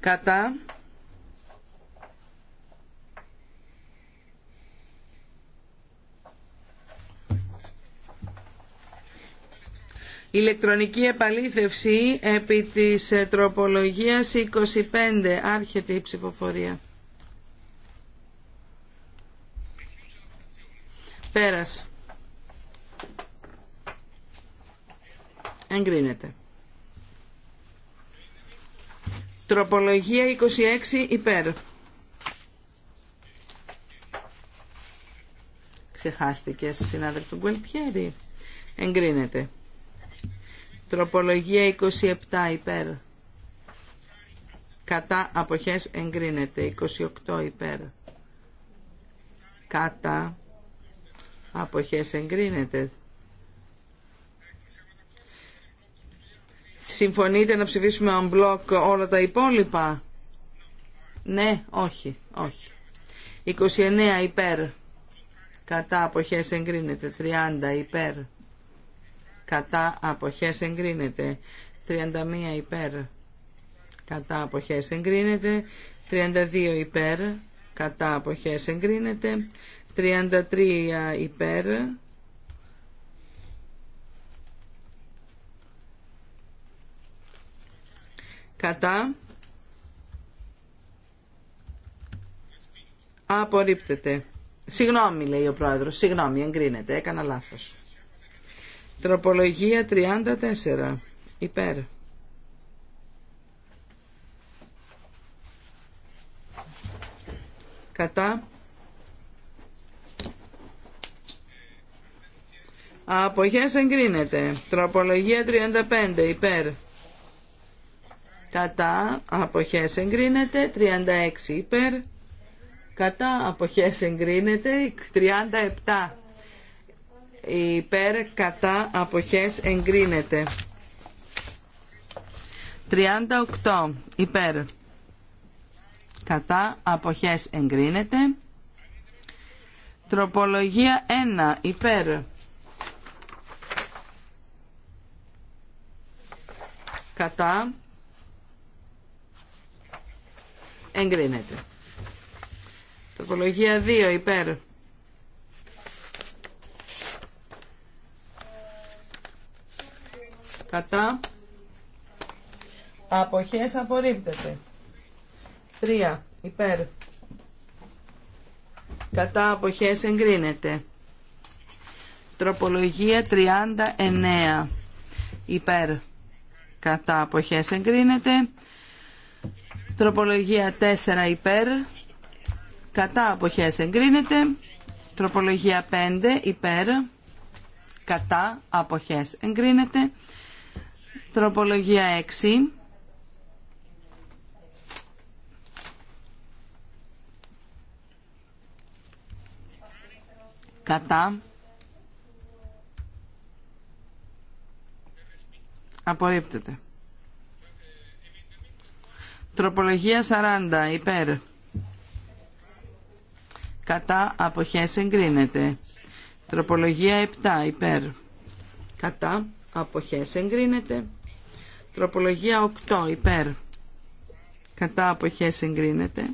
κατά Ηλεκτρονική επαλήθευση επί της ε, τροπολογίας 25. Άρχεται η ψηφοφορία. Πέρας. Εγκρίνεται. Τροπολογία 26 υπέρ. Ξεχάστηκε, συνάδελφε Γκουελτιέρη. Εγκρίνεται. Τροπολογία 27 υπέρ. Κατά αποχές εγκρίνεται. 28 υπέρ. Κατά αποχές εγκρίνεται. Συμφωνείτε να ψηφίσουμε on block όλα τα υπόλοιπα. Ναι, όχι, όχι. 29 υπέρ. Κατά αποχές εγκρίνεται. 30 υπέρ κατά αποχές εγκρίνεται 31 υπέρ κατά αποχές εγκρίνεται 32 υπέρ κατά αποχές εγκρίνεται 33 υπέρ κατά απορρίπτεται Συγγνώμη λέει ο πρόεδρος, συγγνώμη εγκρίνεται, έκανα λάθος Τροπολογία 34. Υπέρ. Κατά. Αποχές εγκρίνεται. Τροπολογία 35. Υπέρ. Κατά. Αποχές εγκρίνεται. 36. Υπέρ. Κατά. Αποχές εγκρίνεται. 37 υπέρ κατά αποχές εγκρίνεται 38 υπέρ κατά αποχές εγκρίνεται τροπολογία 1 υπέρ κατά εγκρίνεται τροπολογία 2 υπέρ κατά αποχές απορρίπτεται. 3 υπέρ κατά αποχές εγκρίνεται. Τροπολογία 39 υπέρ κατά αποχές εγκρίνεται. Τροπολογία 4 υπέρ κατά αποχές εγκρίνεται. Τροπολογία 5 υπέρ κατά αποχές εγκρίνεται. Τροπολογία 6. Κατά. Απορρίπτεται. Τροπολογία 40. Υπέρ. Κατά αποχές εγκρίνεται. Τροπολογία 7. Υπέρ. Κατά αποχές εγκρίνεται. Τροπολογία 8 υπέρ. Κατά αποχές εγκρίνεται.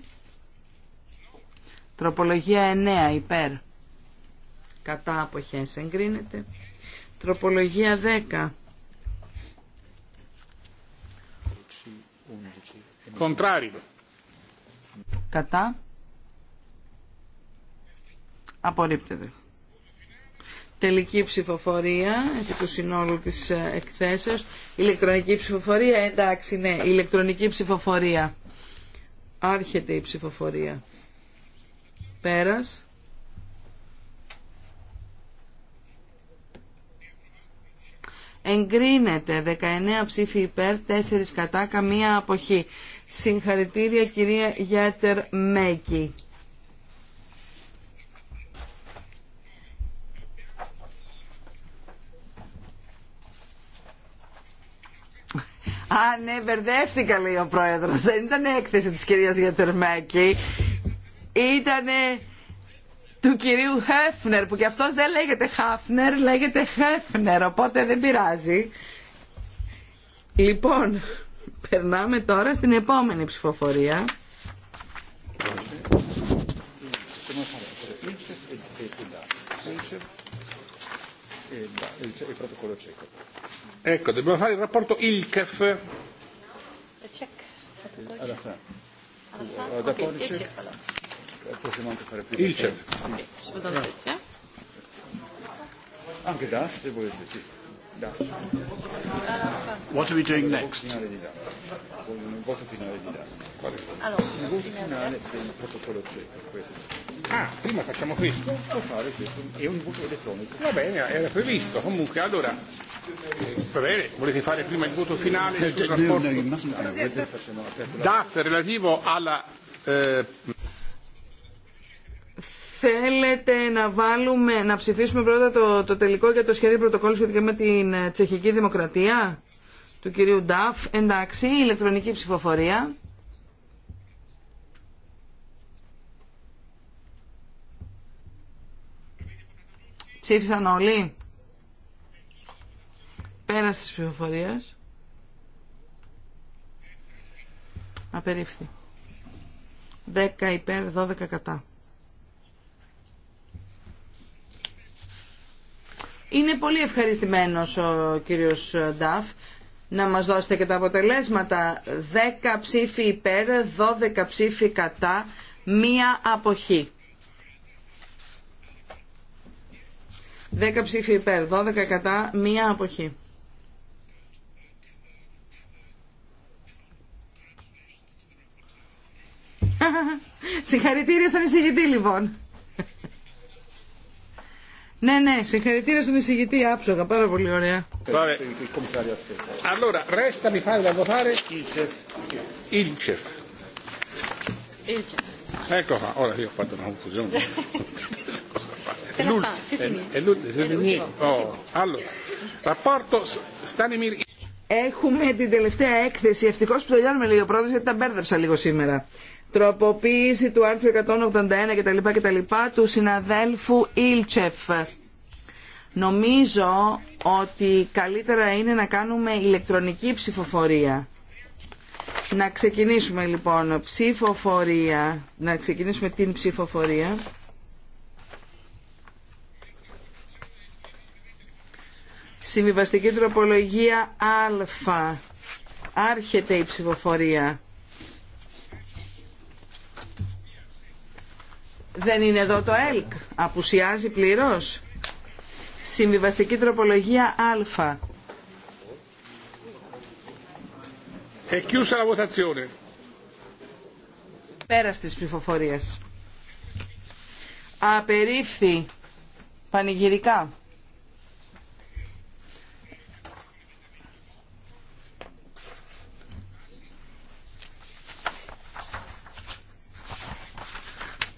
Τροπολογία 9 υπέρ. Κατά αποχές εγκρίνεται. Τροπολογία 10. Κοντράρι. Κατά. Απορρίπτεται. Τελική ψηφοφορία επί του συνόλου της ε, εκθέσεως. Ηλεκτρονική ψηφοφορία, εντάξει, ναι, ηλεκτρονική ψηφοφορία. Άρχεται η ψηφοφορία. Πέρας. Εγκρίνεται 19 ψήφοι υπέρ, 4 κατά, καμία αποχή. Συγχαρητήρια κυρία Γιάτερ Μέκη. Α, ναι, μπερδεύτηκα, λέει ο πρόεδρος. Δεν ήταν έκθεση της κυρίας Γιατερμάκη. Ήτανε του κυρίου Χέφνερ, που κι αυτός δεν λέγεται Χάφνερ, λέγεται Χέφνερ, οπότε δεν πειράζει. Λοιπόν, περνάμε τώρα στην επόμενη ψηφοφορία. Ecco, dobbiamo fare il rapporto ILCAF. Alla anche fare Anche DAF, se volete, sì. What are we doing next? finale di finale protocollo Ah, prima facciamo questo. Può fare questo, è un voto elettronico. Va bene, era previsto. Comunque, allora, va bene, volete fare prima il voto finale sul rapporto relativo alla... Θέλετε να, βάλουμε, να ψηφίσουμε πρώτα το, το τελικό για το σχέδιο πρωτοκόλλου σχετικά με την ε, τσεχική δημοκρατία του κυρίου Νταφ. Εντάξει, ηλεκτρονική ψηφοφορία. Ψήφισαν όλοι. Πέρα τη ψηφοφορία. Απερίφθη. 10 υπέρ, 12 κατά. Είναι πολύ ευχαριστημένος ο κύριος Νταφ να μας δώσετε και τα αποτελέσματα. 10 ψήφοι υπέρ, 12 ψήφοι κατά, μία αποχή. 10 ψήφοι υπέρ, 12 κατά, μία αποχή. Συγχαρητήρια στον εισηγητή λοιπόν. Ναι, ναι, συγχαρητήρια στον εισηγητή, άψογα, πάρα πολύ ωραία. Allora, fare Έχουμε την τελευταία έκθεση. Ευτυχώ που τελειώνουμε λίγο πρόεδρο γιατί τα μπέρδεψα λίγο σήμερα τροποποίηση του άρθρου 181 κτλ. κτλ του συναδέλφου Ήλτσεφ. Νομίζω ότι καλύτερα είναι να κάνουμε ηλεκτρονική ψηφοφορία. Να ξεκινήσουμε λοιπόν ψηφοφορία, να ξεκινήσουμε την ψηφοφορία. Συμβιβαστική τροπολογία Α. Άρχεται η ψηφοφορία. Δεν είναι εδώ το ΕΛΚ. Απουσιάζει πλήρως. Συμβιβαστική τροπολογία Α. Πέρα τη la Πέρας της Απερίφθη πανηγυρικά.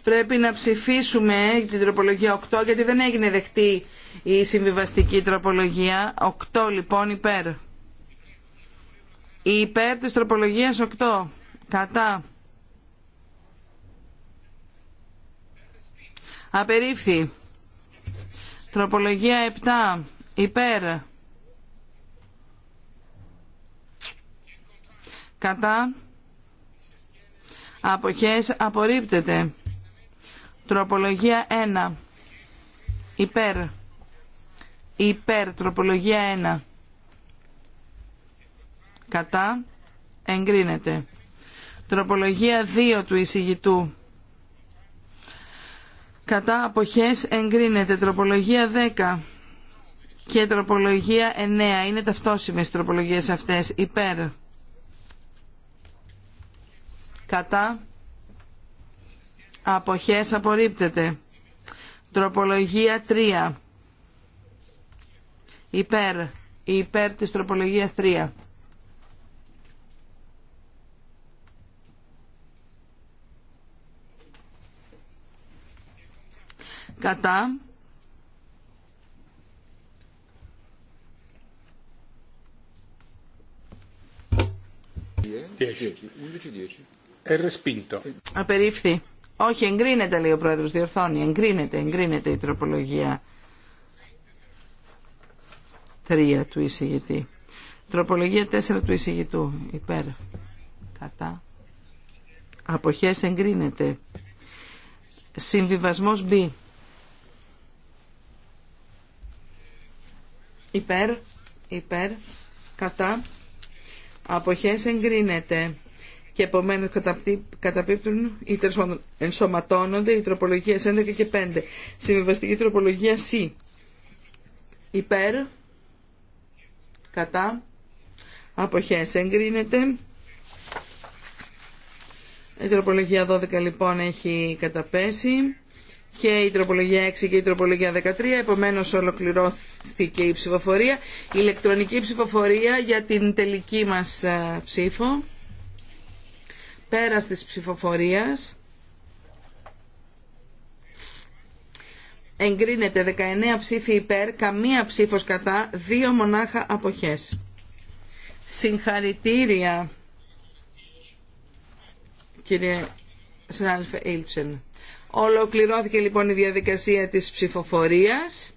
πρέπει να ψηφίσουμε την τροπολογία 8 γιατί δεν έγινε δεχτή η συμβιβαστική τροπολογία. 8 λοιπόν υπέρ. Η υπέρ της τροπολογίας 8. Κατά. Απερίφθη. Τροπολογία 7. Υπέρ. Κατά. Αποχές απορρίπτεται. Τροπολογία 1. Υπέρ. Υπέρ. Τροπολογία 1. Κατά. Εγκρίνεται. Τροπολογία 2 του εισηγητού. Κατά αποχές εγκρίνεται. Τροπολογία 10 και τροπολογία 9. Είναι ταυτόσιμες τροπολογίες αυτές. Υπέρ. Κατά Αποχές απορρίπτεται. Τροπολογία 3. Υπέρ. Υπέρ της τροπολογίας 3. Κατά. Απερίφθη. Όχι, εγκρίνεται, λέει ο πρόεδρος, διορθώνει. Εγκρίνεται, εγκρίνεται η τροπολογία 3 του εισηγητή. Τροπολογία 4 του εισηγητού. Υπέρ. Κατά. Αποχές εγκρίνεται. Συμβιβασμός B. Υπέρ. Υπέρ. Κατά. Αποχές εγκρίνεται και επομένως καταπίπτουν ή ενσωματώνονται οι τροπολογίες 11 και 5. Συμβιβαστική τροπολογία C. Υπέρ, κατά, αποχές εγκρίνεται. Η τροπολογία 12 λοιπόν έχει καταπέσει και η τροπολογία 6 και η τροπολογία 13. Επομένως ολοκληρώθηκε η ψηφοφορία, η ηλεκτρονική ψηφοφορία για την τελική μας ε, ψήφο πέρας της ψηφοφορίας εγκρίνεται 19 ψήφοι υπέρ, καμία ψήφος κατά, δύο μονάχα αποχές. Συγχαρητήρια, κύριε Σνάλφε Ήλτσεν. Ολοκληρώθηκε λοιπόν η διαδικασία της ψηφοφορίας.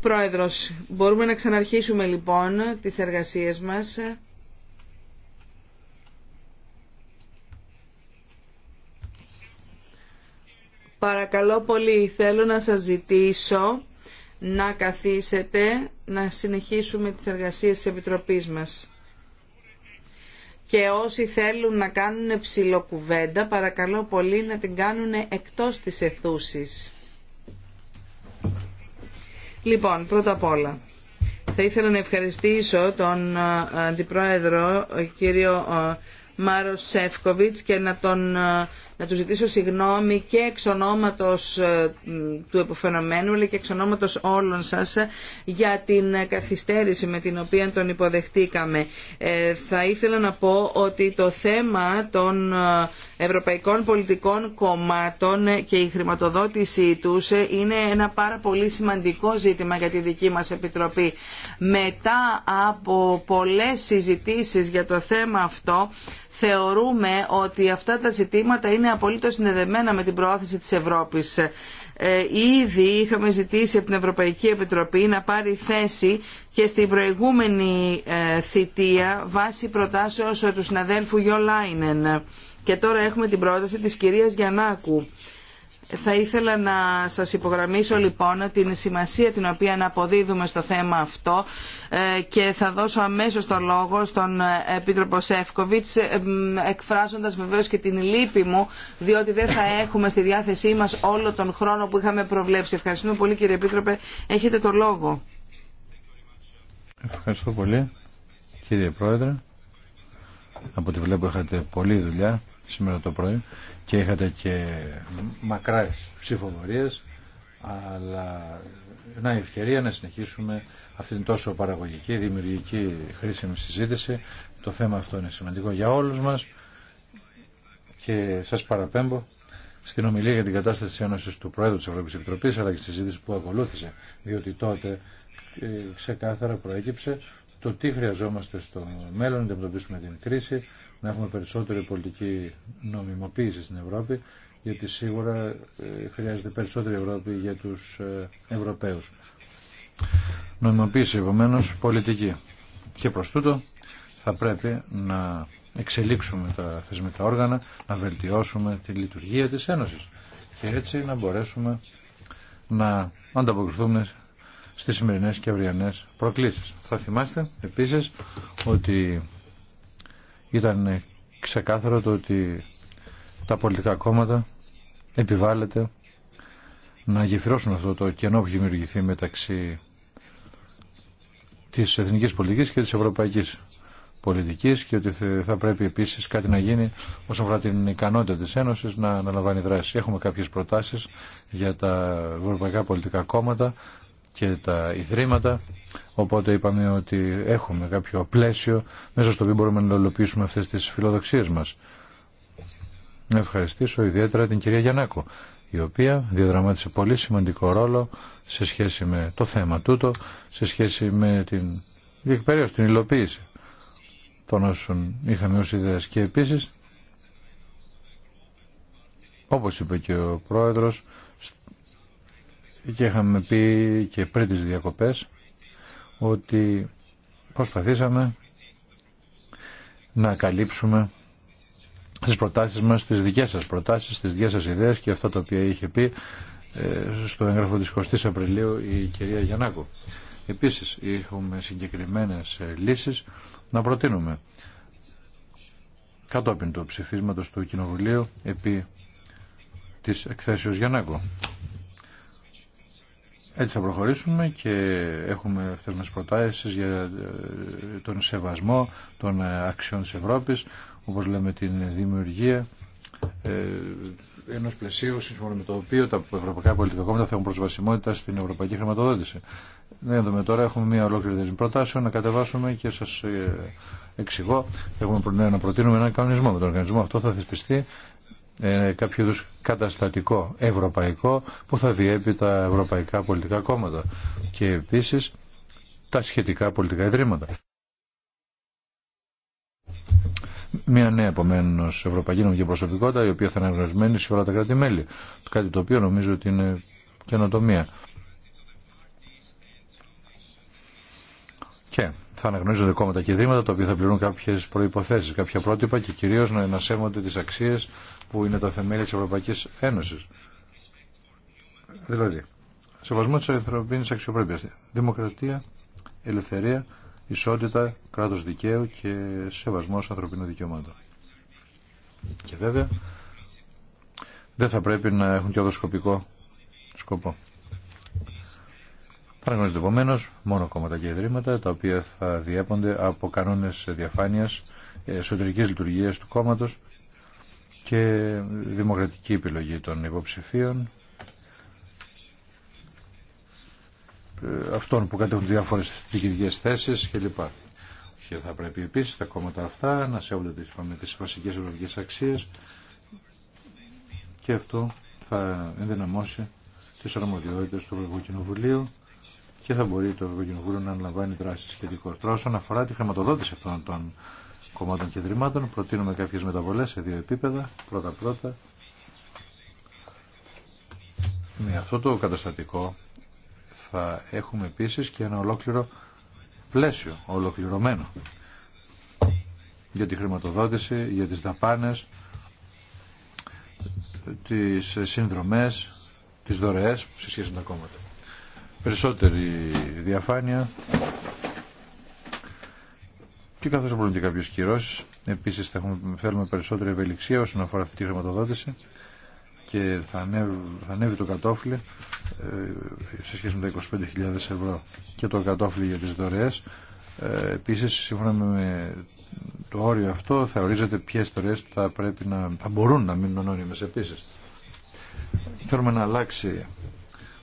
Πρόεδρος, μπορούμε να ξαναρχίσουμε λοιπόν τις εργασίες μας. Παρακαλώ πολύ, θέλω να σας ζητήσω να καθίσετε, να συνεχίσουμε τις εργασίες της Επιτροπής μας. Και όσοι θέλουν να κάνουν ψηλοκουβέντα, παρακαλώ πολύ να την κάνουν εκτός της αιθούσης. Λοιπόν, πρώτα απ' όλα, θα ήθελα να ευχαριστήσω τον ε, Αντιπρόεδρο, ε, κύριο ε, Μάρο Σεύκοβιτς και να τον να του ζητήσω συγγνώμη και εξ ε, του εποφαινομένου αλλά και εξ ονόματος όλων σας ε, για την ε, καθυστέρηση με την οποία τον υποδεχτήκαμε. Θα ήθελα να πω ότι το θέμα των ευρωπαϊκών πολιτικών κομμάτων και η χρηματοδότησή τους είναι ένα πάρα πολύ σημαντικό ζήτημα για τη δική μας Επιτροπή. Μετά από πολλές συζητήσεις για το θέμα αυτό θεωρούμε ότι αυτά τα ζητήματα είναι απολύτως συνδεδεμένα με την προώθηση της Ευρώπης. Ε, ήδη είχαμε ζητήσει από την Ευρωπαϊκή Επιτροπή να πάρει θέση και στην προηγούμενη ε, θητεία βάσει προτάσεως του συναδέλφου Γιολάινεν. Και τώρα έχουμε την πρόταση της κυρίας Γιαννάκου θα ήθελα να σας υπογραμμίσω λοιπόν την σημασία την οποία να αποδίδουμε στο θέμα αυτό ε, και θα δώσω αμέσως το λόγο στον ε, Επίτροπο Σεύκοβιτς ε, εκφράζοντας βεβαίως και την λύπη μου διότι δεν θα έχουμε στη διάθεσή μας όλο τον χρόνο που είχαμε προβλέψει. Ευχαριστούμε πολύ κύριε Επίτροπε. Έχετε το λόγο. Ευχαριστώ πολύ κύριε Πρόεδρε. Από τη βλέπω είχατε πολλή δουλειά σήμερα το πρωί και είχατε και μακράς ψηφοφορίες αλλά να η ευκαιρία να συνεχίσουμε αυτήν την τόσο παραγωγική, δημιουργική, χρήσιμη συζήτηση. Το θέμα αυτό είναι σημαντικό για όλους μας και σας παραπέμπω στην ομιλία για την κατάσταση της Ένωσης του Πρόεδρου της Ευρωπαϊκής Επιτροπής αλλά και στη συζήτηση που ακολούθησε, διότι τότε ε, ξεκάθαρα προέκυψε το τι χρειαζόμαστε στο μέλλον, να αντιμετωπίσουμε την κρίση, να έχουμε περισσότερη πολιτική νομιμοποίηση στην Ευρώπη, γιατί σίγουρα ε, χρειάζεται περισσότερη Ευρώπη για τους ε, Ευρωπαίους. Νομιμοποίηση επομένω πολιτική. Και προς τούτο θα πρέπει να εξελίξουμε τα θεσμικά όργανα, να βελτιώσουμε τη λειτουργία της Ένωσης και έτσι να μπορέσουμε να ανταποκριθούμε στις σημερινές και αυριανές προκλήσεις. Θα θυμάστε επίσης ότι ήταν ξεκάθαρο το ότι τα πολιτικά κόμματα επιβάλλεται να γεφυρώσουν αυτό το κενό που δημιουργηθεί μεταξύ της εθνικής πολιτικής και της ευρωπαϊκής πολιτικής και ότι θα πρέπει επίσης κάτι να γίνει όσον αφορά την ικανότητα της Ένωσης να αναλαμβάνει δράση. Έχουμε κάποιες προτάσεις για τα ευρωπαϊκά πολιτικά κόμματα και τα ιδρύματα. Οπότε είπαμε ότι έχουμε κάποιο πλαίσιο μέσα στο οποίο μπορούμε να ολοποιήσουμε αυτές τις φιλοδοξίες μας. Να ευχαριστήσω ιδιαίτερα την κυρία Γιαννάκο η οποία διαδραμάτισε πολύ σημαντικό ρόλο σε σχέση με το θέμα τούτο, σε σχέση με την διεκπαιρέωση, την υλοποίηση των όσων είχαμε ως ιδέες και επίσης όπως είπε και ο πρόεδρος και είχαμε πει και πριν τις διακοπές ότι προσπαθήσαμε να καλύψουμε τις προτάσεις μας, τις δικές σας προτάσεις, τις δικές σας ιδέες και αυτά τα οποία είχε πει ε, στο έγγραφο της 20 Απριλίου η κυρία Γιαννάκου. Επίσης, έχουμε συγκεκριμένες ε, λύσεις να προτείνουμε κατόπιν του ψηφίσματος του Κοινοβουλίου επί της εκθέσεως Γιαννάκου. Έτσι θα προχωρήσουμε και έχουμε αυτές μας προτάσεις για ε, τον σεβασμό των ε, αξιών της Ευρώπης, όπως λέμε την δημιουργία ε, ενό πλαισίου σύμφωνα με το οποίο τα ευρωπαϊκά πολιτικά κόμματα θα έχουν προσβασιμότητα στην ευρωπαϊκή χρηματοδότηση. Ναι, εδώ με τώρα, έχουμε μια ολόκληρη δεσμή προτάσεων να κατεβάσουμε και σας εξηγώ. Έχουμε ναι, να προτείνουμε έναν κανονισμό. Με τον οργανισμό αυτό θα θεσπιστεί ε, κάποιο είδου καταστατικό ευρωπαϊκό που θα διέπει τα ευρωπαϊκά πολιτικά κόμματα και επίσης τα σχετικά πολιτικά ιδρύματα. Μια νέα επομένω ευρωπαϊκή νομική προσωπικότητα η οποία θα είναι αναγνωρισμένη σε όλα τα κράτη-μέλη. Κάτι το οποίο νομίζω ότι είναι καινοτομία. Και θα αναγνωρίζονται κόμματα και ιδρύματα τα οποία θα πληρούν κάποιε προποθέσει, κάποια πρότυπα και κυρίω να ενασέμονται τι αξίε που είναι τα θεμέλια της Ευρωπαϊκής Ένωσης. Δηλαδή, σεβασμό της ανθρωπίνης αξιοπρέπειας, δημοκρατία, ελευθερία, ισότητα, κράτος δικαίου και σεβασμός ανθρωπίνων δικαιωμάτων. Και βέβαια, δεν θα πρέπει να έχουν και οδοσκοπικό σκοπό. Παραγνωρίζεται επομένω μόνο κόμματα και ιδρύματα τα οποία θα διέπονται από κανόνε διαφάνεια, εσωτερική λειτουργία του κόμματο και δημοκρατική επιλογή των υποψηφίων ε, αυτών που κατέχουν διάφορες διοικητικές θέσεις κλπ. Και θα πρέπει επίσης τα κόμματα αυτά να σέβονται τις, είπαμε, τις βασικές ευρωπαϊκές αξίες και αυτό θα ενδυναμώσει τις αρμοδιότητες του Ευρωπαϊκού Κοινοβουλίου και θα μπορεί το Ευρωπαϊκό να αναλαμβάνει δράσει σχετικώ. Τώρα, όσον αφορά τη χρηματοδότηση αυτών των κομμάτων και ιδρυμάτων. Προτείνουμε κάποιες μεταβολές σε δύο επίπεδα. Πρώτα-πρώτα, με αυτό το καταστατικό θα έχουμε επίσης και ένα ολόκληρο πλαίσιο, ολοκληρωμένο για τη χρηματοδότηση, για τις δαπάνες, τις συνδρομές, τις δωρεές σε σχέση με τα κόμματα. Περισσότερη διαφάνεια, και καθώς θα και κάποιες κυρώσεις. Επίσης θα έχουμε, θέλουμε περισσότερη ευελιξία όσον αφορά αυτή τη χρηματοδότηση και θα ανέβει, το κατόφλι ε, σε σχέση με τα 25.000 ευρώ και το κατόφλι για τις δωρεές. Ε, επίσης, σύμφωνα με το όριο αυτό, θα ορίζεται ποιες δωρεές θα, πρέπει να, μπορούν να μείνουν ανώνυμες επίσης. Θέλουμε να αλλάξει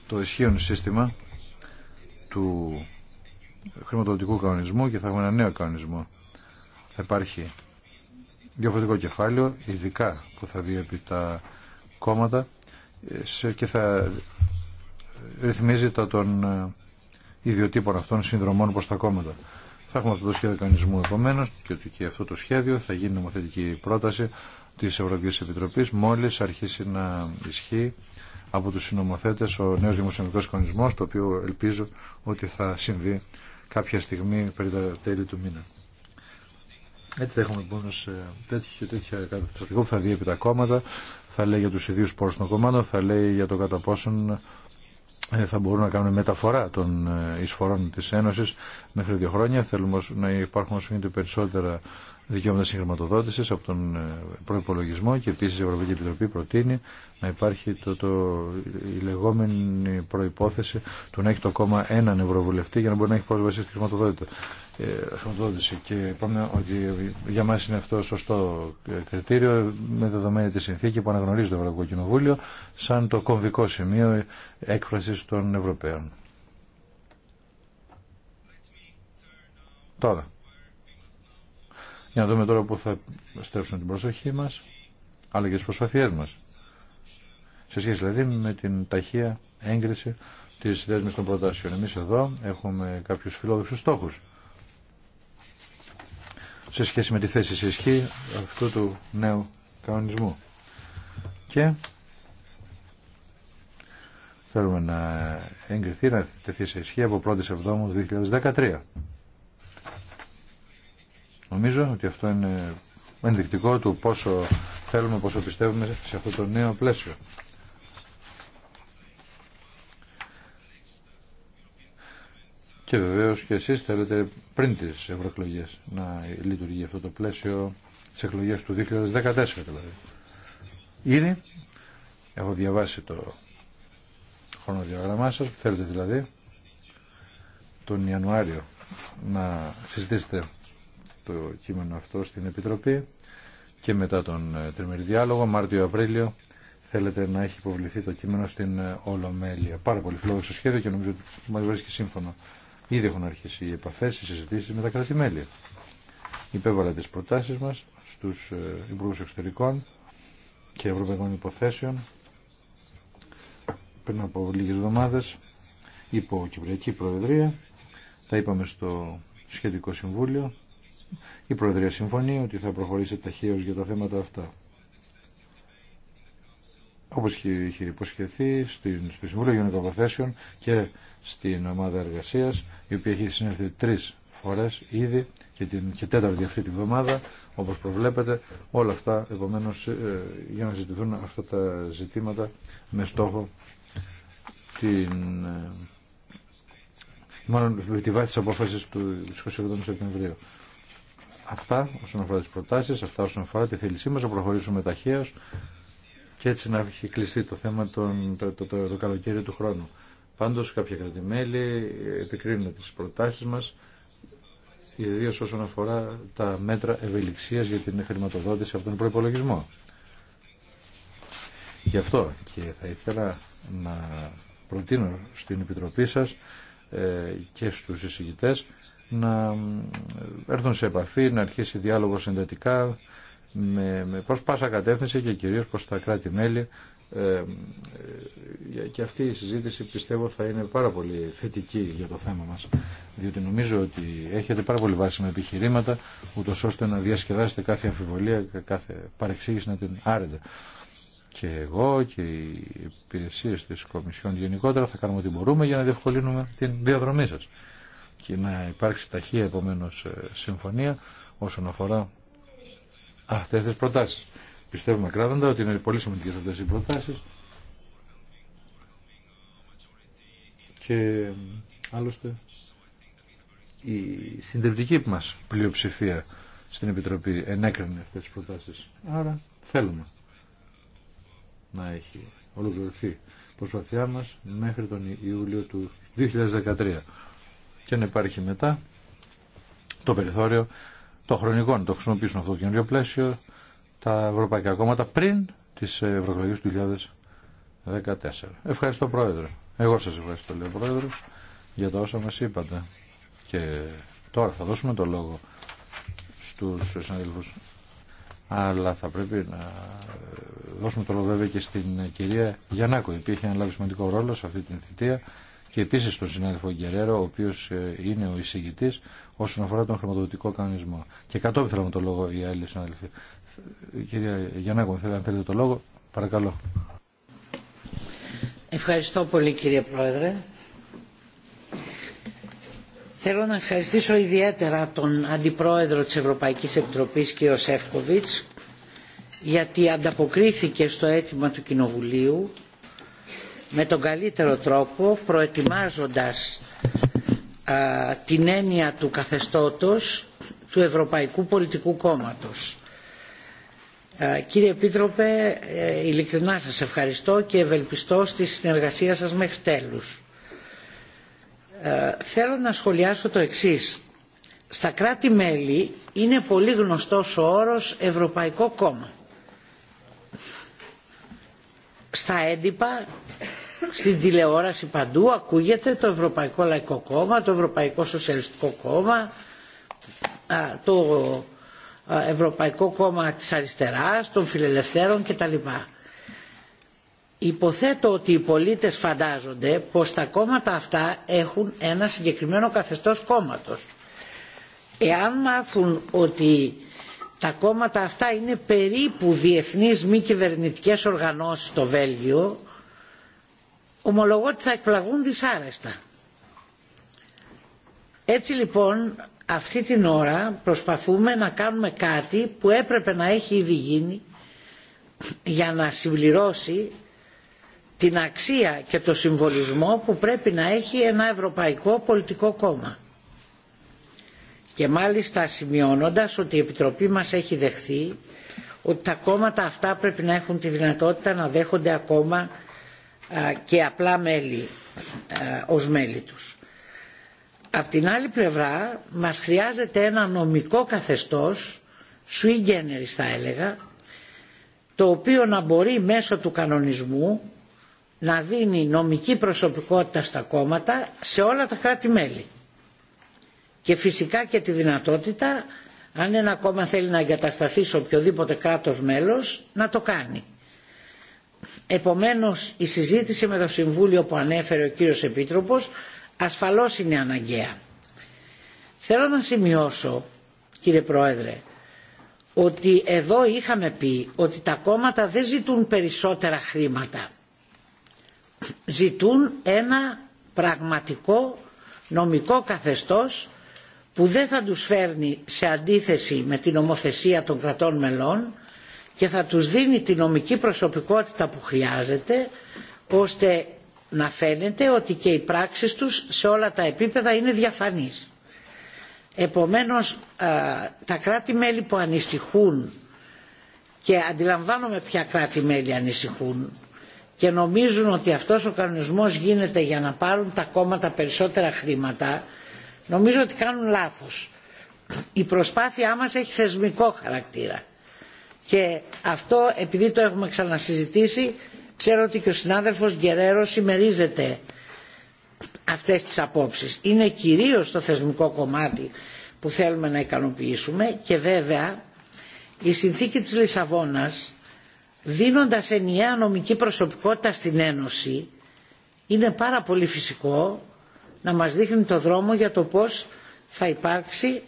το ισχύον σύστημα του χρηματοδοτικού κανονισμού και θα έχουμε ένα νέο κανονισμό. Θα υπάρχει διαφορετικό κεφάλαιο, ειδικά που θα διέπει τα κόμματα ε, και θα ρυθμίζει τα των ε, ιδιοτύπων αυτών συνδρομών προς τα κόμματα. Θα έχουμε αυτό το σχέδιο κανονισμού επομένω και αυτό το σχέδιο θα γίνει νομοθετική πρόταση της Ευρωπαϊκή Επιτροπής μόλις αρχίσει να ισχύει από τους συνομοθέτες ο νέο δημοσιονομικός κανονισμός το οποίο ελπίζω ότι θα συμβεί κάποια στιγμή περί τα τέλη του μήνα. Έτσι θα έχουμε τέτοιο τέτοια, τέτοια καταστροφικό που θα διέπει τα κόμματα, θα λέει για τους ιδίους πόρους των κομμάτων, θα λέει για το κατά πόσον ε, θα μπορούν να κάνουν μεταφορά των ε, εισφορών της Ένωσης μέχρι δύο χρόνια. Θέλουμε να υπάρχουν όσο γίνεται περισσότερα δικαιώματα συγχρηματοδότηση από τον ε, προπολογισμό και επίση η Ευρωπαϊκή Επιτροπή προτείνει να υπάρχει το, το, η λεγόμενη προπόθεση του να έχει το κόμμα έναν ευρωβουλευτή για να μπορεί να έχει πρόσβαση στη Ε, χρηματοδότηση. Και είπαμε ότι για μα είναι αυτό σωστό κριτήριο με δεδομένη τη συνθήκη που αναγνωρίζει το Ευρωπαϊκό Κοινοβούλιο σαν το κομβικό σημείο έκφραση των Ευρωπαίων. Τώρα. Για να δούμε τώρα που θα στρέψουμε την προσοχή μας, αλλά και τις προσπαθειές μας. Σε σχέση δηλαδή με την ταχεία έγκριση της δέσμης των προτάσεων. Εμείς εδώ έχουμε κάποιους φιλόδοξους στόχους. Σε σχέση με τη θέση σε ισχύ αυτού του νέου κανονισμού. Και θέλουμε να εγκριθεί, να τεθεί σε ισχύ από 1η Σεβδόμου 2013. Νομίζω ότι αυτό είναι ενδεικτικό του πόσο θέλουμε, πόσο πιστεύουμε σε αυτό το νέο πλαίσιο. Και βεβαίως και εσείς θέλετε πριν τις ευρωεκλογέ να λειτουργεί αυτό το πλαίσιο τις εκλογέ του 2014 δηλαδή. Ήδη έχω διαβάσει το χρονοδιαγραμμά σας, θέλετε δηλαδή τον Ιανουάριο να συζητήσετε το κείμενο αυτό στην Επιτροπή και μετά τον ε, τριμερή διάλογο, Μάρτιο-Απρίλιο, θέλετε να έχει υποβληθεί το κείμενο στην ε, Ολομέλεια. Πάρα πολύ φιλόδοξο σχέδιο και νομίζω ότι μα βρίσκει σύμφωνο. Ήδη έχουν αρχίσει οι επαφέ, οι συζητήσει με τα κράτη-μέλη. Υπέβαλα τι προτάσει μα στου ε, Υπουργού Εξωτερικών και Ευρωπαϊκών Υποθέσεων πριν από λίγε εβδομάδε υπό Κυπριακή Προεδρία. Τα είπαμε στο σχετικό συμβούλιο η Προεδρία συμφωνεί ότι θα προχωρήσει ταχαίω για τα θέματα αυτά. όπω είχε υποσχεθεί στην, στο Συμβούλιο Γενικών Προθέσεων και στην ομάδα εργασία, η οποία έχει συνέλθει τρει φορέ ήδη και την και τέταρτη αυτή τη βδομάδα, όπω προβλέπετε, όλα αυτά επομένως ε, για να ζητηθούν αυτά τα ζητήματα με στόχο την, ε, μάλλον τη βάση τη απόφαση του 27 Σεπτεμβρίου. Αυτά όσον αφορά τις προτάσεις, αυτά όσον αφορά τη θέλησή μας να προχωρήσουμε ταχαίως και έτσι να έχει κλειστεί το θέμα τον, το, το, το, καλοκαίρι του χρόνου. Πάντως κάποια κρατημέλη επικρίνουν τις προτάσεις μας ιδίω όσον αφορά τα μέτρα ευελιξίας για την χρηματοδότηση από τον προπολογισμό. Γι' αυτό και θα ήθελα να προτείνω στην Επιτροπή σας ε, και στους εισηγητές να έρθουν σε επαφή, να αρχίσει διάλογο συντατικά με, με προς πάσα κατεύθυνση και κυρίως προς τα κράτη-μέλη ε, ε, και αυτή η συζήτηση πιστεύω θα είναι πάρα πολύ θετική για το θέμα μας διότι νομίζω ότι έχετε πάρα πολύ βάσιμα επιχειρήματα ούτως ώστε να διασκεδάσετε κάθε αμφιβολία και κάθε παρεξήγηση να την άρετε και εγώ και οι υπηρεσίε της Κομισιόν γενικότερα θα κάνουμε ό,τι μπορούμε για να διευκολύνουμε την διαδρομή σας και να υπάρξει ταχεία επομένως ε, συμφωνία όσον αφορά αυτές τις προτάσεις. Πιστεύουμε κράτοντα ότι είναι πολύ σημαντικέ αυτέ οι προτάσεις και άλλωστε η συντριπτική μας πλειοψηφία στην Επιτροπή ενέκρινε αυτές τις προτάσεις. Άρα θέλουμε να έχει ολοκληρωθεί προσπάθειά μας μέχρι τον Ιούλιο του 2013 και να υπάρχει μετά το περιθώριο των χρονικών, να το χρησιμοποιήσουν αυτό το καινούριο πλαίσιο τα ευρωπαϊκά κόμματα πριν τις ευρωεκλογές του 2014. Ευχαριστώ Πρόεδρε. Εγώ σας ευχαριστώ λέει ο για τα όσα μας είπατε. Και τώρα θα δώσουμε το λόγο στους συναδέλφους αλλά θα πρέπει να δώσουμε το λόγο βέβαια και στην κυρία Γιαννάκου, η οποία έχει αναλάβει σημαντικό ρόλο σε αυτή την θητεία και επίση τον συνάδελφο Γκερέρο, ο οποίος ε, είναι ο εισήγητή όσον αφορά τον χρηματοδοτικό κανονισμό. Και κατόπιν θέλαμε το λόγο οι άλλοι συνάδελφοι. Ε, κυρία Γιαννάκο, αν θέλετε το λόγο, παρακαλώ. Ευχαριστώ πολύ κύριε Πρόεδρε. Θέλω να ευχαριστήσω ιδιαίτερα τον Αντιπρόεδρο της Ευρωπαϊκής Επιτροπής κύριο Σεύκοβιτς γιατί ανταποκρίθηκε στο αίτημα του Κοινοβουλίου με τον καλύτερο τρόπο προετοιμάζοντας την έννοια του καθεστώτος του Ευρωπαϊκού Πολιτικού Κόμματος. κύριε Επίτροπε, ε, ειλικρινά σας ευχαριστώ και ευελπιστώ στη συνεργασία σας μέχρι τέλους. Ε, θέλω να σχολιάσω το εξής. Στα κράτη-μέλη είναι πολύ γνωστός ο όρος Ευρωπαϊκό Κόμμα στα έντυπα, στην τηλεόραση παντού ακούγεται το Ευρωπαϊκό Λαϊκό Κόμμα, το Ευρωπαϊκό Σοσιαλιστικό Κόμμα, το Ευρωπαϊκό Κόμμα της Αριστεράς, των Φιλελευθέρων κτλ. Υποθέτω ότι οι πολίτες φαντάζονται πως τα κόμματα αυτά έχουν ένα συγκεκριμένο καθεστώς κόμματος. Εάν μάθουν ότι τα κόμματα αυτά είναι περίπου διεθνείς μη κυβερνητικέ οργανώσεις στο Βέλγιο, ομολογώ ότι θα εκπλαγούν δυσάρεστα. Έτσι λοιπόν αυτή την ώρα προσπαθούμε να κάνουμε κάτι που έπρεπε να έχει ήδη γίνει για να συμπληρώσει την αξία και το συμβολισμό που πρέπει να έχει ένα ευρωπαϊκό πολιτικό κόμμα και μάλιστα σημειώνοντας ότι η Επιτροπή μας έχει δεχθεί ότι τα κόμματα αυτά πρέπει να έχουν τη δυνατότητα να δέχονται ακόμα και απλά μέλη ως μέλη τους. Απ' την άλλη πλευρά μας χρειάζεται ένα νομικό καθεστώς, sui generis θα έλεγα, το οποίο να μπορεί μέσω του κανονισμού να δίνει νομική προσωπικότητα στα κόμματα σε όλα τα κράτη-μέλη και φυσικά και τη δυνατότητα αν ένα κόμμα θέλει να εγκατασταθεί σε οποιοδήποτε κράτος μέλος να το κάνει. Επομένως η συζήτηση με το Συμβούλιο που ανέφερε ο κύριος Επίτροπος ασφαλώς είναι αναγκαία. Θέλω να σημειώσω κύριε Πρόεδρε ότι εδώ είχαμε πει ότι τα κόμματα δεν ζητούν περισσότερα χρήματα. Ζητούν ένα πραγματικό νομικό καθεστώς που δεν θα τους φέρνει σε αντίθεση με την ομοθεσία των κρατών μελών και θα τους δίνει την νομική προσωπικότητα που χρειάζεται ώστε να φαίνεται ότι και οι πράξει τους σε όλα τα επίπεδα είναι διαφανείς. Επομένως τα κράτη-μέλη που ανησυχούν και αντιλαμβάνομαι ποια κράτη-μέλη ανησυχούν και νομίζουν ότι αυτός ο κανονισμός γίνεται για να πάρουν τα κόμματα περισσότερα χρήματα Νομίζω ότι κάνουν λάθος. Η προσπάθειά μας έχει θεσμικό χαρακτήρα. Και αυτό επειδή το έχουμε ξανασυζητήσει, ξέρω ότι και ο συνάδελφος Γκερέρο συμμερίζεται αυτές τις απόψεις. Είναι κυρίως το θεσμικό κομμάτι που θέλουμε να ικανοποιήσουμε και βέβαια η συνθήκη της Λισαβόνας δίνοντας ενιαία νομική προσωπικότητα στην Ένωση είναι πάρα πολύ φυσικό να μας δείχνει το δρόμο για το πώς θα υπάρξει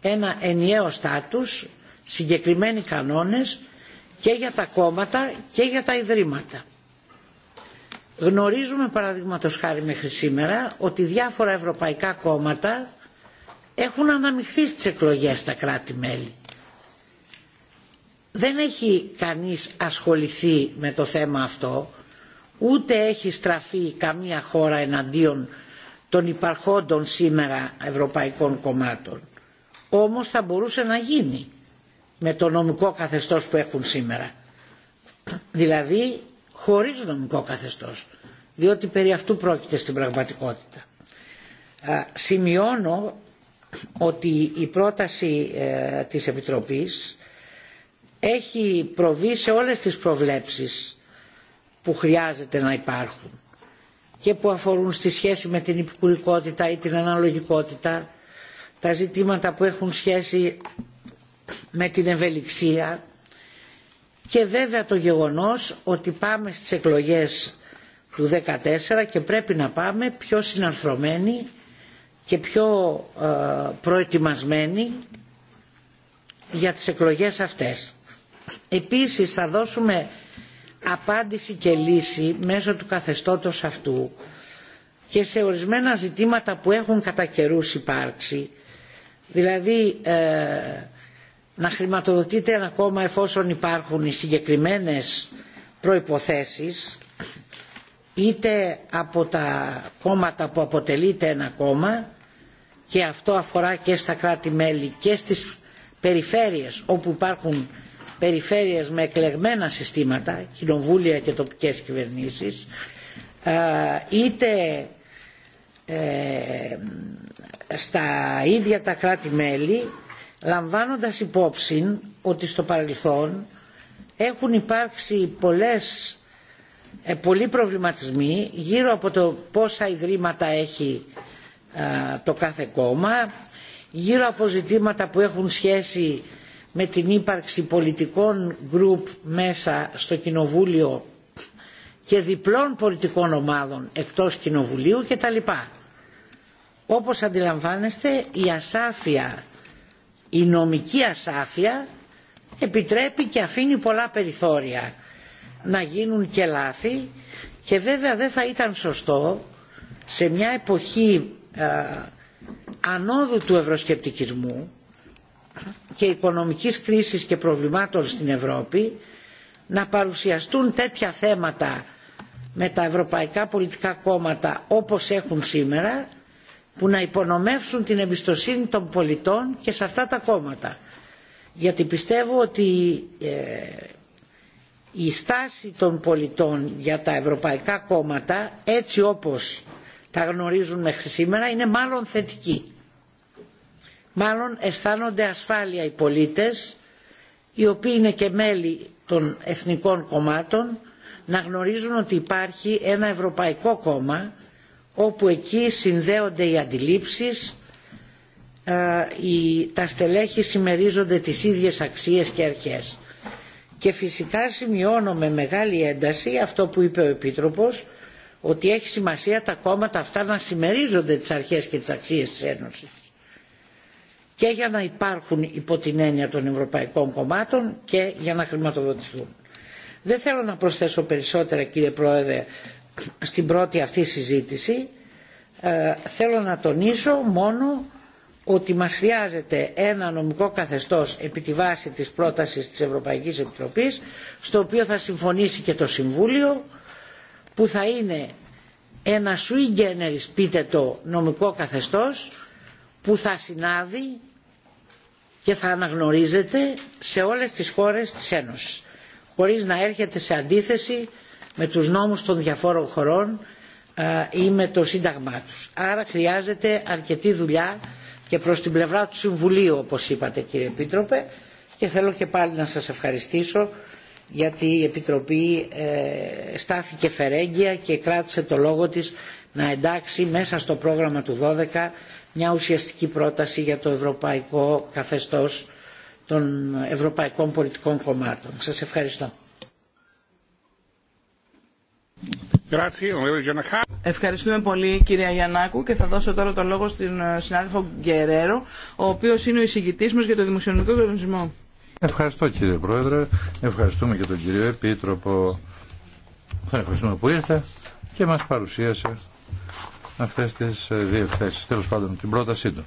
ένα ενιαίο στάτους, συγκεκριμένοι κανόνες και για τα κόμματα και για τα ιδρύματα. Γνωρίζουμε παραδείγματο χάρη μέχρι σήμερα ότι διάφορα ευρωπαϊκά κόμματα έχουν αναμειχθεί στις εκλογές στα κράτη-μέλη. Δεν έχει κανείς ασχοληθεί με το θέμα αυτό ούτε έχει στραφεί καμία χώρα εναντίον των υπαρχόντων σήμερα ευρωπαϊκών κομμάτων. Όμως θα μπορούσε να γίνει με το νομικό καθεστώς που έχουν σήμερα. Δηλαδή χωρίς νομικό καθεστώς. Διότι περί αυτού πρόκειται στην πραγματικότητα. Σημειώνω ότι η πρόταση ε, της Επιτροπής έχει προβεί σε όλες τις προβλέψεις που χρειάζεται να υπάρχουν και που αφορούν στη σχέση με την υπηκουλικότητα ή την αναλογικότητα, τα ζητήματα που έχουν σχέση με την ευελιξία και βέβαια το γεγονός ότι πάμε στις εκλογές του 2014 και πρέπει να πάμε πιο συναρθρωμένοι και πιο ε, προετοιμασμένοι για τις εκλογές αυτές. Επίσης θα δώσουμε απάντηση και λύση μέσω του καθεστώτος αυτού και σε ορισμένα ζητήματα που έχουν κατά καιρού υπάρξει δηλαδή ε, να χρηματοδοτείται ένα κόμμα εφόσον υπάρχουν οι συγκεκριμένες προϋποθέσεις είτε από τα κόμματα που αποτελείται ένα κόμμα και αυτό αφορά και στα κράτη-μέλη και στις περιφέρειες όπου υπάρχουν περιφέρειες με εκλεγμένα συστήματα, κοινοβούλια και τοπικές κυβερνήσεις, ε, είτε ε, στα ίδια τα κράτη-μέλη, λαμβάνοντας υπόψη ότι στο παρελθόν έχουν υπάρξει πολλές, ε, πολλοί προβληματισμοί γύρω από το πόσα ιδρύματα έχει το κάθε κόμμα, γύρω από ζητήματα που έχουν σχέση με την ύπαρξη πολιτικών γκρουπ μέσα στο κοινοβούλιο και διπλών πολιτικών ομάδων εκτός κοινοβουλίου και τα λοιπά, Όπως αντιλαμβάνεστε η ασάφεια, η νομική ασάφεια επιτρέπει και αφήνει πολλά περιθώρια να γίνουν και λάθη και βέβαια δεν θα ήταν σωστό σε μια εποχή ε, ανόδου του ευρωσκεπτικισμού και οικονομικής κρίσης και προβλημάτων στην Ευρώπη να παρουσιαστούν τέτοια θέματα με τα ευρωπαϊκά πολιτικά κόμματα όπως έχουν σήμερα που να υπονομεύσουν την εμπιστοσύνη των πολιτών και σε αυτά τα κόμματα. Γιατί πιστεύω ότι ε, η στάση των πολιτών για τα ευρωπαϊκά κόμματα έτσι όπως τα γνωρίζουν μέχρι σήμερα είναι μάλλον θετική μάλλον αισθάνονται ασφάλεια οι πολίτες οι οποίοι είναι και μέλη των εθνικών κομμάτων να γνωρίζουν ότι υπάρχει ένα ευρωπαϊκό κόμμα όπου εκεί συνδέονται οι αντιλήψεις ε, τα στελέχη συμμερίζονται τις ίδιες αξίες και αρχές. Και φυσικά σημειώνω με μεγάλη ένταση αυτό που είπε ο Επίτροπος ότι έχει σημασία τα κόμματα αυτά να συμμερίζονται τις αρχές και τις αξίες της Ένωσης και για να υπάρχουν υπό την έννοια των ευρωπαϊκών κομμάτων και για να χρηματοδοτηθούν. Δεν θέλω να προσθέσω περισσότερα κύριε Πρόεδρε στην πρώτη αυτή συζήτηση. Ε, θέλω να τονίσω μόνο ότι μας χρειάζεται ένα νομικό καθεστώς επί τη βάση της πρότασης της Ευρωπαϊκής Επιτροπής στο οποίο θα συμφωνήσει και το Συμβούλιο που θα είναι ένα sui generis νομικό καθεστώς που θα συνάδει και θα αναγνωρίζεται σε όλες τις χώρες της Ένωσης, χωρίς να έρχεται σε αντίθεση με τους νόμους των διαφόρων χωρών ή με το σύνταγμά τους. Άρα χρειάζεται αρκετή δουλειά και προς την πλευρά του Συμβουλίου, όπως είπατε κύριε Επίτροπε, και θέλω και πάλι να σας ευχαριστήσω γιατί η Επιτροπή ε, στάθηκε φερέγγια και κράτησε το λόγο της να εντάξει μέσα στο πρόγραμμα του 12 μια ουσιαστική πρόταση για το ευρωπαϊκό καθεστώς των ευρωπαϊκών πολιτικών κομμάτων. Σας ευχαριστώ. Ευχαριστούμε πολύ κυρία Γιαννάκου και θα δώσω τώρα το λόγο στην ε, συνάδελφο Γκερέρο, ο οποίος είναι ο εισηγητής μας για το δημοσιονομικό κανονισμό. Ευχαριστώ κύριε Πρόεδρε, ευχαριστούμε και τον κύριο Επίτροπο. Θα ευχαριστούμε που ήρθε και μας παρουσίασε αυτές τις ε, δύο Τέλο τέλος πάντων την πρότασή του.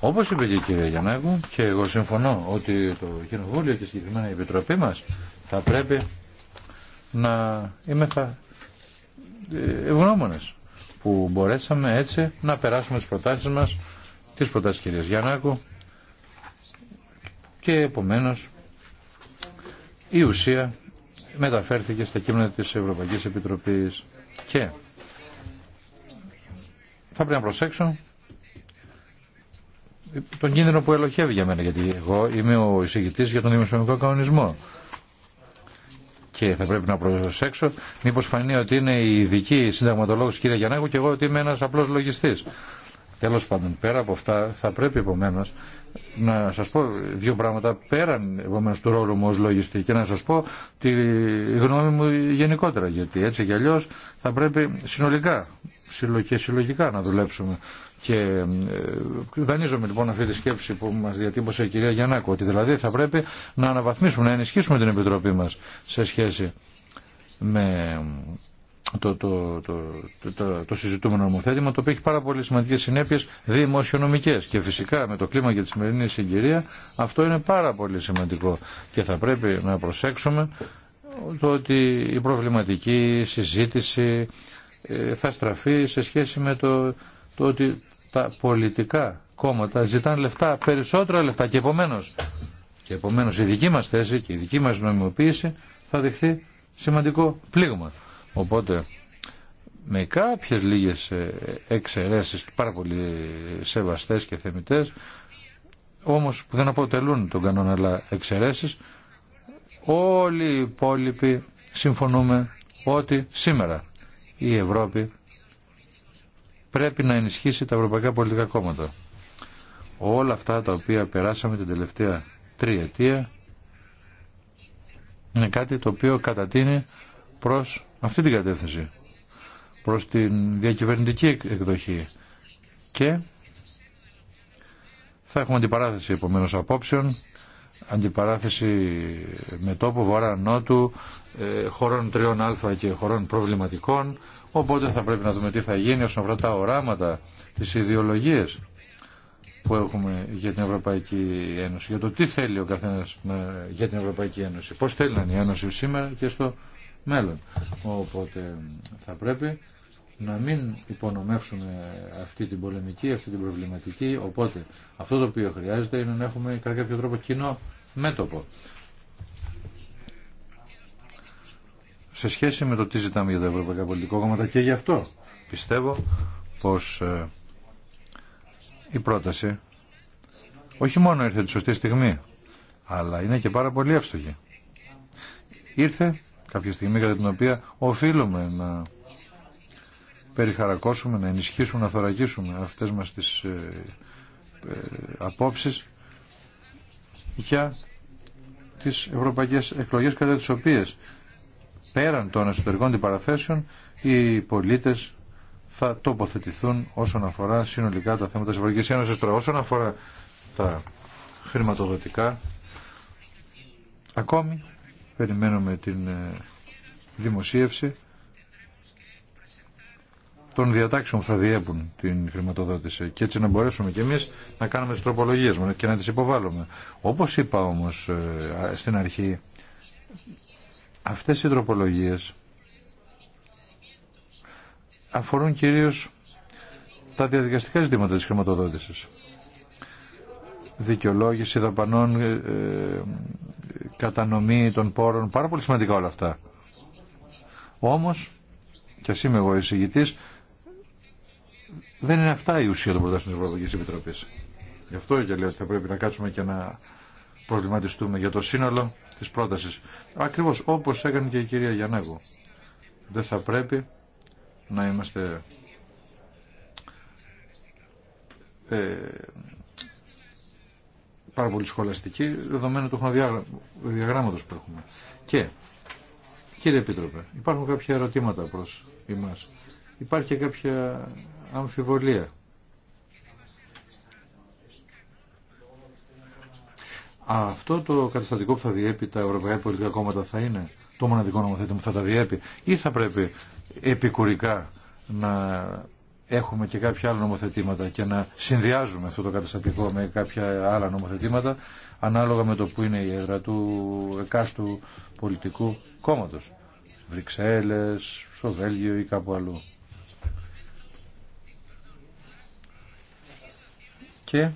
Όπως είπε και η κυρία Γιαννάκου και εγώ συμφωνώ ότι το Κοινοβούλιο και συγκεκριμένα η Επιτροπή μας θα πρέπει να είμαι θα ε, ευγνώμονες που μπορέσαμε έτσι να περάσουμε τις προτάσεις μας, τις προτάσεις κυρίας Γιαννάκου και επομένως η ουσία μεταφέρθηκε στα κείμενα της Ευρωπαϊκής Επιτροπής και θα πρέπει να προσέξω τον κίνδυνο που ελοχεύει για μένα γιατί εγώ είμαι ο εισηγητής για τον δημοσιονομικό κανονισμό και θα πρέπει να προσέξω μήπως φανεί ότι είναι η ειδική συνταγματολόγος κύριε Γιαννάκου και εγώ ότι είμαι ένας απλός λογιστής. Τέλος πάντων, πέρα από αυτά θα πρέπει επομένω να σας πω δύο πράγματα πέραν επομένως του ρόλου μου ω λογιστή και να σας πω τη γνώμη μου γενικότερα γιατί έτσι κι αλλιώ θα πρέπει συνολικά και συλλογικά να δουλέψουμε. Και ε, δανείζομαι λοιπόν αυτή τη σκέψη που μα διατύπωσε η κυρία Γιαννάκου, ότι δηλαδή θα πρέπει να αναβαθμίσουμε, να ενισχύσουμε την Επιτροπή μα σε σχέση με το, το, το, το, το συζητούμενο νομοθέτημα, το οποίο έχει πάρα πολύ σημαντικέ συνέπειε δημοσιονομικέ. Και φυσικά με το κλίμα και τη σημερινή συγκυρία αυτό είναι πάρα πολύ σημαντικό. Και θα πρέπει να προσέξουμε το ότι η προβληματική συζήτηση ε, θα στραφεί σε σχέση με το, το ότι τα πολιτικά κόμματα ζητάνε λεφτά, περισσότερα λεφτά και επομένω. επομένως η δική μας θέση και η δική μας νομιμοποίηση θα δεχθεί σημαντικό πλήγμα. Οπότε με κάποιες λίγες ε, εξαιρέσεις πάρα πολύ σεβαστές και θεμητές όμως που δεν αποτελούν τον κανόνα αλλά εξαιρέσεις όλοι οι υπόλοιποι συμφωνούμε ότι σήμερα η Ευρώπη πρέπει να ενισχύσει τα ευρωπαϊκά πολιτικά κόμματα. Όλα αυτά τα οποία περάσαμε την τελευταία τριετία είναι κάτι το οποίο κατατείνει προς αυτή την κατεύθυνση προς την διακυβερνητική εκδοχή και θα έχουμε αντιπαράθεση επομένως απόψεων αντιπαράθεση με τόπο βορρά νότου ε, χωρών τριών α και χωρών προβληματικών οπότε θα πρέπει να δούμε τι θα γίνει όσον αφορά τα οράματα τις ιδεολογίες που έχουμε για την Ευρωπαϊκή Ένωση για το τι θέλει ο καθένας για την Ευρωπαϊκή Ένωση πώς θέλει να είναι η Ένωση σήμερα και στο μέλλον. Οπότε θα πρέπει να μην υπονομεύσουμε αυτή την πολεμική, αυτή την προβληματική. Οπότε αυτό το οποίο χρειάζεται είναι να έχουμε κατά κάποιο τρόπο κοινό μέτωπο. Σε σχέση με το τι ζητάμε για τα ευρωπαϊκά πολιτικό κόμματα και γι' αυτό πιστεύω πως ε, η πρόταση όχι μόνο ήρθε τη σωστή στιγμή, αλλά είναι και πάρα πολύ εύστοχη. Ήρθε κάποια στιγμή κατά την οποία οφείλουμε να περιχαρακώσουμε, να ενισχύσουμε, να θωρακίσουμε αυτές μας τις ε, ε, απόψεις για τις ευρωπαϊκές εκλογές κατά τις οποίες πέραν των εσωτερικών αντιπαραθέσεων οι πολίτες θα τοποθετηθούν όσον αφορά συνολικά τα θέματα της Ευρωπαϊκής Ένωσης όσον αφορά τα χρηματοδοτικά ακόμη Περιμένουμε την ε, δημοσίευση των διατάξεων που θα διέπουν την χρηματοδότηση και έτσι να μπορέσουμε κι εμείς να κάνουμε τις τροπολογίες μας και να τις υποβάλλουμε. Όπως είπα όμως ε, στην αρχή, αυτές οι τροπολογίες αφορούν κυρίως τα διαδικαστικά ζητήματα της χρηματοδότησης δικαιολόγηση δαπανών, ε, κατανομή των πόρων, πάρα πολύ σημαντικά όλα αυτά. Όμως, και ας είμαι εγώ εισηγητής, δεν είναι αυτά η ουσία των προτάσεων της Ευρωπαϊκής Επιτροπής. Γι' αυτό και λέω ότι θα πρέπει να κάτσουμε και να προβληματιστούμε για το σύνολο της πρότασης. Ακριβώς όπως έκανε και η κυρία Γιαννάκου. Δεν θα πρέπει να είμαστε ε, πάρα πολύ σχολαστική δεδομένου του χρονοδιαγράμματο που έχουμε. Και, κύριε Επίτροπε, υπάρχουν κάποια ερωτήματα προς εμάς. Υπάρχει και κάποια αμφιβολία. Αυτό το καταστατικό που θα διέπει τα ευρωπαϊκά πολιτικά κόμματα θα είναι το μοναδικό νομοθέτημα που θα τα διέπει ή θα πρέπει επικουρικά να έχουμε και κάποια άλλα νομοθετήματα και να συνδυάζουμε αυτό το καταστατικό με κάποια άλλα νομοθετήματα ανάλογα με το που είναι η έδρα του εκάστου πολιτικού κόμματος. Βρυξέλλες, στο Βέλγιο ή κάπου αλλού. Και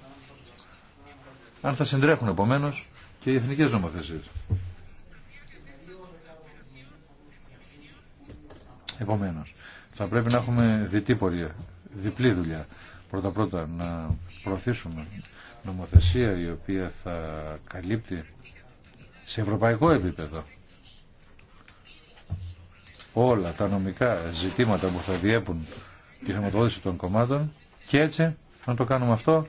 αν θα συντρέχουν επομένω και οι εθνικές νομοθεσίες. Επομένως, θα πρέπει να έχουμε διτή πορεία, διπλή δουλειά. Πρώτα-πρώτα να προωθήσουμε νομοθεσία η οποία θα καλύπτει σε ευρωπαϊκό επίπεδο όλα τα νομικά ζητήματα που θα διέπουν τη χρηματοδότηση των κομμάτων και έτσι να το κάνουμε αυτό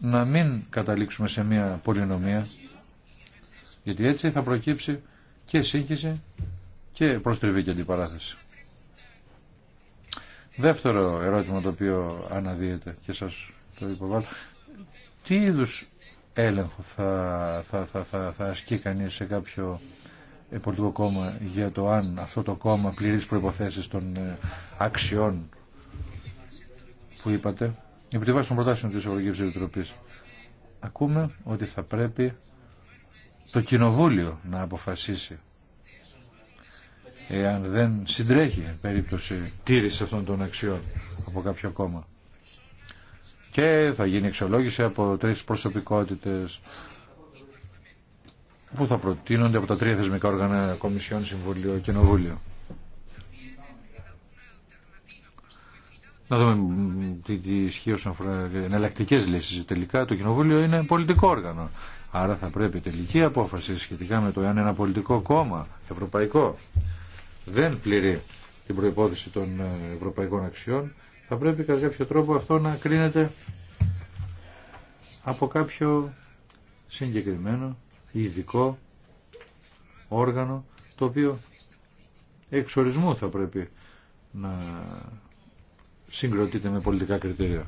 να μην καταλήξουμε σε μια πολυνομία γιατί έτσι θα προκύψει και σύγχυση και προστριβή και αντιπαράθεση. Δεύτερο ερώτημα το οποίο αναδύεται και σας το υποβάλλω. Τι είδους έλεγχο θα, θα, θα, θα, ασκεί κανείς σε κάποιο πολιτικό κόμμα για το αν αυτό το κόμμα πληρεί τις προϋποθέσεις των ε, αξιών που είπατε. Επί τη βάση των προτάσεων της Ευρωπαϊκής Επιτροπής ακούμε ότι θα πρέπει το κοινοβούλιο να αποφασίσει εάν δεν συντρέχει περίπτωση τήρηση αυτών των αξιών από κάποιο κόμμα. Και θα γίνει εξολόγηση από τρεις προσωπικότητες που θα προτείνονται από τα τρία θεσμικά όργανα Κομισιόν, Συμβουλίο, Κοινοβούλιο. Να δούμε τι, τι ισχύει όσον αφορά εναλλακτικέ λύσει. Τελικά το Κοινοβούλιο είναι πολιτικό όργανο. Άρα θα πρέπει τελική απόφαση σχετικά με το εάν ένα πολιτικό κόμμα ευρωπαϊκό δεν πληρεί την προϋπόθεση των ε, ευρωπαϊκών αξιών, θα πρέπει κατά κάποιο τρόπο αυτό να κρίνεται από κάποιο συγκεκριμένο ειδικό όργανο το οποίο εξορισμού θα πρέπει να συγκροτείται με πολιτικά κριτήρια.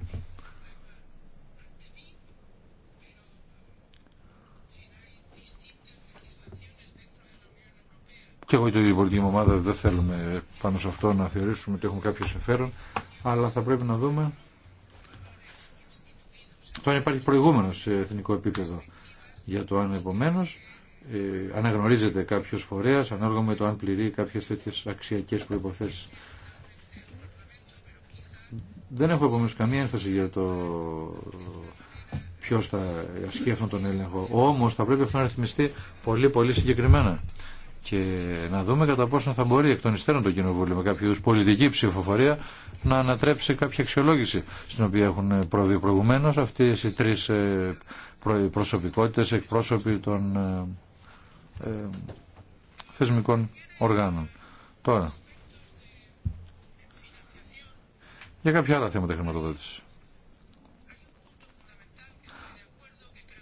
και εγώ και η πολιτική μου ομάδα δεν θέλουμε πάνω σε αυτό να θεωρήσουμε ότι έχουμε κάποιο συμφέρον, αλλά θα πρέπει να δούμε το αν υπάρχει προηγούμενο σε εθνικό επίπεδο για το αν επομένω ε, αναγνωρίζεται κάποιο φορέα ανάλογα με το αν πληρεί κάποιε τέτοιε αξιακέ προποθέσει. Δεν έχω επομένω καμία ένσταση για το ποιο θα ασκεί αυτόν τον έλεγχο. Όμω θα πρέπει αυτό να ρυθμιστεί πολύ πολύ συγκεκριμένα και να δούμε κατά πόσο θα μπορεί εκ των υστέρων το Κοινοβούλιο με κάποιο πολιτική ψηφοφορία να ανατρέψει κάποια αξιολόγηση στην οποία έχουν προβεί προηγουμένω αυτέ οι τρει ε, προσωπικότητε, εκπρόσωποι των ε, ε, θεσμικών οργάνων. Τώρα, για κάποια άλλα θέματα χρηματοδότηση.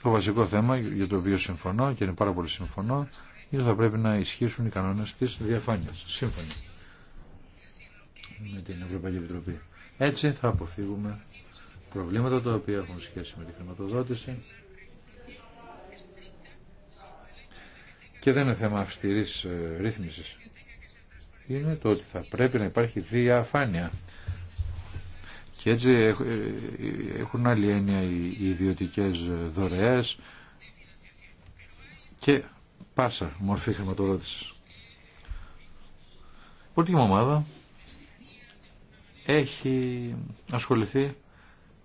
Το βασικό θέμα για το οποίο συμφωνώ και είναι πάρα πολύ συμφωνώ ή θα πρέπει να ισχύσουν οι κανόνες της διαφάνειας, σύμφωνα με την Ευρωπαϊκή Επιτροπή. Έτσι θα αποφύγουμε προβλήματα τα οποία έχουν σχέση με τη χρηματοδότηση και δεν είναι θέμα αυστηρής ε, ρύθμισης. Είναι το ότι θα πρέπει να υπάρχει διαφάνεια. Και έτσι ε, έχουν άλλη έννοια οι ιδιωτικές δωρεές και πάσα μορφή χρηματοδότηση. Η πολιτική μου ομάδα έχει ασχοληθεί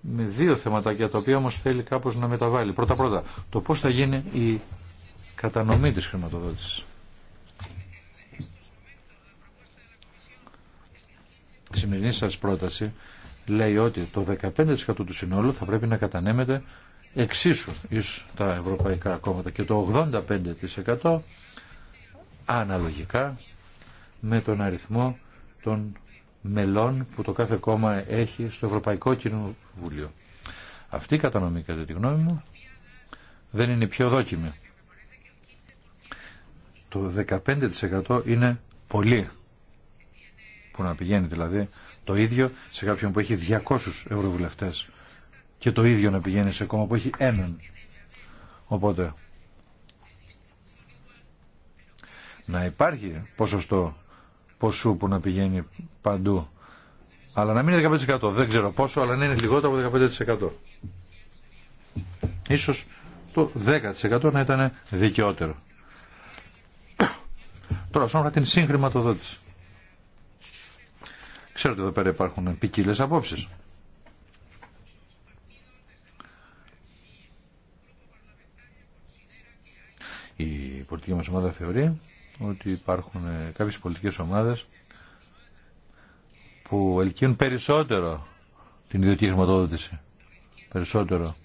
με δύο θεματάκια τα οποία όμως θέλει κάπως να μεταβάλει. Πρώτα πρώτα, το πώς θα γίνει η κατανομή της χρηματοδότησης. Η σημερινή σας πρόταση λέει ότι το 15% του συνόλου θα πρέπει να κατανέμεται εξίσου εις τα ευρωπαϊκά κόμματα και το 85% αναλογικά με τον αριθμό των μελών που το κάθε κόμμα έχει στο Ευρωπαϊκό Κοινοβούλιο. Αυτή η κατανομή κατά τη γνώμη μου δεν είναι πιο δόκιμη. Το 15% είναι πολύ που να πηγαίνει δηλαδή το ίδιο σε κάποιον που έχει 200 ευρωβουλευτές και το ίδιο να πηγαίνει σε κόμμα που έχει έναν. Οπότε, να υπάρχει ποσοστό ποσού που να πηγαίνει παντού. Αλλά να μην είναι 15%. Δεν ξέρω πόσο, αλλά να είναι λιγότερο από 15%. Ίσως το 10% να ήταν δικαιότερο. Τώρα, σώμα να την συγχρηματοδότηση. Ξέρετε εδώ πέρα υπάρχουν ποικίλε απόψεις. πολιτική μας ομάδα θεωρεί ότι υπάρχουν ε, κάποιες πολιτικές ομάδες που ελκύουν περισσότερο την ιδιωτική χρηματοδότηση. Περισσότερο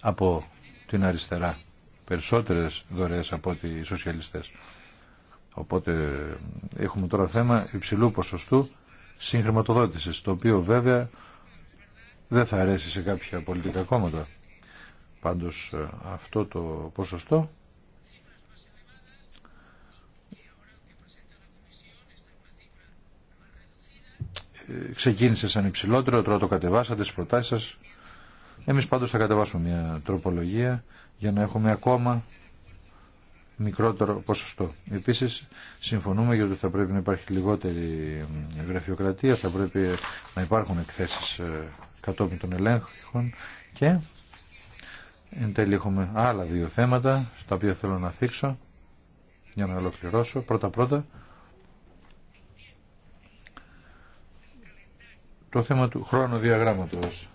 από την αριστερά. Περισσότερες δωρεές από ότι οι σοσιαλιστές. Οπότε ε, έχουμε τώρα θέμα υψηλού ποσοστού συγχρηματοδότησης, το οποίο βέβαια δεν θα αρέσει σε κάποια πολιτικά κόμματα. Πάντως ε, αυτό το ποσοστό ξεκίνησε σαν υψηλότερο, τώρα το κατεβάσατε τι προτάσεις σα. Εμείς πάντω θα κατεβάσουμε μια τροπολογία για να έχουμε ακόμα μικρότερο ποσοστό. Επίση συμφωνούμε για ότι θα πρέπει να υπάρχει λιγότερη γραφειοκρατία, θα πρέπει να υπάρχουν εκθέσεις ε, κατόπιν των ελέγχων και εν τέλει έχουμε άλλα δύο θέματα στα οποία θέλω να θίξω για να ολοκληρώσω. Πρώτα-πρώτα το θέμα του διαγράμματος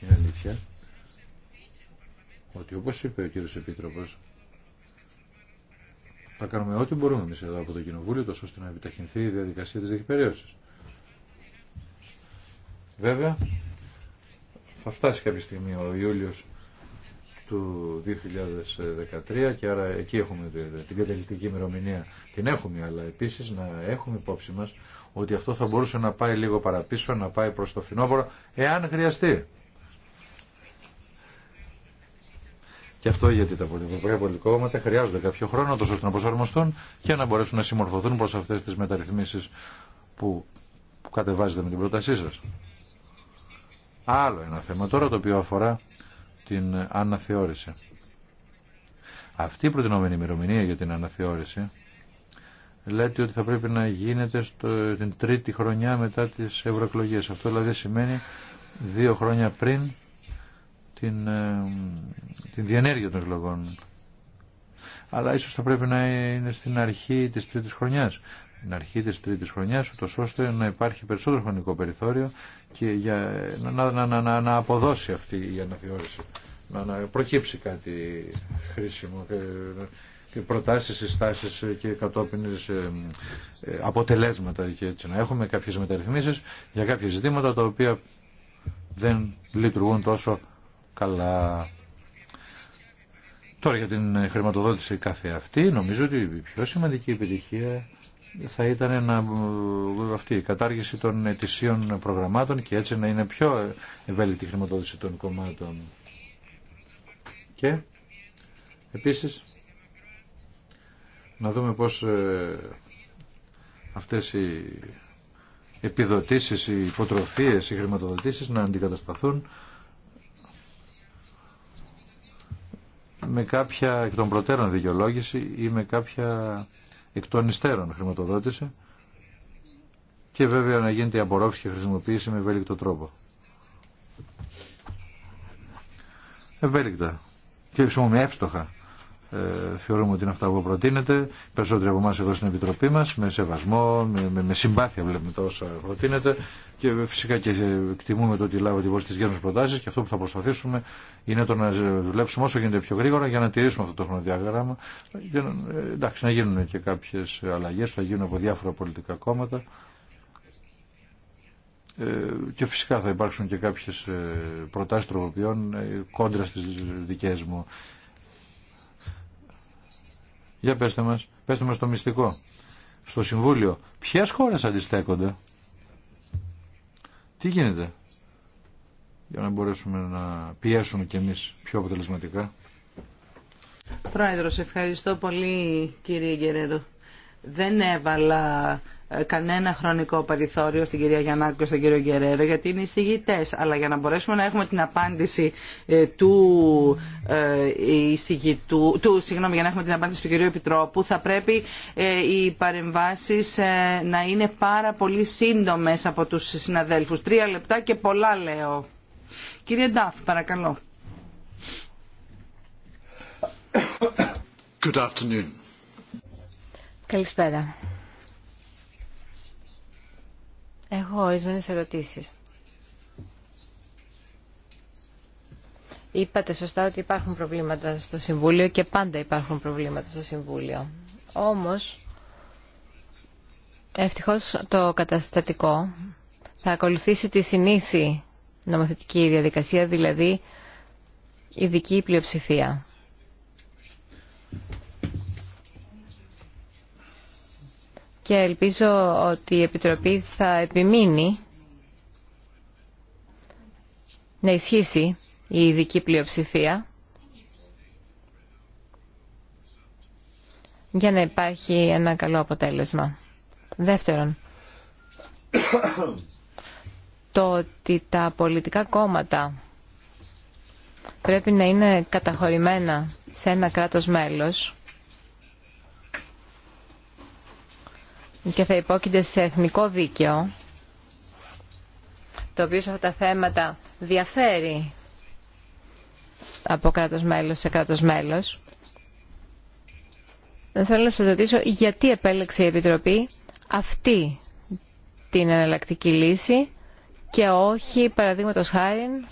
Είναι αλήθεια ότι όπως είπε ο κύριος Επίτροπος θα κάνουμε ό,τι μπορούμε εμείς εδώ από το Κοινοβούλιο τόσο ώστε να επιταχυνθεί η διαδικασία της διεκπαιρέωσης. Βέβαια θα φτάσει κάποια στιγμή ο Ιούλιος του 2013 και άρα εκεί έχουμε την καταληκτική ημερομηνία την έχουμε αλλά επίσης να έχουμε υπόψη μας ότι αυτό θα μπορούσε να πάει λίγο παραπίσω να πάει προς το φινόπορο εάν χρειαστεί και αυτό γιατί τα πολιτικά πολιτικόματα χρειάζονται κάποιο χρόνο τόσο ώστε να προσαρμοστούν και να μπορέσουν να συμμορφωθούν προς αυτές τις μεταρρυθμίσεις που κατεβάζετε με την πρότασή σας άλλο ένα θέμα τώρα το οποίο αφορά την αναθεώρηση. Αυτή η προτινόμενη ημερομηνία για την αναθεώρηση λέτε ότι θα πρέπει να γίνεται στο, την τρίτη χρονιά μετά τις ευρωεκλογέ. Αυτό δηλαδή σημαίνει δύο χρόνια πριν την, ε, την διενέργεια των εκλογών. Αλλά ίσως θα πρέπει να είναι στην αρχή της τρίτης χρονιάς την αρχή της τρίτης χρονιάς, ούτως ώστε να υπάρχει περισσότερο χρονικό περιθώριο και για, να, να, να, να αποδώσει αυτή η αναθεώρηση, να, να προκύψει κάτι χρήσιμο ε, και προτάσεις, συστάσεις και κατόπιν ε, ε, αποτελέσματα και έτσι να έχουμε κάποιες μεταρρυθμίσεις για κάποια ζητήματα τα οποία δεν λειτουργούν τόσο καλά. Τώρα για την χρηματοδότηση κάθε αυτή νομίζω ότι η πιο σημαντική επιτυχία θα ήταν να, αυτή η κατάργηση των ετησίων προγραμμάτων και έτσι να είναι πιο ευέλικτη χρηματοδότηση των κομμάτων. Και επίσης να δούμε πώς ε, αυτές οι επιδοτήσεις, οι υποτροφίες, οι χρηματοδοτήσεις να αντικατασταθούν με κάποια εκ των προτέρων δικαιολόγηση ή με κάποια εκ των υστέρων χρηματοδότηση και βέβαια να γίνεται η απορρόφηση και χρησιμοποίηση με ευέλικτο τρόπο. Ευέλικτα και με εύστοχα ε, θεωρούμε ότι είναι αυτά που προτείνεται. Περισσότεροι από εμά εδώ στην Επιτροπή μα, με σεβασμό, με, με, με συμπάθεια βλέπουμε τα όσα προτείνεται και φυσικά και εκτιμούμε το ότι λάβω τη βοήθεια τη προτάσει και αυτό που θα προσπαθήσουμε είναι το να δουλέψουμε όσο γίνεται πιο γρήγορα για να τηρήσουμε αυτό το χρονοδιάγραμμα. Για ε, εντάξει, να γίνουν και κάποιε αλλαγέ, θα γίνουν από διάφορα πολιτικά κόμματα ε, και φυσικά θα υπάρξουν και κάποιες προτάσεις τροποποιών κόντρα στις δικές μου. Για πέστε μας, πέστε μας το μυστικό. Στο Συμβούλιο, ποιες χώρες αντιστέκονται. Τι γίνεται. Για να μπορέσουμε να πιέσουμε κι εμείς πιο αποτελεσματικά. Πρόεδρος, ευχαριστώ πολύ κύριε Γκερέρο. Δεν έβαλα ε, κανένα χρονικό περιθώριο στην κυρία Γιαννάκου και στον κύριο Γκερέρο γιατί είναι εισηγητέ. Αλλά για να μπορέσουμε να έχουμε την απάντηση ε, του ε, εισηγητού, του, συγγνώμη, για να έχουμε την απάντηση του κυρίου Επιτρόπου θα πρέπει οι παρεμβάσει να είναι πάρα πολύ σύντομε από του συναδέλφου. Τρία λεπτά και πολλά λέω. Κύριε Ντάφ, παρακαλώ. Good Καλησπέρα. Έχω ορισμένε ερωτήσει. Είπατε σωστά ότι υπάρχουν προβλήματα στο Συμβούλιο και πάντα υπάρχουν προβλήματα στο Συμβούλιο. Όμως, ευτυχώς το καταστατικό θα ακολουθήσει τη συνήθη νομοθετική διαδικασία, δηλαδή ειδική πλειοψηφία. και ελπίζω ότι η Επιτροπή θα επιμείνει να ισχύσει η ειδική πλειοψηφία για να υπάρχει ένα καλό αποτέλεσμα. Δεύτερον, το ότι τα πολιτικά κόμματα πρέπει να είναι καταχωρημένα σε ένα κράτος μέλος και θα υπόκειται σε εθνικό δίκαιο, το οποίο σε αυτά τα θέματα διαφέρει από κράτος μέλος σε κράτος μέλος. Θέλω να σας ρωτήσω γιατί επέλεξε η Επιτροπή αυτή την εναλλακτική λύση και όχι, παραδείγματο χάρη,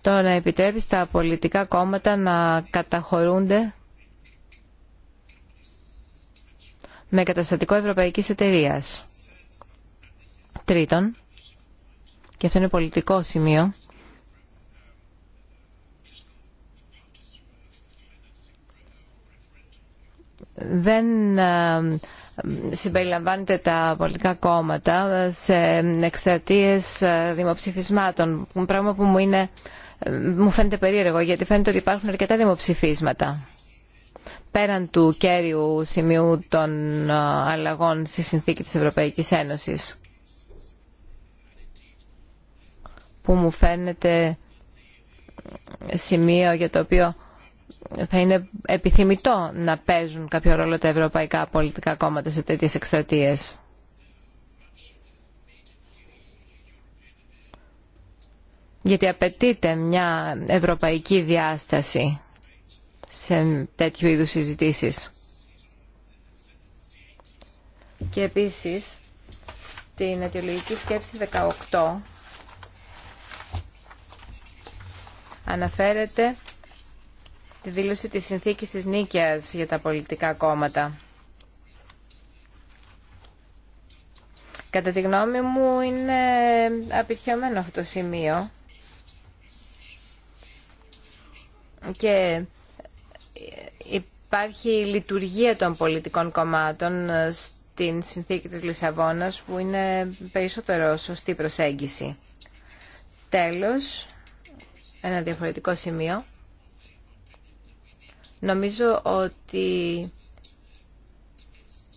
το να επιτρέπει στα πολιτικά κόμματα να καταχωρούνται με καταστατικό ευρωπαϊκής εταιρείας. Τρίτον, και αυτό είναι πολιτικό σημείο, δεν ε, συμπεριλαμβάνεται τα πολιτικά κόμματα σε εκστρατείες ε, δημοψηφισμάτων, πράγμα που μου, είναι, ε, μου φαίνεται περίεργο, γιατί φαίνεται ότι υπάρχουν αρκετά δημοψηφίσματα πέραν του κέριου σημείου των ε, αλλαγών στη συνθήκη της Ευρωπαϊκής Ένωσης που μου φαίνεται σημείο για το οποίο θα είναι επιθυμητό να παίζουν κάποιο ρόλο τα ευρωπαϊκά πολιτικά κόμματα σε τέτοιες εκστρατείες. Γιατί απαιτείται μια ευρωπαϊκή διάσταση σε τέτοιου είδους συζητήσεις. Και επίσης, στην αιτιολογική σκέψη 18 αναφέρεται τη δήλωση της συνθήκης της Νίκαιας για τα πολιτικά κόμματα. Κατά τη γνώμη μου είναι απειχιωμένο αυτό το σημείο και υπάρχει η λειτουργία των πολιτικών κομμάτων ε, στην συνθήκη της Λισαβόνας που είναι περισσότερο σωστή προσέγγιση. Τέλος, ένα διαφορετικό σημείο. Νομίζω ότι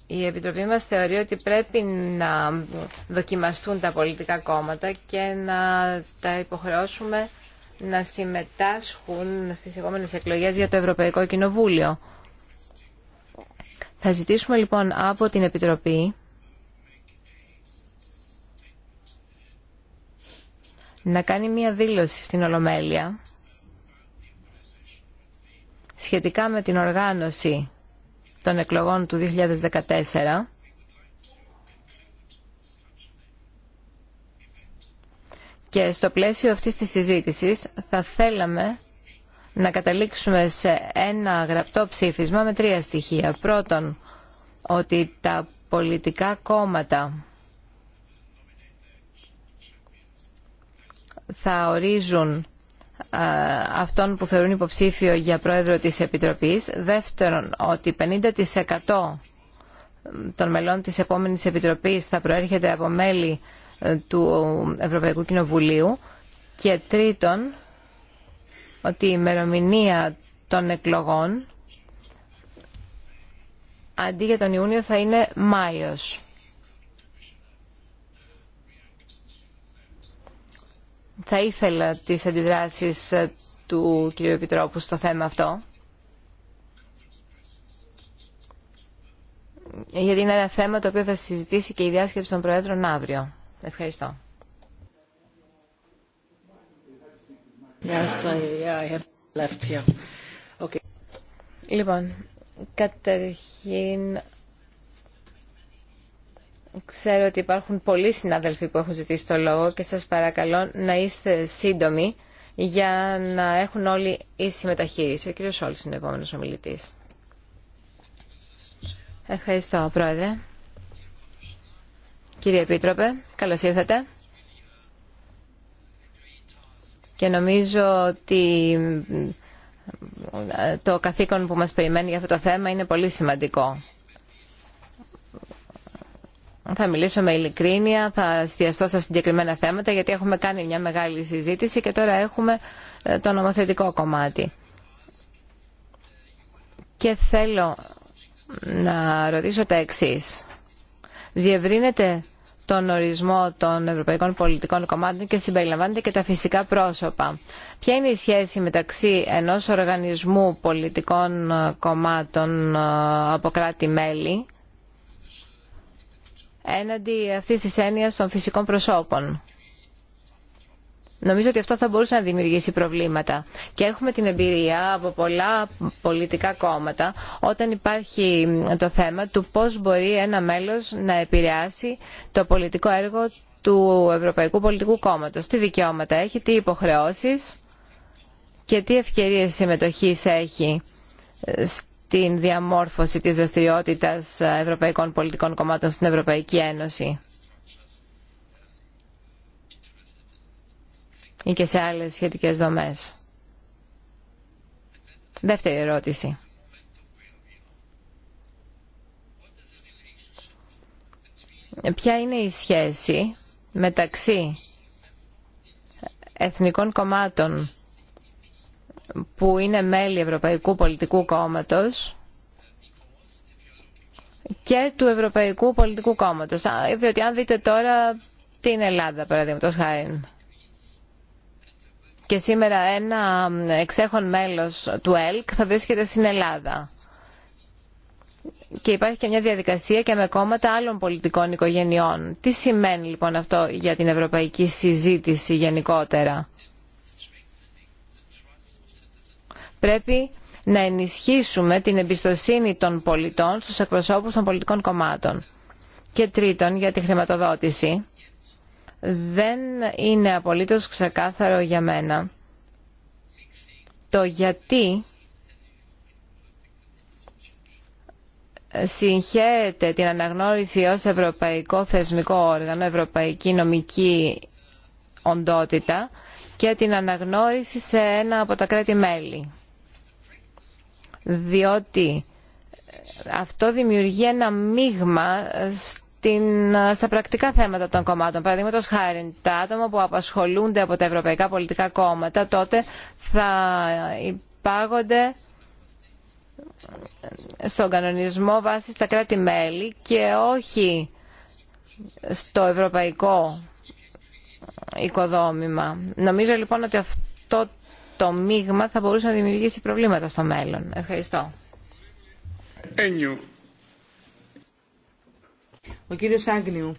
η Επιτροπή μας θεωρεί ότι πρέπει να δοκιμαστούν τα πολιτικά κόμματα και να τα υποχρεώσουμε να συμμετάσχουν στις επόμενες εκλογές για το Ευρωπαϊκό Κοινοβούλιο. Θα ζητήσουμε λοιπόν από την Επιτροπή να κάνει μία δήλωση στην Ολομέλεια σχετικά με την οργάνωση των εκλογών του 2014 Και στο πλαίσιο αυτής της συζήτησης θα θέλαμε να καταλήξουμε σε ένα γραπτό ψήφισμα με τρία στοιχεία. Πρώτον, ότι τα πολιτικά κόμματα θα ορίζουν αυτόν που θεωρούν υποψήφιο για πρόεδρο της Επιτροπής. Δεύτερον, ότι 50% των μελών της επόμενης Επιτροπής θα προέρχεται από μέλη του Ευρωπαϊκού Κοινοβουλίου και τρίτον ότι η ημερομηνία των εκλογών αντί για τον Ιούνιο θα είναι Μάιος. Θα ήθελα τις αντιδράσεις του κ. Επιτρόπου στο θέμα αυτό. Γιατί είναι ένα θέμα το οποίο θα συζητήσει και η διάσκεψη των Προέδρων αύριο. Ευχαριστώ. Λοιπόν, καταρχήν ξέρω ότι υπάρχουν πολλοί συνάδελφοι που έχουν ζητήσει το λόγο και σας παρακαλώ να είστε σύντομοι για να έχουν όλοι ίση μεταχείριση. Ο κύριος Σόλς είναι ο επόμενος ομιλητής. Ευχαριστώ, Πρόεδρε. Κύριε Επίτροπε, καλώς ήρθατε. Και νομίζω ότι ε, το καθήκον που μας περιμένει για αυτό το θέμα είναι πολύ σημαντικό. Θα μιλήσω με ειλικρίνεια, θα εστιαστώ στα συγκεκριμένα θέματα γιατί έχουμε κάνει μια μεγάλη συζήτηση και τώρα έχουμε ε, το νομοθετικό κομμάτι. Και θέλω να ρωτήσω τα εξής διευρύνεται τον ορισμό των ευρωπαϊκών πολιτικών κομμάτων και συμπεριλαμβάνεται και τα φυσικά πρόσωπα. Ποια είναι η σχέση μεταξύ ενός οργανισμού πολιτικών κομμάτων ε, από κράτη-μέλη έναντι αυτής της έννοιας των φυσικών προσώπων. Νομίζω ότι αυτό θα μπορούσε να δημιουργήσει προβλήματα. Και έχουμε την εμπειρία από πολλά πολιτικά κόμματα όταν υπάρχει το θέμα του πώς μπορεί ένα μέλος να επηρεάσει το πολιτικό έργο του Ευρωπαϊκού Πολιτικού Κόμματος. Τι δικαιώματα έχει, τι υποχρεώσεις και τι ευκαιρίες συμμετοχής έχει στην διαμόρφωση της δραστηριότητας Ευρωπαϊκών Πολιτικών Κομμάτων στην Ευρωπαϊκή Ένωση. ή και σε άλλες σχετικές δομές. Δεύτερη ερώτηση. Ποια είναι η σχέση μεταξύ εθνικών κομμάτων που είναι μέλη Ευρωπαϊκού Πολιτικού Κόμματος και του Ευρωπαϊκού Πολιτικού Κόμματος. Διότι αν δείτε τώρα την Ελλάδα, παραδείγματος χάρη, και σήμερα ένα εξέχον μέλος του ΕΛΚ θα βρίσκεται στην Ελλάδα. Και υπάρχει και μια διαδικασία και με κόμματα άλλων πολιτικών οικογενειών. Τι σημαίνει λοιπόν αυτό για την ευρωπαϊκή συζήτηση γενικότερα. Πρέπει να ενισχύσουμε την εμπιστοσύνη των πολιτών στους εκπροσώπους των πολιτικών κομμάτων. Και τρίτον, για τη χρηματοδότηση δεν είναι απολύτως ξεκάθαρο για μένα. Το γιατί συγχαίρεται την αναγνώριση ως ευρωπαϊκό θεσμικό όργανο, ευρωπαϊκή νομική οντότητα και την αναγνώριση σε ένα από τα κράτη-μέλη. Διότι αυτό δημιουργεί ένα μείγμα ε, στα πρακτικά θέματα των κομμάτων. Παραδείγματο χάρη, τα άτομα που απασχολούνται από τα ευρωπαϊκά πολιτικά κόμματα τότε θα υπάγονται στον κανονισμό βάσει στα κράτη-μέλη και όχι στο ευρωπαϊκό οικοδόμημα. Νομίζω λοιπόν ότι αυτό το μείγμα θα μπορούσε να δημιουργήσει προβλήματα στο μέλλον. Ευχαριστώ. Άγνιου.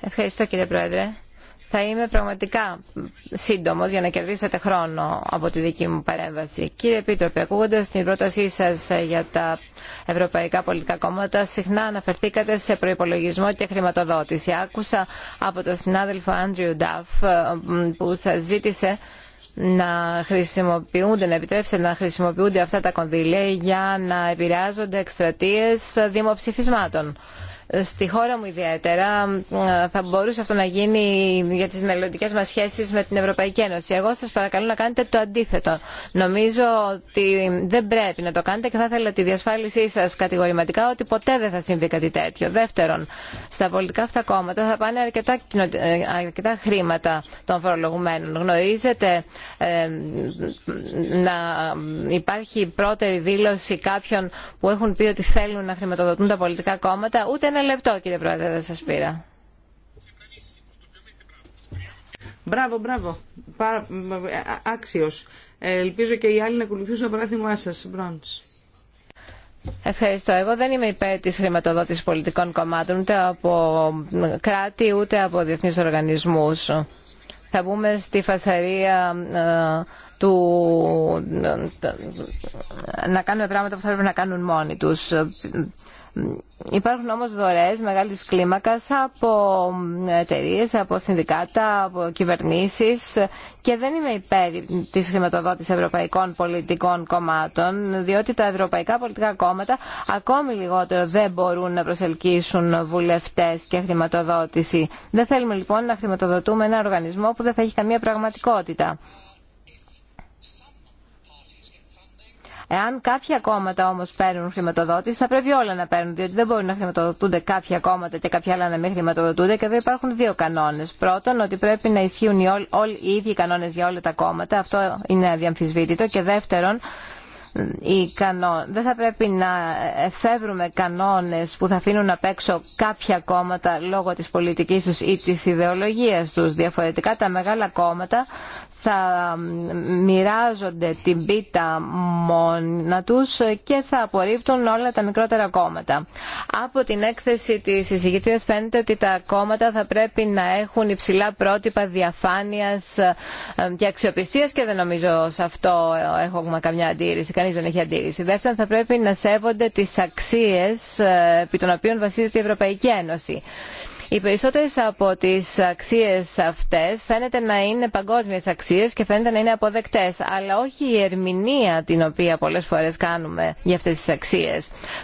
Ευχαριστώ κύριε Πρόεδρε. Θα είμαι πραγματικά σύντομος για να κερδίσετε χρόνο από τη δική μου παρέμβαση. Κύριε Επίτροπε, ακούγοντας την πρότασή σας για τα ευρωπαϊκά πολιτικά κόμματα, συχνά αναφερθήκατε σε προϋπολογισμό και χρηματοδότηση. Άκουσα από τον συνάδελφο Άντριου Νταφ που σας ζήτησε να χρησιμοποιούνται, να επιτρέψετε να χρησιμοποιούνται αυτά τα κονδύλια για να επηρεάζονται εκστρατείε δημοψηφισμάτων. Στη χώρα μου ιδιαίτερα θα μπορούσε αυτό να γίνει για τις μελλοντικές μας σχέσεις με την Ευρωπαϊκή Ένωση. Εγώ σας παρακαλώ να κάνετε το αντίθετο. Νομίζω ότι δεν πρέπει να το κάνετε και θα ήθελα τη διασφάλισή σας κατηγορηματικά ότι ποτέ δεν θα συμβεί κάτι τέτοιο. Δεύτερον, στα πολιτικά αυτά κόμματα θα πάνε αρκετά, ε, αρκετά χρήματα των φορολογουμένων. Γνωρίζετε ε, να υπάρχει πρώτερη δήλωση κάποιων που έχουν πει ότι θέλουν να χρηματοδοτούν τα πολιτικά κόμματα, ούτε ένα λεπτό κύριε Πρόεδρε δεν σας πήρα. Μπράβο, μπράβο. α, Άξιος. Ελπίζω και οι άλλοι να ακολουθήσουν το παράδειγμά σας. Μπρόντς. Ευχαριστώ. Εγώ δεν είμαι υπέρ τη χρηματοδότηση πολιτικών κομμάτων ούτε από κράτη ούτε από διεθνεί οργανισμού. Θα μπούμε στη φασαρία ε, του ε, ε, να κάνουμε πράγματα που θα πρέπει να κάνουν μόνοι τους. Υπάρχουν όμως δωρές μεγάλης κλίμακας από εταιρείε, από συνδικάτα, από κυβερνήσεις και δεν είμαι υπέρ της χρηματοδότησης ευρωπαϊκών πολιτικών κομμάτων διότι τα ευρωπαϊκά πολιτικά κόμματα ακόμη λιγότερο δεν μπορούν να προσελκύσουν βουλευτές και χρηματοδότηση. Δεν θέλουμε λοιπόν να χρηματοδοτούμε ένα οργανισμό που δεν θα έχει καμία πραγματικότητα. Εάν κάποια κόμματα όμω παίρνουν χρηματοδότηση, θα πρέπει όλα να παίρνουν, διότι δεν μπορεί να χρηματοδοτούνται κάποια κόμματα και κάποια άλλα να μην χρηματοδοτούνται και εδώ υπάρχουν δύο κανόνε. Πρώτον, ότι πρέπει να ισχύουν οι όλοι, οι ίδιοι κανόνες για όλα τα κόμματα, αυτό είναι αδιαμφισβήτητο. Και δεύτερον, οι δεν θα πρέπει να εφεύρουμε κανόνες που θα αφήνουν απ' έξω κάποια κόμματα λόγω της πολιτικής τους ή της ιδεολογίας τους. Διαφορετικά τα μεγάλα κόμματα θα μοιράζονται την πίτα μόνα τους και θα απορρίπτουν όλα τα μικρότερα κόμματα. Από την έκθεση της εισηγητήρας φαίνεται ότι τα κόμματα θα πρέπει να έχουν υψηλά πρότυπα διαφάνειας ε, και αξιοπιστίας και δεν νομίζω σε αυτό έχουμε καμιά αντίρρηση, κανείς δεν έχει αντίρρηση. Δεύτερον, θα πρέπει να σέβονται τις αξίες ε, επί των οποίων βασίζεται η Ευρωπαϊκή Ένωση. Οι περισσότερε από τι αξίε αυτέ φαίνεται να είναι παγκόσμιε αξίε και φαίνεται να είναι αποδεκτέ, αλλά όχι η ερμηνεία την οποία πολλέ φορέ κάνουμε για αυτέ τι αξίε.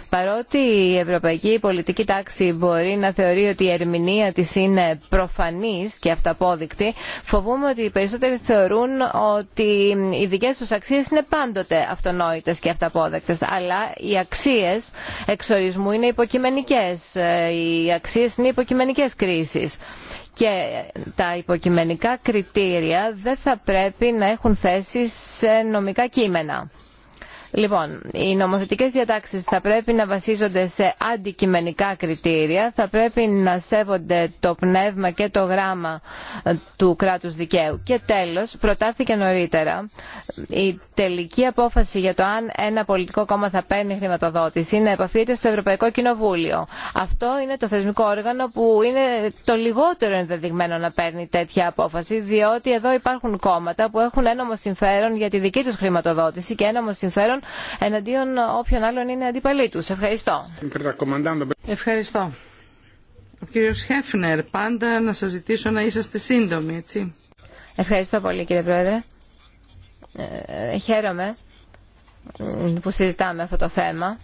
Παρότι η ευρωπαϊκή πολιτική τάξη μπορεί να θεωρεί ότι η ερμηνεία τη είναι προφανή και αυταπόδεικτη, φοβούμε ότι οι περισσότεροι θεωρούν ότι οι δικέ του αξίε είναι πάντοτε αυτονόητε και αυταποδεκτε. αλλά οι αξίε εξορισμού είναι υποκειμενικέ. Ε, οι αξίε είναι υποκειμενικέ κρίσεις. Και τα υποκειμενικά κριτήρια δεν θα πρέπει να έχουν θέση σε νομικά κείμενα. Λοιπόν, οι νομοθετικέ διατάξει θα πρέπει να βασίζονται σε αντικειμενικά κριτήρια, θα πρέπει να σέβονται το πνεύμα και το γράμμα του κράτου δικαίου. Και τέλο, προτάθηκε νωρίτερα, η τελική απόφαση για το αν ένα πολιτικό κόμμα θα παίρνει χρηματοδότηση να επαφείται στο Ευρωπαϊκό Κοινοβούλιο. Αυτό είναι το θεσμικό όργανο που είναι το λιγότερο ενδεδειγμένο να παίρνει τέτοια απόφαση, διότι εδώ υπάρχουν κόμματα που έχουν ένομο συμφέρον για τη δική του χρηματοδότηση και ένομο συμφέρον εναντίον όποιων άλλων είναι αντιπαλή του. Ευχαριστώ. Ευχαριστώ. Ο κύριος Χέφνερ, πάντα να σας ζητήσω να είσαστε σύντομοι, έτσι. Ευχαριστώ πολύ κύριε Πρόεδρε. Ε, ε χαίρομαι που συζητάμε αυτό το θέμα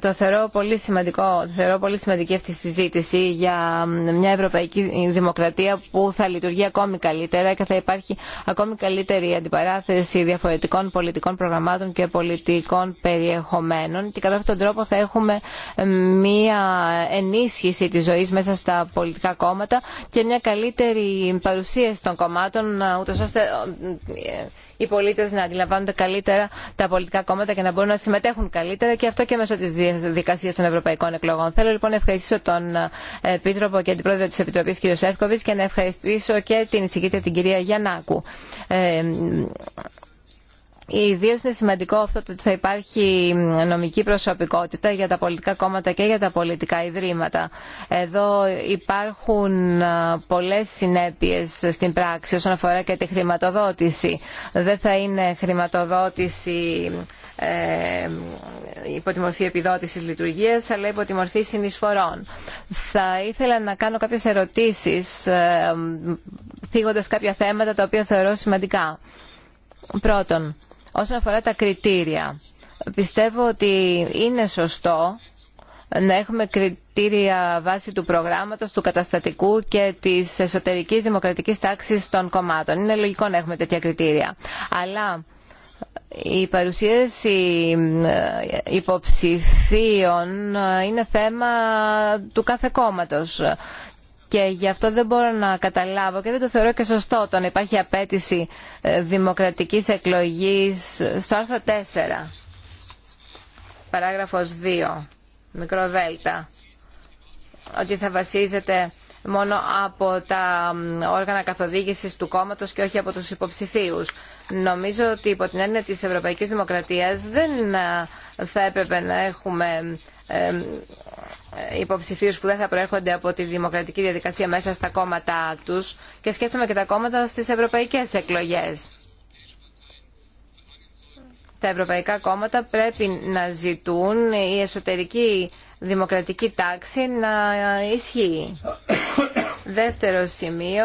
το θεωρώ πολύ σημαντικό, το θεωρώ πολύ σημαντική αυτή η συζήτηση για μια ευρωπαϊκή δημοκρατία που θα λειτουργεί ακόμη καλύτερα και θα υπάρχει ακόμη καλύτερη αντιπαράθεση διαφορετικών πολιτικών προγραμμάτων και πολιτικών περιεχομένων και κατά αυτόν τον τρόπο θα έχουμε μια ενίσχυση της ζωής μέσα στα πολιτικά κόμματα και μια καλύτερη παρουσίαση των κομμάτων ε, ούτως ώστε ε, οι πολίτες να αντιλαμβάνονται καλύτερα τα πολιτικά κόμματα και να μπορούν να συμμετέχουν καλύτερα και αυτό και μέσω τη διαδικασία των ευρωπαϊκών εκλογών. Θέλω λοιπόν να ευχαριστήσω τον ε, Επίτροπο και την Πρόεδρο της Επιτροπής κ. Σεύκοβης και να ευχαριστήσω και την εισηγήτρια την κυρία Γιαννάκου. Ε, Ιδίω είναι σημαντικό αυτό ότι θα υπάρχει νομική προσωπικότητα για τα πολιτικά κόμματα και για τα πολιτικά ιδρύματα. Εδώ υπάρχουν ε, πολλές συνέπειες στην πράξη όσον αφορά και τη χρηματοδότηση. Δεν θα είναι χρηματοδότηση ε, υπό τη μορφή επιδότησης λειτουργίας αλλά υπό τη μορφή συνεισφορών. Θα ήθελα να κάνω κάποιες ερωτήσεις ε, θίγοντας κάποια θέματα τα οποία θεωρώ σημαντικά. Πρώτον, Όσον αφορά τα κριτήρια, πιστεύω ότι είναι σωστό να έχουμε κριτήρια βάση του προγράμματος, του καταστατικού και της εσωτερικής δημοκρατικής τάξης των κομμάτων. Είναι λογικό να έχουμε τέτοια κριτήρια. Αλλά η παρουσίαση ε, υποψηφίων ε, είναι θέμα του κάθε κόμματος και γι' αυτό δεν μπορώ να καταλάβω και δεν το θεωρώ και σωστό το να υπάρχει απέτηση ε, δημοκρατικής εκλογής στο άρθρο 4 παράγραφος 2 μικρό δέλτα ότι θα βασίζεται μόνο από τα όργανα καθοδήγησης του κόμματος και όχι από τους υποψηφίους. Νομίζω ότι υπό την έννοια της Ευρωπαϊκής Δημοκρατίας δεν ε, θα έπρεπε να έχουμε ε, υποψηφίου που δεν θα προέρχονται από τη δημοκρατική διαδικασία μέσα στα κόμματά τους και σκέφτομαι και τα κόμματα στις ευρωπαϊκές εκλογές. Τα ευρωπαϊκά κόμματα πρέπει να ζητούν η εσωτερική δημοκρατική τάξη να ισχύει. Δεύτερο σημείο,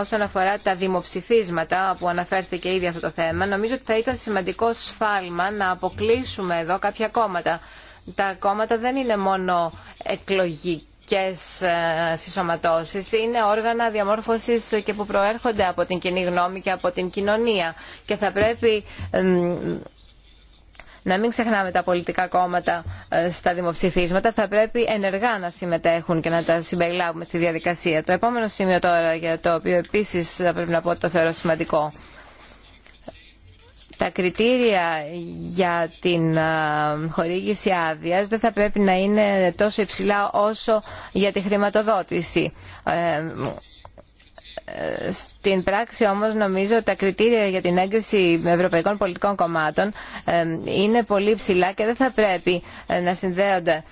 όσον αφορά τα δημοψηφίσματα που αναφέρθηκε ήδη αυτό το θέμα, νομίζω ότι θα ήταν σημαντικό σφάλμα να αποκλείσουμε εδώ κάποια κόμματα. Τα κόμματα δεν είναι μόνο εκλογικές ε, συσσωματώσεις είναι όργανα διαμόρφωσης και που προέρχονται από την κοινή γνώμη και από την κοινωνία και θα πρέπει να μην ξεχνάμε τα πολιτικά κόμματα ε, στα δημοψηφίσματα, θα πρέπει ενεργά να συμμετέχουν και να τα συμπεριλάβουμε στη διαδικασία. Το επόμενο σημείο τώρα για το οποίο επίσης πρέπει να πω ότι το θεωρώ σημαντικό τα κριτήρια για την ε, χορήγηση άδεια δεν θα πρέπει να είναι τόσο υψηλά όσο για τη χρηματοδότηση. Ε, ε, στην πράξη όμως νομίζω ότι τα κριτήρια για την έγκριση ευρωπαϊκών πολιτικών κομμάτων είναι πολύ ψηλά και δεν θα πρέπει να συνδέονται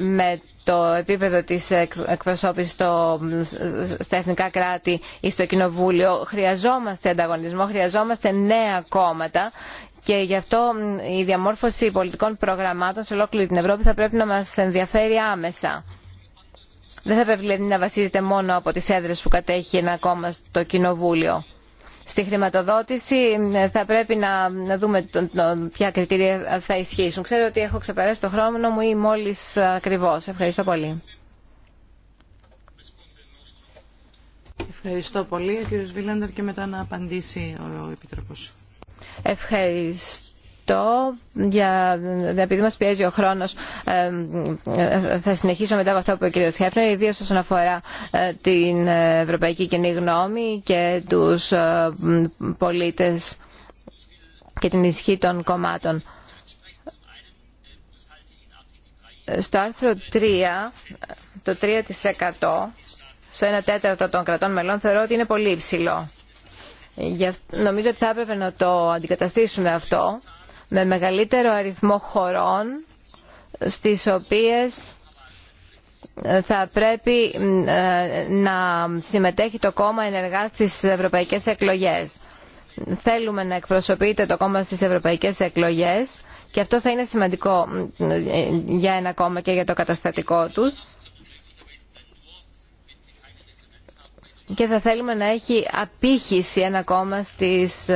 με το επίπεδο της εκπροσώπησης στα εθνικά κράτη ή στο κοινοβούλιο. Χρειαζόμαστε ανταγωνισμό, χρειαζόμαστε νέα κόμματα και γι' αυτό η διαμόρφωση πολιτικών προγραμμάτων σε ολόκληρη την Ευρώπη θα πρέπει να μας ενδιαφέρει άμεσα. Δεν θα πρέπει δηλαδή, να βασίζεται μόνο από τις έδρες που κατέχει ένα κόμμα στο κοινοβούλιο στη χρηματοδότηση θα πρέπει να δούμε ποια κριτήρια θα ισχύσουν. Ξέρω ότι έχω ξεπεράσει το χρόνο μου ή μόλις ακριβώς. Ευχαριστώ πολύ. Ευχαριστώ πολύ. κύριε κύριος Βίλαντερ και μετά να απαντήσει ο Επιτροπός. Ευχαριστώ αυτό, για, επειδή μας πιέζει ο χρόνος, ε, θα συνεχίσω μετά από αυτά που είπε ο κ. Χέφνερ, ιδίω όσον αφορά ε, την ε, ευρωπαϊκή κοινή γνώμη και τους πολίτες και την ισχύ των κομμάτων. Στο άρθρο 3, το 3% στο 1 τέταρτο των κρατών μελών θεωρώ ότι είναι πολύ υψηλό. Νομίζω ότι θα έπρεπε να το αντικαταστήσουμε αυτό με μεγαλύτερο αριθμό χωρών στις οποίες ε, θα πρέπει ε, να συμμετέχει το κόμμα ενεργά στις ευρωπαϊκές εκλογές. Θέλουμε να εκπροσωπείται το κόμμα στις ευρωπαϊκές εκλογές και αυτό θα είναι σημαντικό ε, για ένα κόμμα και για το καταστατικό του. Και θα θέλουμε να έχει απήχηση ένα κόμμα στις,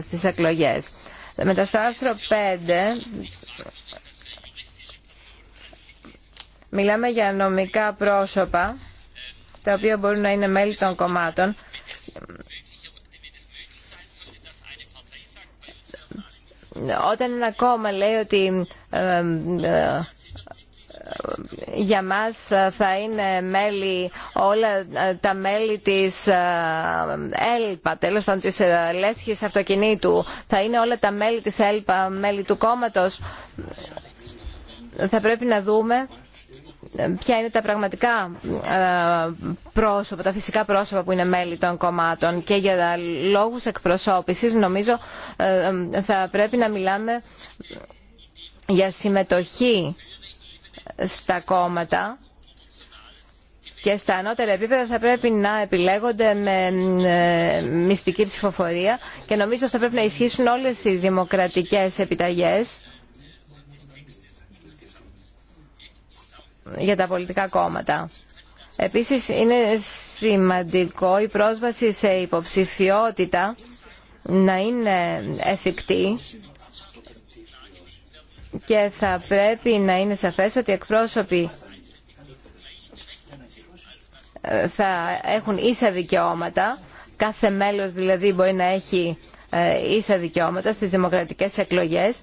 στις εκλογές. Μετά στο άρθρο 5 μιλάμε για νομικά πρόσωπα τα οποία μπορούν να είναι μέλη των κομμάτων. Όταν ένα κόμμα λέει ότι ε, ε, για μας θα είναι μέλη όλα τα μέλη της ε, ΕΛΠΑ, τέλος πάντων της ε, Λέσχης Αυτοκινήτου, θα είναι όλα τα μέλη της ΕΛΠΑ, μέλη του κόμματος. Θα πρέπει να δούμε ε, ποια είναι τα πραγματικά πρόσωπα, τα φυσικά πρόσωπα που είναι μέλη των κομμάτων και για λόγους εκπροσώπησης νομίζω θα πρέπει να μιλάμε για συμμετοχή στα κόμματα και στα ανώτερα επίπεδα θα πρέπει να επιλέγονται με ε, μυστική ψηφοφορία και νομίζω θα πρέπει να ισχύσουν όλες οι δημοκρατικές επιταγές για τα πολιτικά κόμματα. Επίσης είναι σημαντικό η πρόσβαση σε υποψηφιότητα να είναι εφικτή και θα πρέπει να είναι σαφές ότι οι εκπρόσωποι ε, θα έχουν ίσα δικαιώματα, κάθε μέλος δηλαδή μπορεί να έχει ε, ίσα δικαιώματα στις δημοκρατικές εκλογές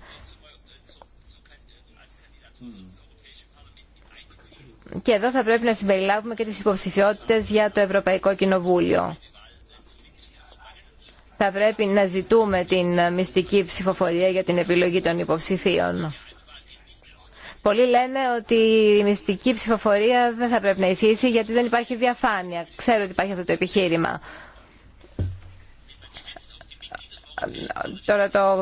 και εδώ θα πρέπει να συμπεριλάβουμε και τις υποψηφιότητες για το Ευρωπαϊκό Κοινοβούλιο. Θα πρέπει να ζητούμε την μυστική ψηφοφορία για την επιλογή των υποψηφίων. Πολλοί λένε ότι η μυστική ψηφοφορία δεν θα πρέπει να ισχύσει γιατί δεν υπάρχει διαφάνεια. Ξέρω ότι υπάρχει αυτό το επιχείρημα. Τώρα το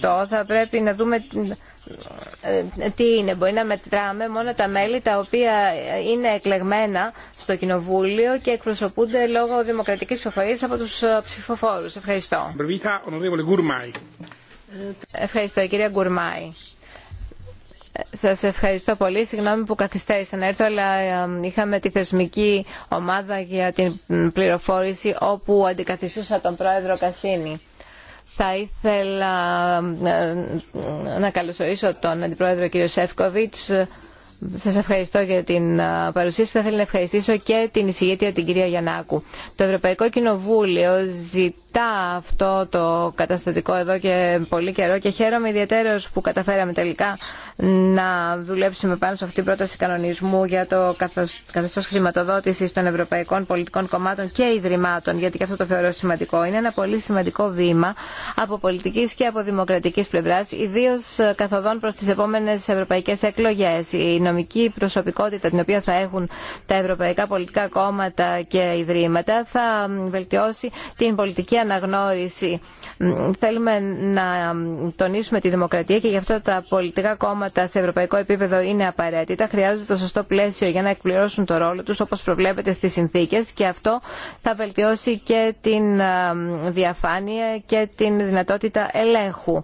85% θα πρέπει να δούμε ε, τι είναι. Μπορεί να μετράμε μόνο τα μέλη τα οποία είναι εκλεγμένα στο Κοινοβούλιο και εκπροσωπούνται λόγω δημοκρατικής ψηφοφορίας από τους ε, ψηφοφόρους. Ευχαριστώ. Ευχαριστώ, κυρία Γκουρμάη. Σας ευχαριστώ πολύ. Συγγνώμη που καθυστέρησα να έρθω, αλλά ε, είχαμε τη θεσμική ομάδα για την πληροφόρηση όπου αντικαθιστούσα τον πρόεδρο Κασίνη. Θα ήθελα ε, να καλωσορίσω τον αντιπρόεδρο κ. Σεύκοβιτς. Σας ευχαριστώ για την ε, παρουσία σας. Θα ήθελα να ευχαριστήσω και την εισηγήτρια την κυρία Γιαννάκου. Το Ευρωπαϊκό Κοινοβούλιο ζητεί Κοιτά αυτό το καταστατικό εδώ και πολύ καιρό και χαίρομαι ιδιαίτερως που καταφέραμε τελικά να δουλέψουμε πάνω σε αυτή την πρόταση κανονισμού για το καθεστώς χρηματοδότησης των ευρωπαϊκών πολιτικών κομμάτων και ιδρυμάτων, γιατί και αυτό το θεωρώ σημαντικό. Είναι ένα πολύ σημαντικό βήμα από πολιτική και από δημοκρατική πλευράς, ιδίω καθοδόν προ τι επόμενε ευρωπαϊκέ εκλογέ. Η νομική προσωπικότητα την οποία θα έχουν τα ευρωπαϊκά πολιτικά κόμματα και ιδρύματα θα βελτιώσει την πολιτική αναγνώριση. Θέλουμε να τονίσουμε τη δημοκρατία και γι' αυτό τα πολιτικά κόμματα σε ευρωπαϊκό επίπεδο είναι απαραίτητα. Χρειάζονται το σωστό πλαίσιο για να εκπληρώσουν το ρόλο τους όπως προβλέπεται στις συνθήκες και αυτό θα βελτιώσει και την διαφάνεια και την δυνατότητα ελέγχου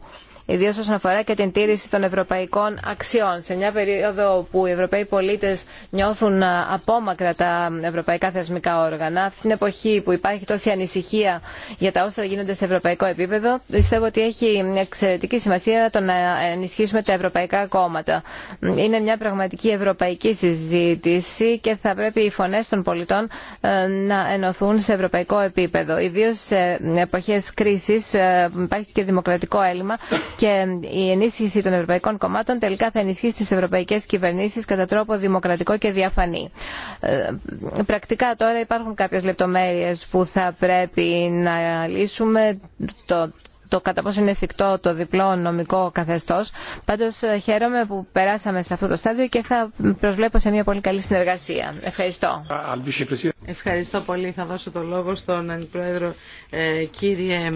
ιδίω όσον αφορά και την τήρηση των ευρωπαϊκών αξιών. Σε μια περίοδο που οι Ευρωπαίοι πολίτε νιώθουν απόμακρα τα ευρωπαϊκά θεσμικά όργανα, αυτή την εποχή που υπάρχει τόση ανησυχία για τα όσα γίνονται σε ευρωπαϊκό επίπεδο, πιστεύω ότι έχει εξαιρετική σημασία το να ενισχύσουμε τα ευρωπαϊκά κόμματα. Είναι μια πραγματική ευρωπαϊκή συζήτηση και θα πρέπει οι φωνέ των πολιτών ε, να ενωθούν σε ευρωπαϊκό επίπεδο. Ιδίω σε εποχέ κρίση ε, υπάρχει και δημοκρατικό έλλειμμα και η ενίσχυση των ευρωπαϊκών κομμάτων τελικά θα ενισχύσει τις ευρωπαϊκές κυβερνήσεις κατά τρόπο δημοκρατικό και διαφανή. Ε, πρακτικά τώρα υπάρχουν κάποιες λεπτομέρειες που θα πρέπει να λύσουμε το το κατά πόσο είναι εφικτό το διπλό νομικό καθεστώ. Πάντως ε, χαίρομαι που περάσαμε σε αυτό το στάδιο και θα προσβλέπω σε μια πολύ καλή συνεργασία. Ευχαριστώ. Ευχαριστώ πολύ. Θα δώσω το λόγο στον Αντιπρόεδρο ε, κύριε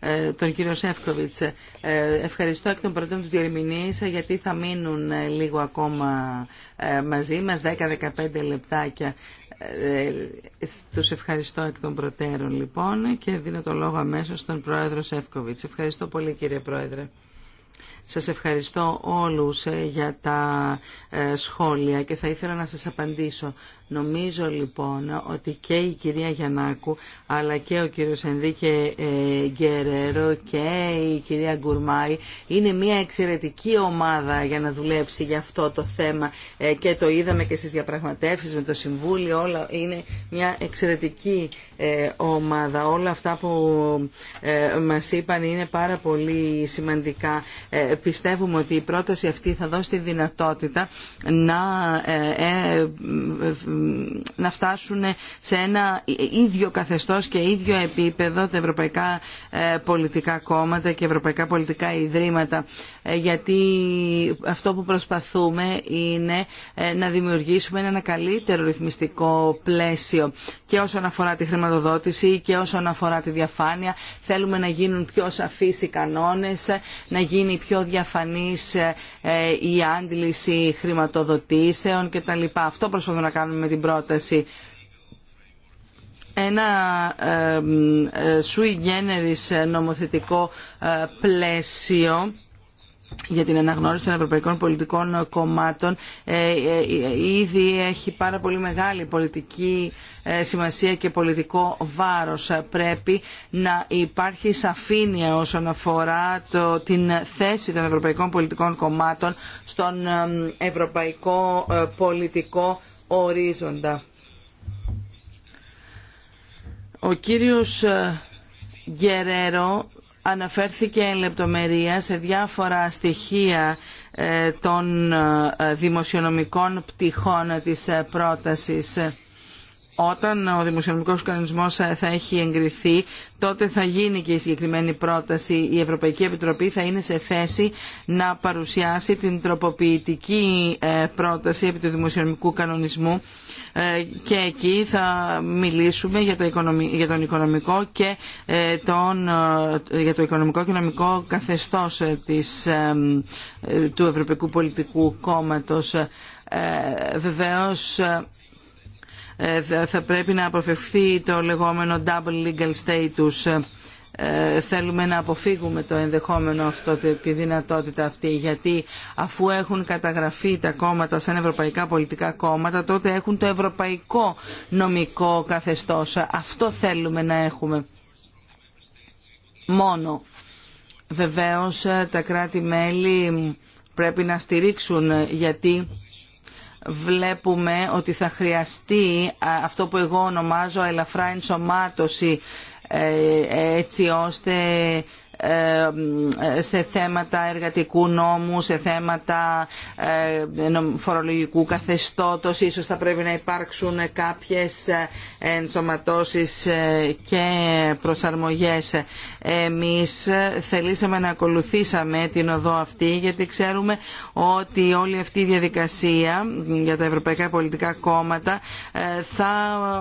ε, τον κύριο Σεύκοβιτς. Ευχαριστώ εκ των πρωτών του διερμηνείς γιατί θα μείνουν λίγο ακόμα μαζί μας, 10-15 λεπτάκια. Ε, ε, τους ευχαριστώ εκ των προτέρων λοιπόν και δίνω το λόγο αμέσως στον Πρόεδρο Σεύκοβιτς. Ευχαριστώ πολύ κύριε Πρόεδρε. Σας ευχαριστώ όλους ε, για τα σχόλια και θα ήθελα να σας απαντήσω. Νομίζω λοιπόν ότι και η κυρία Γιαννάκου αλλά και ο κύριος Ενρίκε ε, Γκερέρο και η κυρία Γκουρμάη είναι μια εξαιρετική ομάδα για να δουλέψει για αυτό το θέμα ε, και το είδαμε και στις διαπραγματεύσεις με το Συμβούλιο όλα είναι μια εξαιρετική ε, ομάδα όλα αυτά που μας είπαν είναι πάρα πολύ σημαντικά πιστεύουμε ότι η πρόταση αυτή θα δώσει τη δυνατότητα να να φτάσουν σε ένα ίδιο καθεστώς και ίδιο επίπεδο τα ευρωπαϊκά ε, πολιτικά κόμματα και ευρωπαϊκά πολιτικά ιδρύματα ε, γιατί αυτό που προσπαθούμε είναι ε, να δημιουργήσουμε ένα καλύτερο ρυθμιστικό πλαίσιο και όσον αφορά τη χρηματοδότηση και όσον αφορά τη διαφάνεια θέλουμε να γίνουν πιο σαφείς οι κανόνες, να γίνει πιο διαφανής η άντληση χρηματοδοτήσεων κτλ. Αυτό προσπαθούμε να κάνουμε την Ένα ε, ε, sui generis νομοθετικό ε, πλαίσιο για την αναγνώριση των ευρωπαϊκών πολιτικών κομμάτων ήδη έχει πάρα πολύ μεγάλη πολιτική σημασία και πολιτικό βάρος. Πρέπει να υπάρχει σαφήνεια όσον αφορά το, την θέση των ευρωπαϊκών πολιτικών κομμάτων στον ευρωπαϊκό πολιτικό ορίζοντα. Ο κύριος ε, Γκερέρο αναφέρθηκε εν λεπτομερία σε διάφορα στοιχεία ε, των ε, δημοσιονομικών πτυχών της πρότασης όταν ο δημοσιονομικός κανονισμός θα έχει εγκριθεί, τότε θα γίνει και η συγκεκριμένη πρόταση. Η Ευρωπαϊκή Επιτροπή θα είναι σε θέση να παρουσιάσει την τροποποιητική ε, πρόταση επί του δημοσιονομικού κανονισμού ε, και εκεί θα μιλήσουμε για, τον οικονομικό και ε, τον, για το οικονομικό και νομικό καθεστώς της, του Ευρωπαϊκού Πολιτικού Κόμματος. Βεβαίως ε, θα πρέπει να αποφευχθεί το λεγόμενο double legal status. Ε, θέλουμε να αποφύγουμε το ενδεχόμενο αυτό, τη δυνατότητα αυτή, γιατί αφού έχουν καταγραφεί τα κόμματα σαν ευρωπαϊκά πολιτικά κόμματα, τότε έχουν το ευρωπαϊκό νομικό καθεστώς. Αυτό θέλουμε να έχουμε μόνο. Βεβαίως ε, τα κράτη-μέλη πρέπει να στηρίξουν γιατί βλέπουμε ότι θα χρειαστεί αυτό που εγώ ονομάζω ελαφρά ενσωμάτωση ε, έτσι ώστε ε, σε θέματα εργατικού νόμου, σε θέματα ε, φορολογικού καθεστώτος. Ίσως θα πρέπει να υπάρξουν κάποιες ε, ενσωματώσεις και προσαρμογές. Εμείς θελήσαμε να ακολουθήσαμε την οδό αυτή γιατί ξέρουμε ότι όλη αυτή η διαδικασία για τα ευρωπαϊκά πολιτικά κόμματα θα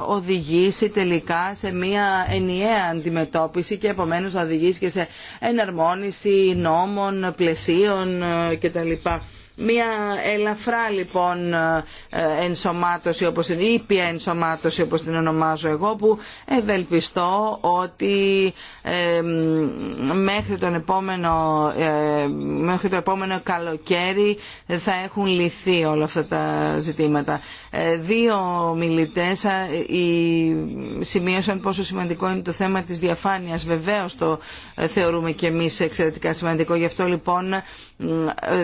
οδηγήσει τελικά σε μια ενιαία αντιμετώπιση και επομένως θα οδηγήσει και σε εναρμόνιση νόμων, πλαισίων ε, κτλ. Μια ελαφρά λοιπόν ε, ενσωμάτωση όπως την ήπια ενσωμάτωση όπως την ονομάζω εγώ που ευελπιστώ ότι ε, μέχρι, τον επόμενο, ε, το επόμενο καλοκαίρι θα έχουν λυθεί όλα αυτά τα ζητήματα. δύο μιλητές σημείωσαν πόσο σημαντικό είναι το θέμα της διαφάνειας. Βεβαίως το θεωρούμε και εμείς εξαιρετικά σημαντικό. Γι' αυτό λοιπόν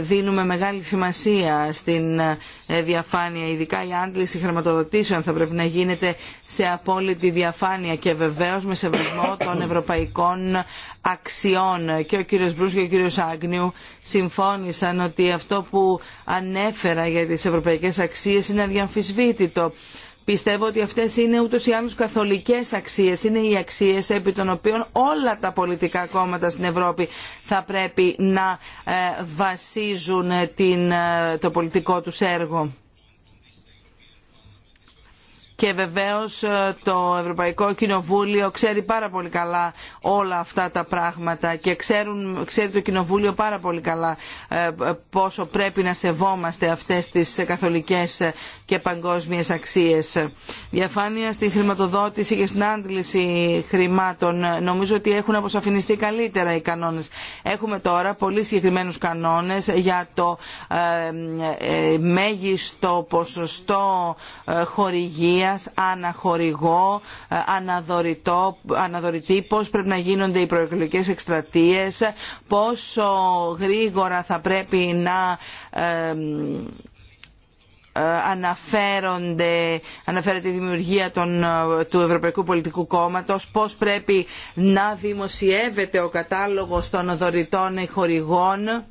δίνουμε μεγάλη σημασία στην ε, διαφάνεια. Ειδικά η άντληση χρηματοδοτήσεων θα πρέπει να γίνεται σε απόλυτη διαφάνεια και βεβαίως με σεβασμό των ευρωπαϊκών αξιών. Και ο κύριος Μπρούς και ο κύριος Άγνιου συμφώνησαν ότι αυτό που ανέφερα για τις ευρωπαϊκές αξίες είναι αδιαμφισβήτητο. Πιστεύω ότι αυτές είναι ούτως ή άλλως καθολικές αξίες, είναι οι αξίες επί των οποίων όλα τα πολιτικά κόμματα στην Ευρώπη θα πρέπει να ε, βασίζουν ε, ε, το πολιτικό τους έργο και βεβαίως ε, το Ευρωπαϊκό Κοινοβούλιο ξέρει πάρα πολύ καλά όλα αυτά τα πράγματα και ξέρουν, ξέρει το Κοινοβούλιο πάρα πολύ καλά ε, πόσο πρέπει να σεβόμαστε αυτές τις καθολικές και παγκόσμιες αξίες. Διαφάνεια στη χρηματοδότηση και στην άντληση χρημάτων νομίζω ότι έχουν αποσαφινιστεί καλύτερα οι κανόνες. Έχουμε τώρα πολύ συγκεκριμένους κανόνες για το ε, μέγιστο ποσοστό χορηγία αναχορηγό, ε, αναδορητή, πώς πρέπει να γίνονται οι προεκλογικές εκστρατείες, πόσο γρήγορα θα πρέπει να ε, αναφέρονται, αναφέρεται η δημιουργία των, του Ευρωπαϊκού Πολιτικού Κόμματος, πώς πρέπει να δημοσιεύεται ο κατάλογος των δωρητών χορηγών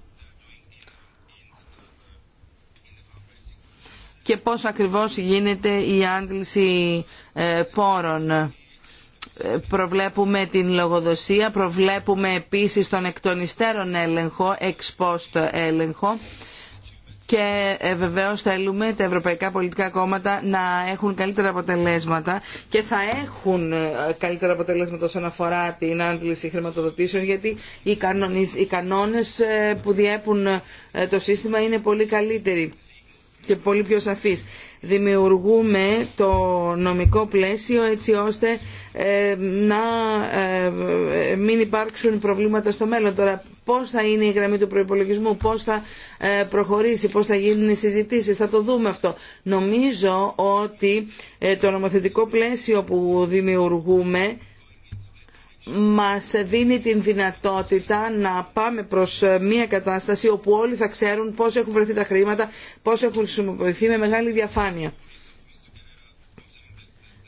και πώς ακριβώς γίνεται η άντληση ε, πόρων. Ε, προβλέπουμε την λογοδοσία, προβλέπουμε επίσης τον εκτονιστέρων έλεγχο, ex έλεγχο, έλεγχο και ε, βεβαίως θέλουμε τα ευρωπαϊκά πολιτικά κόμματα να έχουν καλύτερα αποτελέσματα και θα έχουν καλύτερα αποτελέσματα όσον αφορά την άντληση χρηματοδοτήσεων γιατί οι κανόνες που διέπουν το σύστημα είναι πολύ καλύτεροι και πολύ πιο σαφής. Δημιουργούμε το νομικό πλαίσιο έτσι ώστε ε, να ε, μην υπάρξουν προβλήματα στο μέλλον. Τώρα πώς θα είναι η γραμμή του προϋπολογισμού, πώς θα ε, προχωρήσει, πώς θα γίνουν οι συζητήσεις, θα το δούμε αυτό. Νομίζω ότι το νομοθετικό πλαίσιο που δημιουργούμε μας δίνει την δυνατότητα να πάμε προς μια κατάσταση όπου όλοι θα ξέρουν πώς έχουν βρεθεί τα χρήματα, πώς έχουν χρησιμοποιηθεί με μεγάλη διαφάνεια.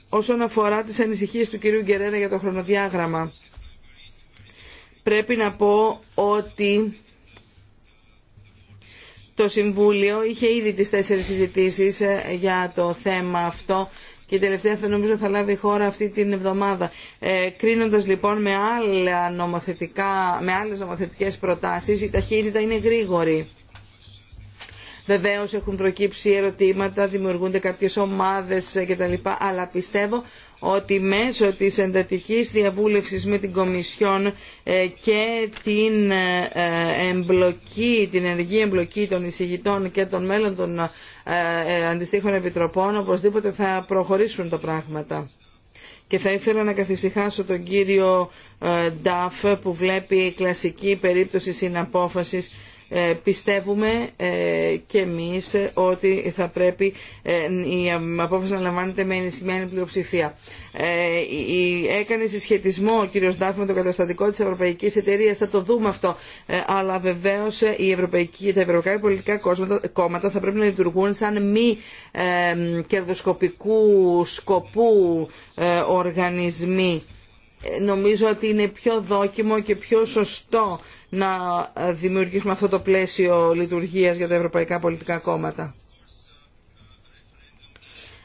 Όσον αφορά τις ανησυχίες του κυρίου Γκερένα για το χρονοδιάγραμμα, πρέπει να πω ότι το Συμβούλιο είχε ήδη τις τέσσερις συζητήσεις ε, για το θέμα αυτό και η τελευταία θα νομίζω θα λάβει η χώρα αυτή την εβδομάδα. Ε, κρίνοντας λοιπόν με, άλλα νομοθετικά, με άλλες νομοθετικές προτάσεις η ταχύτητα είναι γρήγορη. Βεβαίω έχουν προκύψει ερωτήματα, δημιουργούνται κάποιε ομάδε κτλ. Αλλά πιστεύω ότι μέσω της εντατικής διαβούλευσης με την Κομισιόν ε, και την ε, εμπλοκή, την ενεργή εμπλοκή των εισηγητών και των μέλων των ε, αντιστοίχων επιτροπών οπωσδήποτε θα προχωρήσουν τα πράγματα. Και θα ήθελα να καθησυχάσω τον κύριο Νταφ που βλέπει κλασική περίπτωση συναπόφασης ε, πιστεύουμε ε, και εμείς ότι θα πρέπει ε, η απόφαση να λαμβάνεται με ενισχυμένη πλειοψηφία. Έκανε συσχετισμό ο κύριος Ντάφ με το καταστατικό της Ευρωπαϊκής Εταιρείας, θα το δούμε αυτό, αλλά βεβαίως η Ευρωπαϊκή, τα ευρωπαϊκά πολιτικά κόμματα θα πρέπει να λειτουργούν σαν μη κερδοσκοπικού σκοπού οργανισμοί. Νομίζω ότι είναι πιο δόκιμο και πιο σωστό να δημιουργήσουμε αυτό το πλαίσιο λειτουργίας για τα ευρωπαϊκά πολιτικά κόμματα.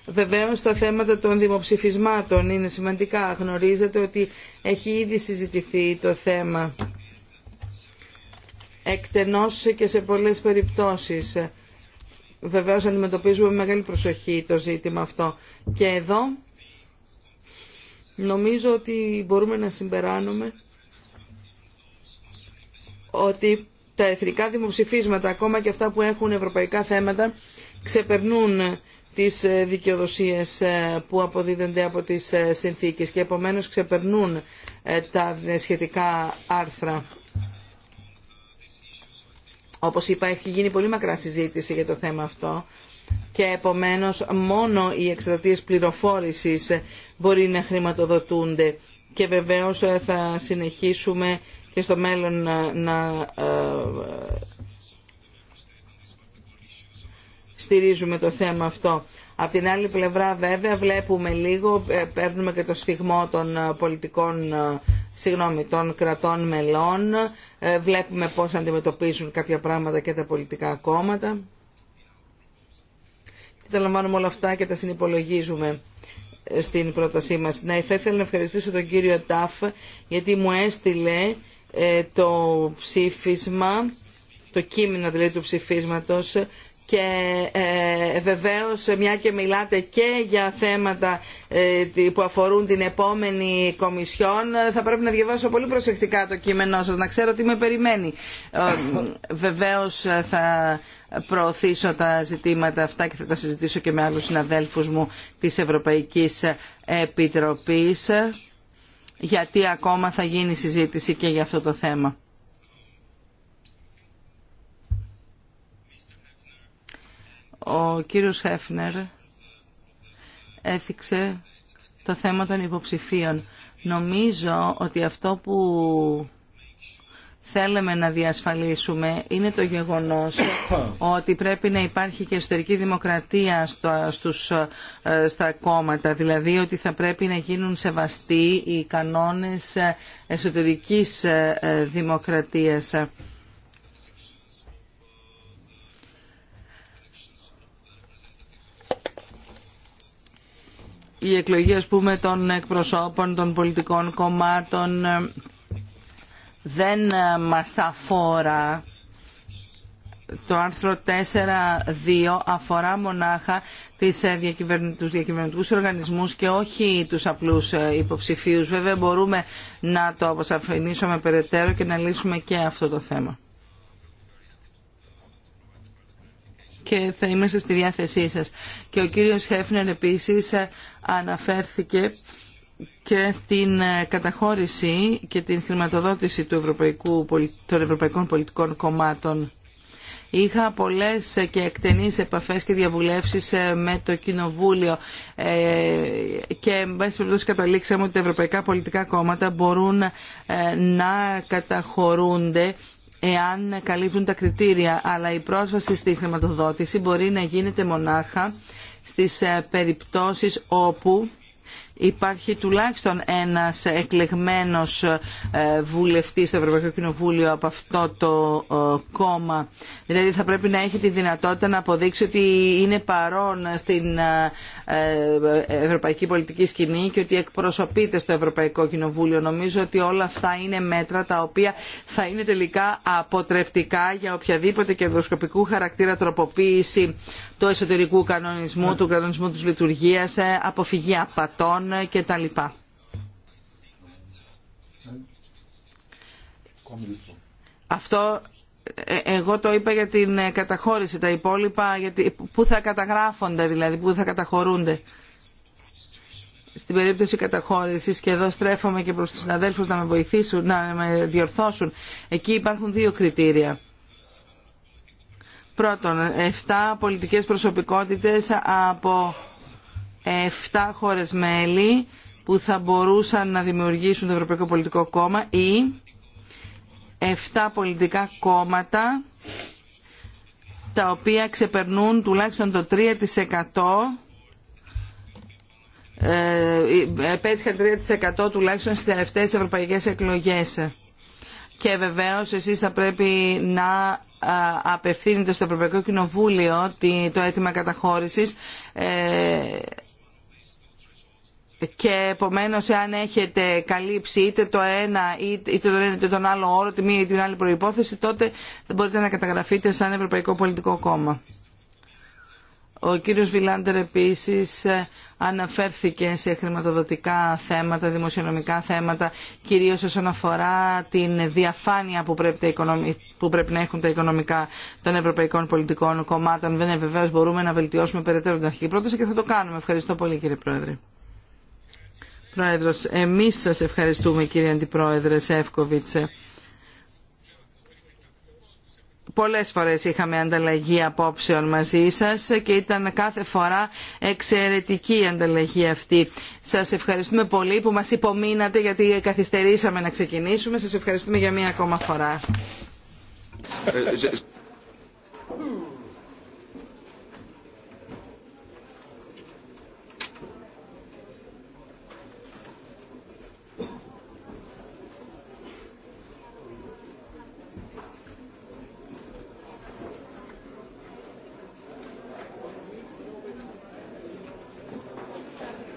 Βεβαίως τα θέματα των δημοψηφισμάτων είναι σημαντικά. Γνωρίζετε ότι έχει ήδη συζητηθεί το θέμα εκτενώς και σε πολλές περιπτώσεις. Βεβαίως αντιμετωπίζουμε με μεγάλη προσοχή το ζήτημα αυτό. Και εδώ νομίζω ότι μπορούμε να συμπεράνουμε ότι τα εθνικά δημοψηφίσματα, ακόμα και αυτά που έχουν ευρωπαϊκά θέματα, ξεπερνούν τις ε, δικαιοδοσίες ε, που αποδίδονται από τις ε, συνθήκες και επομένως ξεπερνούν τα σχετικά άρθρα. Όπως είπα, έχει γίνει πολύ μακρά συζήτηση για το θέμα αυτό και επομένως μόνο οι εξαρτήσεις πληροφόρησης μπορεί να χρηματοδοτούνται και βεβαίως θα συνεχίσουμε και στο μέλλον να, ε, στηρίζουμε το θέμα αυτό. Από την άλλη πλευρά βέβαια βλέπουμε λίγο, ε, παίρνουμε και το σφιγμό των ε, πολιτικών, συγγνώμη, κρατών μελών, βλέπουμε πώς αντιμετωπίζουν κάποια πράγματα και τα πολιτικά κόμματα. Και τα λαμβάνουμε όλα αυτά και τα συνυπολογίζουμε στην πρότασή μας. Ναι, θα ήθελα να ευχαριστήσω τον κύριο Ταφ γιατί μου έστειλε ε, το ψήφισμα, το κείμενο δηλαδή του ψηφίσματος και ε, βεβαίως μια και μιλάτε και για θέματα ε, που αφορούν την επόμενη Κομισιόν θα πρέπει να διαβάσω πολύ προσεκτικά το κείμενό σας, να ξέρω τι με περιμένει. Ε, βεβαίως θα προωθήσω τα ζητήματα αυτά και θα τα συζητήσω και με άλλους συναδέλφους μου της Ευρωπαϊκής Επιτροπής γιατί ακόμα θα γίνει συζήτηση και για αυτό το θέμα. Ο κύριος Χέφνερ έθιξε το θέμα των υποψηφίων. Νομίζω ότι αυτό που θέλαμε να διασφαλίσουμε είναι το γεγονός ότι πρέπει να υπάρχει και εσωτερική δημοκρατία στους, ε, στα κόμματα, δηλαδή ότι θα πρέπει να γίνουν σεβαστοί οι κανόνες ε, εσωτερικής ε, δημοκρατίας. Η εκλογή, ας πούμε, των εκπροσώπων των πολιτικών κομμάτων δεν ε, μας αφορά. Το άρθρο 4.2 αφορά μονάχα τις ε, τους διακυβερνητικούς οργανισμούς και όχι τους απλούς ε, υποψηφίους. Βέβαια μπορούμε να το αποσαφηνίσουμε περαιτέρω και να λύσουμε και αυτό το θέμα. και θα είμαστε στη διάθεσή σας. Και ο κύριος Χέφνερ επίσης αναφέρθηκε και την ε, καταχώρηση και την χρηματοδότηση του Ευρωπαϊκού, των Ευρωπαϊκών Πολιτικών Κομμάτων. Είχα πολλές ε, και εκτενείς επαφές και διαβουλεύσεις ε, με το Κοινοβούλιο και μέσα περιπτώσει καταλήξαμε ότι τα ευρωπαϊκά πολιτικά κόμματα μπορούν να καταχωρούνται εάν καλύπτουν τα κριτήρια, αλλά η πρόσβαση στη χρηματοδότηση μπορεί να γίνεται μονάχα στις περιπτώσεις όπου υπάρχει τουλάχιστον ένας εκλεγμένος ε, βουλευτής στο Ευρωπαϊκό Κοινοβούλιο από αυτό το ε, κόμμα. Δηλαδή θα πρέπει να έχει τη δυνατότητα να αποδείξει ότι είναι παρόν στην ε, ευρωπαϊκή πολιτική σκηνή και ότι εκπροσωπείται στο Ευρωπαϊκό Κοινοβούλιο. Νομίζω ότι όλα αυτά είναι μέτρα τα οποία θα είναι τελικά αποτρεπτικά για οποιαδήποτε κερδοσκοπικού χαρακτήρα τροποποίηση του εσωτερικού κανονισμού, του κανονισμού της λειτουργίας, ε, αποφυγή απατών ε, κτλ. Αυτό ε, εγώ το είπα για την καταχώρηση, τα υπόλοιπα, γιατί, που θα καταγράφονται δηλαδή, που θα καταχωρούνται. Στην περίπτωση καταχώρησης και εδώ στρέφομαι και προς τους συναδέλφους να με βοηθήσουν, να με διορθώσουν. Εκεί υπάρχουν δύο κριτήρια Πρώτον, 7 πολιτικές προσωπικότητες από 7 χώρες μέλη που θα μπορούσαν να δημιουργήσουν το Ευρωπαϊκό Πολιτικό Κόμμα ή 7 πολιτικά κόμματα τα οποία ξεπερνούν τουλάχιστον το 3% ε, ε, επέτυχαν 3% τουλάχιστον στις τελευταίες ευρωπαϊκές εκλογές και βεβαίως εσείς θα πρέπει να απευθύνετε στο Ευρωπαϊκό Κοινοβούλιο το αίτημα καταχώρησης ε, και επομένως εάν έχετε καλύψει είτε το ένα είτε τον τον άλλο όρο, τη μία ή την άλλη προϋπόθεση τότε μπορείτε να καταγραφείτε σαν Ευρωπαϊκό Πολιτικό Κόμμα. Ο κύριος Βιλάντερ επίσης ε, αναφέρθηκε σε χρηματοδοτικά θέματα, δημοσιονομικά θέματα, κυρίως όσον αφορά την διαφάνεια που πρέπει, που πρέπει να έχουν τα οικονομικά των ευρωπαϊκών πολιτικών κομμάτων. Βέβαια, βεβαίω μπορούμε να βελτιώσουμε περαιτέρω την αρχική πρόταση και θα το κάνουμε. Ευχαριστώ πολύ κύριε Πρόεδρε. Πρόεδρος, εμείς σας ευχαριστούμε κύριε Αντιπρόεδρε Σεύκοβιτσε. Πολλές φορές είχαμε ανταλλαγή απόψεων μαζί σας και ήταν κάθε φορά εξαιρετική η ανταλλαγή αυτή. Σας ευχαριστούμε πολύ που μας υπομείνατε γιατί καθυστερήσαμε να ξεκινήσουμε. Σας ευχαριστούμε για μία ακόμα φορά. Ε, ε,